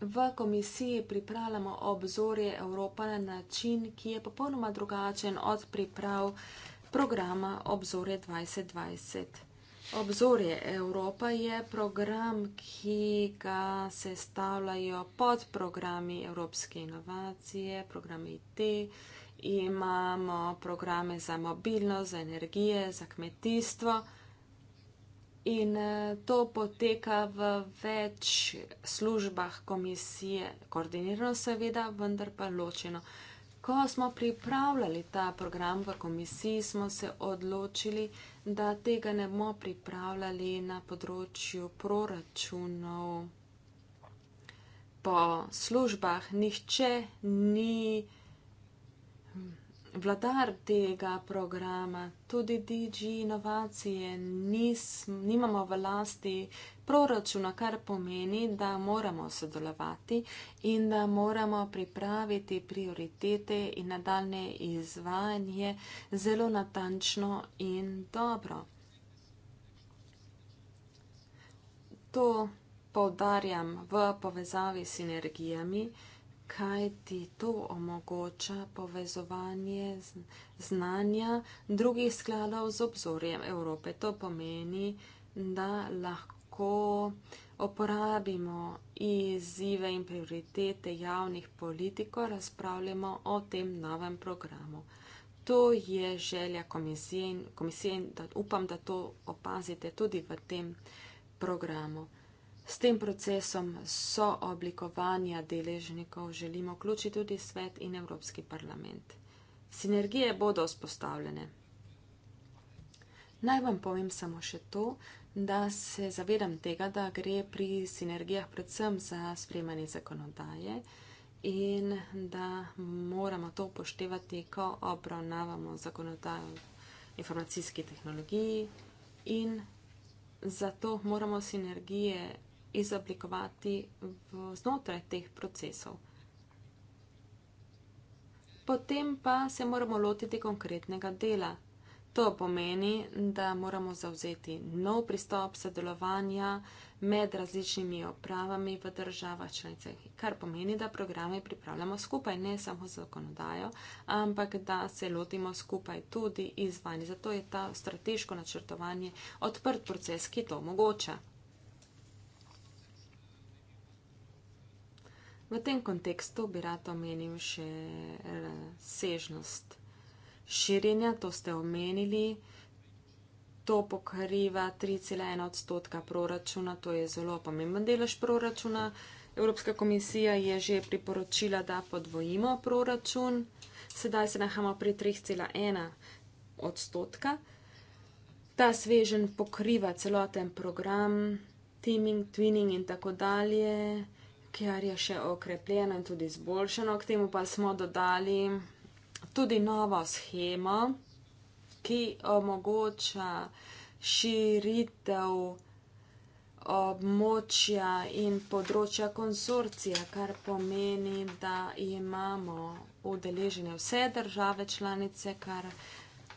v komisiji pripravljamo obzorje Evropa na način, ki je popolnoma drugačen od priprav programa obzorje 2020. Obzorje Evropa je program, ki ga sestavljajo pod programi Evropske inovacije, programi IT, imamo programe za mobilnost, za energije, za kmetijstvo. In eh, to poteka v več službah komisije, koordinirano seveda, vendar pa ločeno. Ko smo pripravljali ta program v komisiji, smo se odločili, da tega ne bomo pripravljali na področju proračunov po službah. Nihče ni. Hm, vladar tega programa, tudi DG inovacije, nis, nimamo v lasti proračuna, kar pomeni, da moramo sodelovati in da moramo pripraviti prioritete in nadaljne izvajanje zelo natančno in dobro. To poudarjam v povezavi s sinergijami kaj ti to omogoča povezovanje znanja drugih skladov z obzorjem Evrope. To pomeni, da lahko uporabimo izzive in prioritete javnih politikov, razpravljamo o tem novem programu. To je želja komisije in, komisije in da, upam, da to opazite tudi v tem programu. S tem procesom sooblikovanja deležnikov želimo vključiti tudi svet in Evropski parlament. Sinergije bodo vzpostavljene. Naj vam povem samo še to, da se zavedam tega, da gre pri sinergijah predvsem za spremanje zakonodaje in da moramo to upoštevati, ko obravnavamo zakonodajo informacijski tehnologiji in zato moramo sinergije izoblikovati znotraj teh procesov. Potem pa se moramo lotiti konkretnega dela. To pomeni, da moramo zauzeti nov pristop sodelovanja med različnimi opravami v državah članicah, kar pomeni, da programe pripravljamo skupaj, ne samo zakonodajo, ampak da se lotimo skupaj tudi izvanje. Zato je ta strateško načrtovanje odprt proces, ki to omogoča. V tem kontekstu bi rad omenil še eh, sežnost širjenja, to ste omenili. To pokriva 3,1 odstotka proračuna, to je zelo pomemben delež proračuna. Evropska komisija je že priporočila, da podvojimo proračun, sedaj se nahajamo pri 3,1 odstotka. Ta svežen pokriva celoten program, teaming, twinning in tako dalje kjer je še okrepljeno in tudi izboljšeno. K temu pa smo dodali tudi novo schemo, ki omogoča širitev območja in področja konsorcija, kar pomeni, da imamo udeležene vse države članice, kar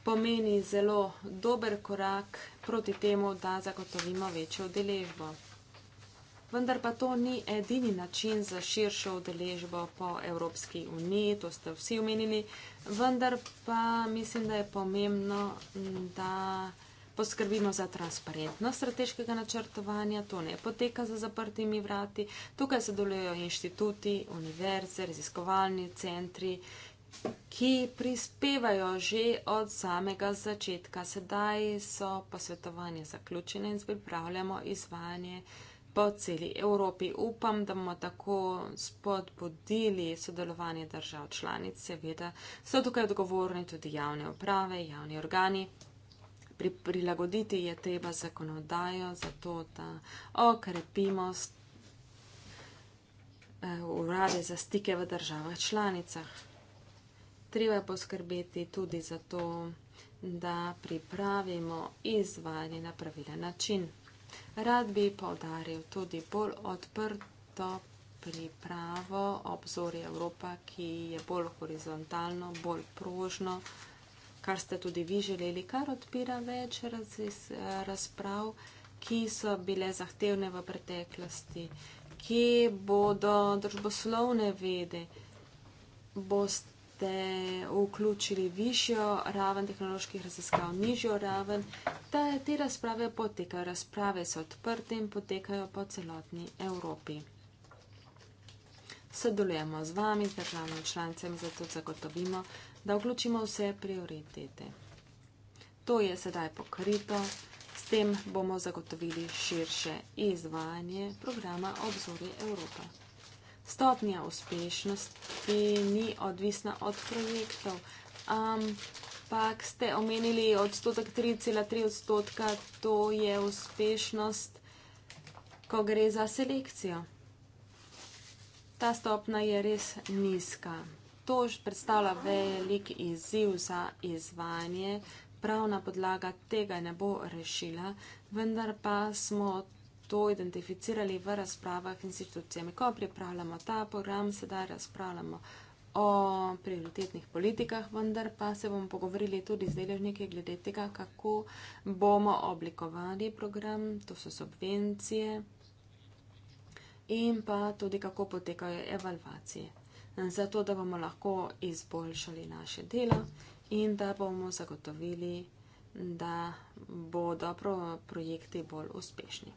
pomeni zelo dober korak proti temu, da zagotovimo večjo udeležbo vendar pa to ni edini način za širšo udeležbo po Evropski uniji, to ste vsi omenili, vendar pa mislim, da je pomembno, da poskrbimo za transparentnost strateškega načrtovanja, to ne poteka za zaprtimi vrati. Tukaj se delujejo inštituti, univerze, raziskovalni centri, ki prispevajo že od samega začetka. Sedaj so posvetovanje zaključene in pripravljamo izvajanje po celi Evropi. Upam, da bomo tako spodbudili sodelovanje držav članic. Seveda so tukaj odgovorni tudi javne uprave, javni organi. Pri, prilagoditi je treba zakonodajo za to, da okrepimo eh, urade za stike v državah članicah. Treba je poskrbeti tudi za to, da pripravimo izvajanje na pravilen način. Rad bi povdaril tudi bolj odprto pripravo obzorja Evropa, ki je bolj horizontalno, bolj prožno, kar ste tudi vi želeli, kar odpira več razis, razprav, ki so bile zahtevne v preteklosti, kje bodo družboslovne vede. Boste ste vključili višjo raven tehnoloških raziskav, nižjo raven. Te, te razprave potekajo, razprave so odprte in potekajo po celotni Evropi. Sodelujemo z vami, z državnim člancem, zato zagotovimo, da vključimo vse prioritete. To je sedaj pokrito, s tem bomo zagotovili širše izvajanje programa Obzorje Evropa stopnja uspešnosti ni odvisna od projektov. Ampak um, ste omenili odstotek 3,3 odstotka, to je uspešnost, ko gre za selekcijo. Ta stopna je res nizka. To že predstavlja velik izziv za izvajanje. Pravna podlaga tega ne bo rešila, vendar pa smo to identificirali v razpravah institucijami. Ko pripravljamo ta program, sedaj razpravljamo o prioritetnih politikah, vendar pa se bomo pogovorili tudi z deležniki glede tega, kako bomo oblikovali program, to so subvencije in pa tudi, kako potekajo evalvacije, zato da bomo lahko izboljšali naše delo in da bomo zagotovili, da bodo projekti bolj uspešni.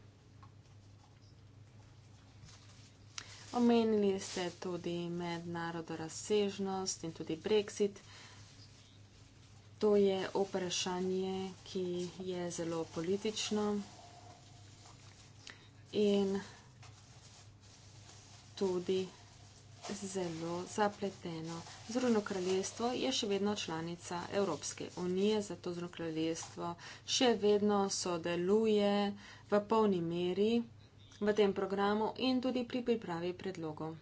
Omenili ste tudi mednarodno razsežnost in tudi Brexit. To je vprašanje, ki je zelo politično in tudi zelo zapleteno. Zruno kraljestvo je še vedno članica Evropske unije, zato Zruno kraljestvo še vedno sodeluje v polni meri v tem programu in tudi pri pripravi predlogov.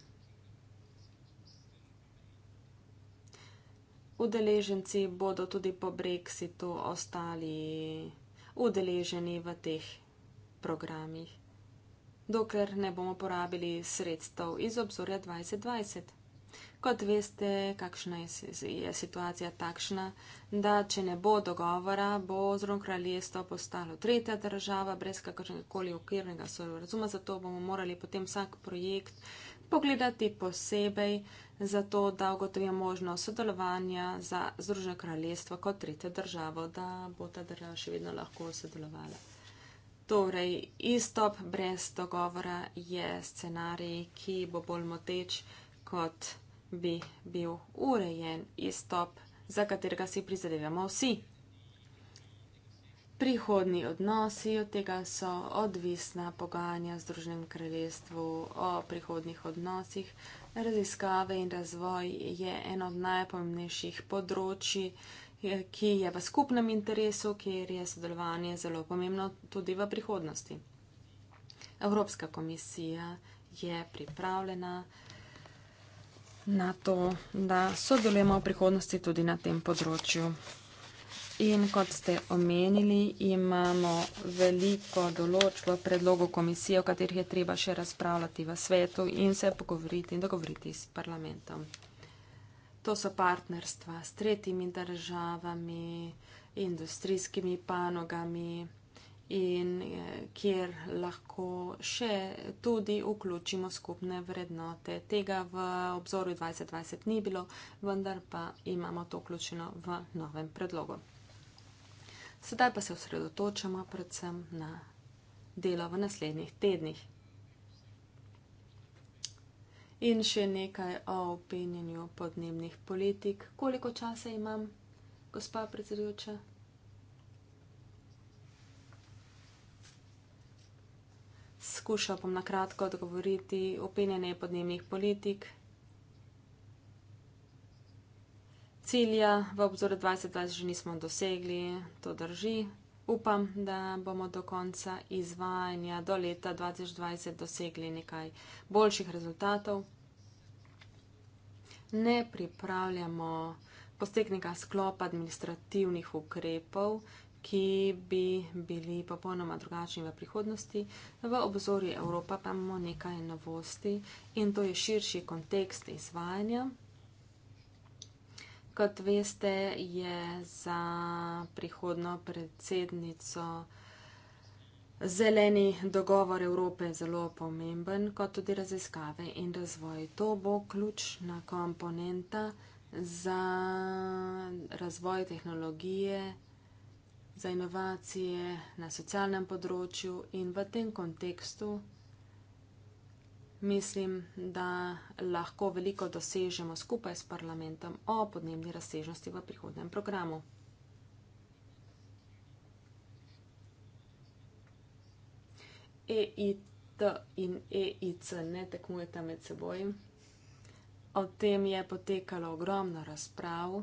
Udeleženci bodo tudi po brexitu ostali udeleženi v teh programih, dokler ne bomo porabili sredstev iz obzorja 2020. Kot veste, kakšna je, je situacija takšna, da če ne bo dogovora, bo Zrun kraljestvo postalo tretja država brez kakršnega koli okvirnega sorazuma, zato bomo morali potem vsak projekt pogledati posebej, zato da ugotovijo možnost sodelovanja za Združeno kraljestvo kot tretjo državo, da bo ta država še vedno lahko sodelovala. Torej, istop brez dogovora je scenarij, ki bo bolj moteč kot bi bil urejen izstop, za katerega si prizadevamo vsi. Prihodni odnosi, od tega so odvisna pogajanja v Združenem kraljestvu o prihodnih odnosih. Raziskave in razvoj je eno od najpomembnejših področji, ki je v skupnem interesu, kjer je sodelovanje zelo pomembno tudi v prihodnosti. Evropska komisija je pripravljena na to, da sodelujemo v prihodnosti tudi na tem področju. In kot ste omenili, imamo veliko določb v predlogu komisije, o katerih je treba še razpravljati v svetu in se pogovoriti in dogovoriti s parlamentom. To so partnerstva s tretjimi državami, industrijskimi panogami in eh, kjer lahko še tudi vključimo skupne vrednote. Tega v obzoru 2020 ni bilo, vendar pa imamo to vključeno v novem predlogu. Sedaj pa se osredotočamo predvsem na delo v naslednjih tednih. In še nekaj o opinjenju podnebnih politik. Koliko časa imam, gospa predsedujoča? skušal bom na kratko odgovoriti openjene podnebnih politik. Cilja v obzoru 2020 že nismo dosegli, to drži. Upam, da bomo do konca izvajanja do leta 2020 dosegli nekaj boljših rezultatov. Ne pripravljamo posteknega sklopa administrativnih ukrepov, ki bi bili popolnoma drugačni v prihodnosti. V obzorju Evropa pa imamo nekaj novosti in to je širši kontekst izvajanja. Kot veste, je za prihodno predsednico zeleni dogovor Evrope zelo pomemben, kot tudi raziskave in razvoj. To bo ključna komponenta za razvoj tehnologije za inovacije na socialnem področju in v tem kontekstu mislim, da lahko veliko dosežemo skupaj s parlamentom o podnebni razsežnosti v prihodnem programu. EIT in EIC ne tekmujeta med seboj. O tem je potekalo ogromno razprav.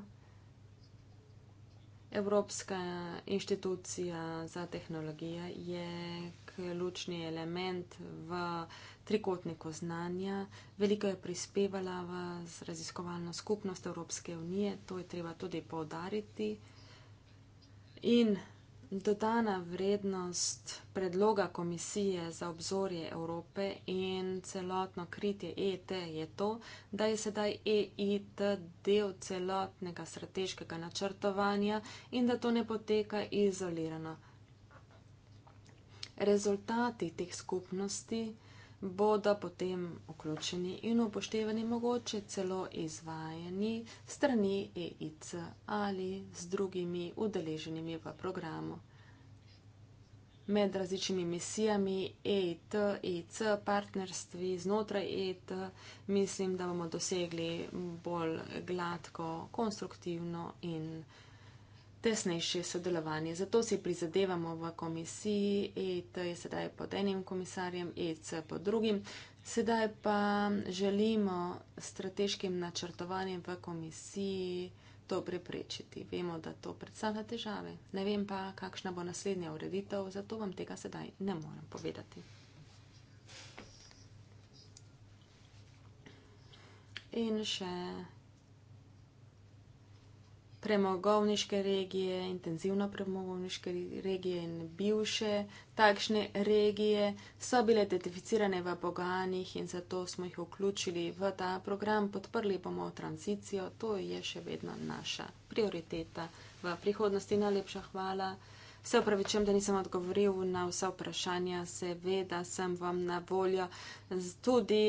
Evropska inštitucija za tehnologijo je ključni element v trikotniku znanja. Veliko je prispevala v raziskovalno skupnost Evropske unije, to je treba tudi povdariti. In dodana vrednost predloga Komisije za obzorje Evrope in celotno kritje EIT je to, da je sedaj EIT del celotnega strateškega načrtovanja in da to ne poteka izolirano. Rezultati teh skupnosti bodo potem vključeni in upoštevani mogoče celo izvajani strani EIC ali z drugimi udeleženimi v programu. Med različnimi misijami EIT, EIC, partnerstvi znotraj EIT mislim, da bomo dosegli bolj gladko, konstruktivno in učinkovito tesnejše sodelovanje. Zato si prizadevamo v komisiji, ET je sedaj pod enim komisarjem, EC pod drugim. Sedaj pa želimo strateškim načrtovanjem v komisiji to preprečiti. Vemo, da to predstavlja težave. Ne vem pa, kakšna bo naslednja ureditev, zato vam tega sedaj ne morem povedati. In še premogovniške regije, intenzivno premogovniške regije in bivše takšne regije so bile identificirane v pogajanjih in zato smo jih vključili v ta program. Podprli bomo tranzicijo, to je še vedno naša prioriteta v prihodnosti. Najlepša hvala. Se upravičujem, da nisem odgovoril na vsa vprašanja, seveda sem vam na voljo tudi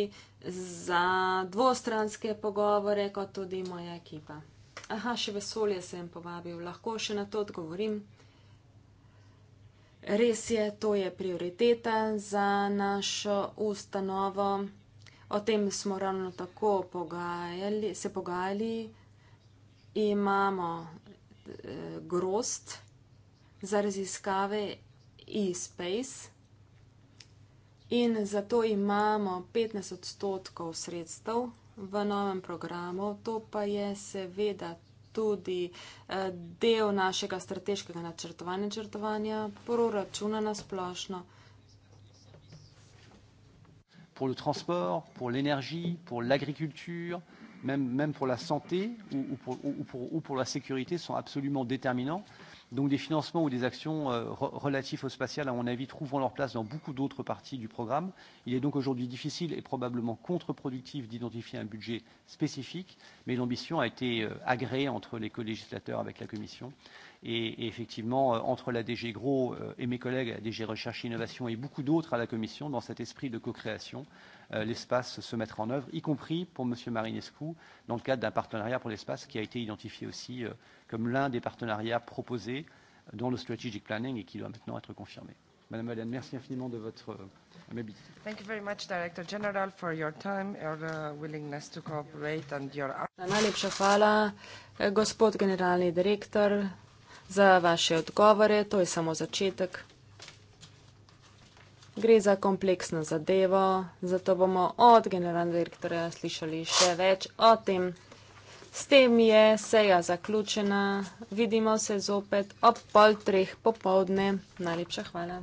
za dvostranske pogovore, kot tudi moja ekipa. Aha, še vesolje sem povabil, lahko še na to odgovorim. Res je, to je prioriteta za našo ustanovo. O tem smo ravno tako pogajali, se pogajali. Imamo e, eh, grost za raziskave e-space in zato imamo 15 odstotkov sredstev v novem programu. To pa je seveda tudi eh, del našega strateškega načrtovanja, načrtovanja proračuna na splošno. Pour le transport, pour l'énergie, pour l'agriculture, même, même pour la santé ou, ou, pour, ou, pour, ou pour la sécurité, sont absolument déterminants. Donc des financements ou des actions euh, relatifs au spatial, à mon avis, trouveront leur place dans beaucoup d'autres parties du programme. Il est donc aujourd'hui difficile et probablement contre-productif d'identifier un budget spécifique, mais l'ambition a été euh, agréée entre les co-législateurs avec la Commission. Et effectivement, euh, entre la DG Gros et mes collègues, la DG Recherche et Innovation et beaucoup d'autres à la Commission, dans cet esprit de co-création, Euh, l'espace se mettre en œuvre, y compris pour Monsieur Marinescu, dans le cadre d'un partenariat pour l'espace qui a été identifié aussi euh, comme l'un des partenariats proposés dans le strategic planning et qui doit maintenant être confirmé. Madame Madeleine, merci infiniment de votre amabilité. Euh, Thank you very much, Director General, for your time, your uh, willingness to cooperate and your... Najlepša hvala, eh, gospod generalni direktor, za vaše odgovore. To je samo začetek. Gre za kompleksno zadevo, zato bomo od generalnega direktorja slišali še več o tem. S tem je seja zaključena. Vidimo se zopet ob pol treh popovdne. Najlepša hvala.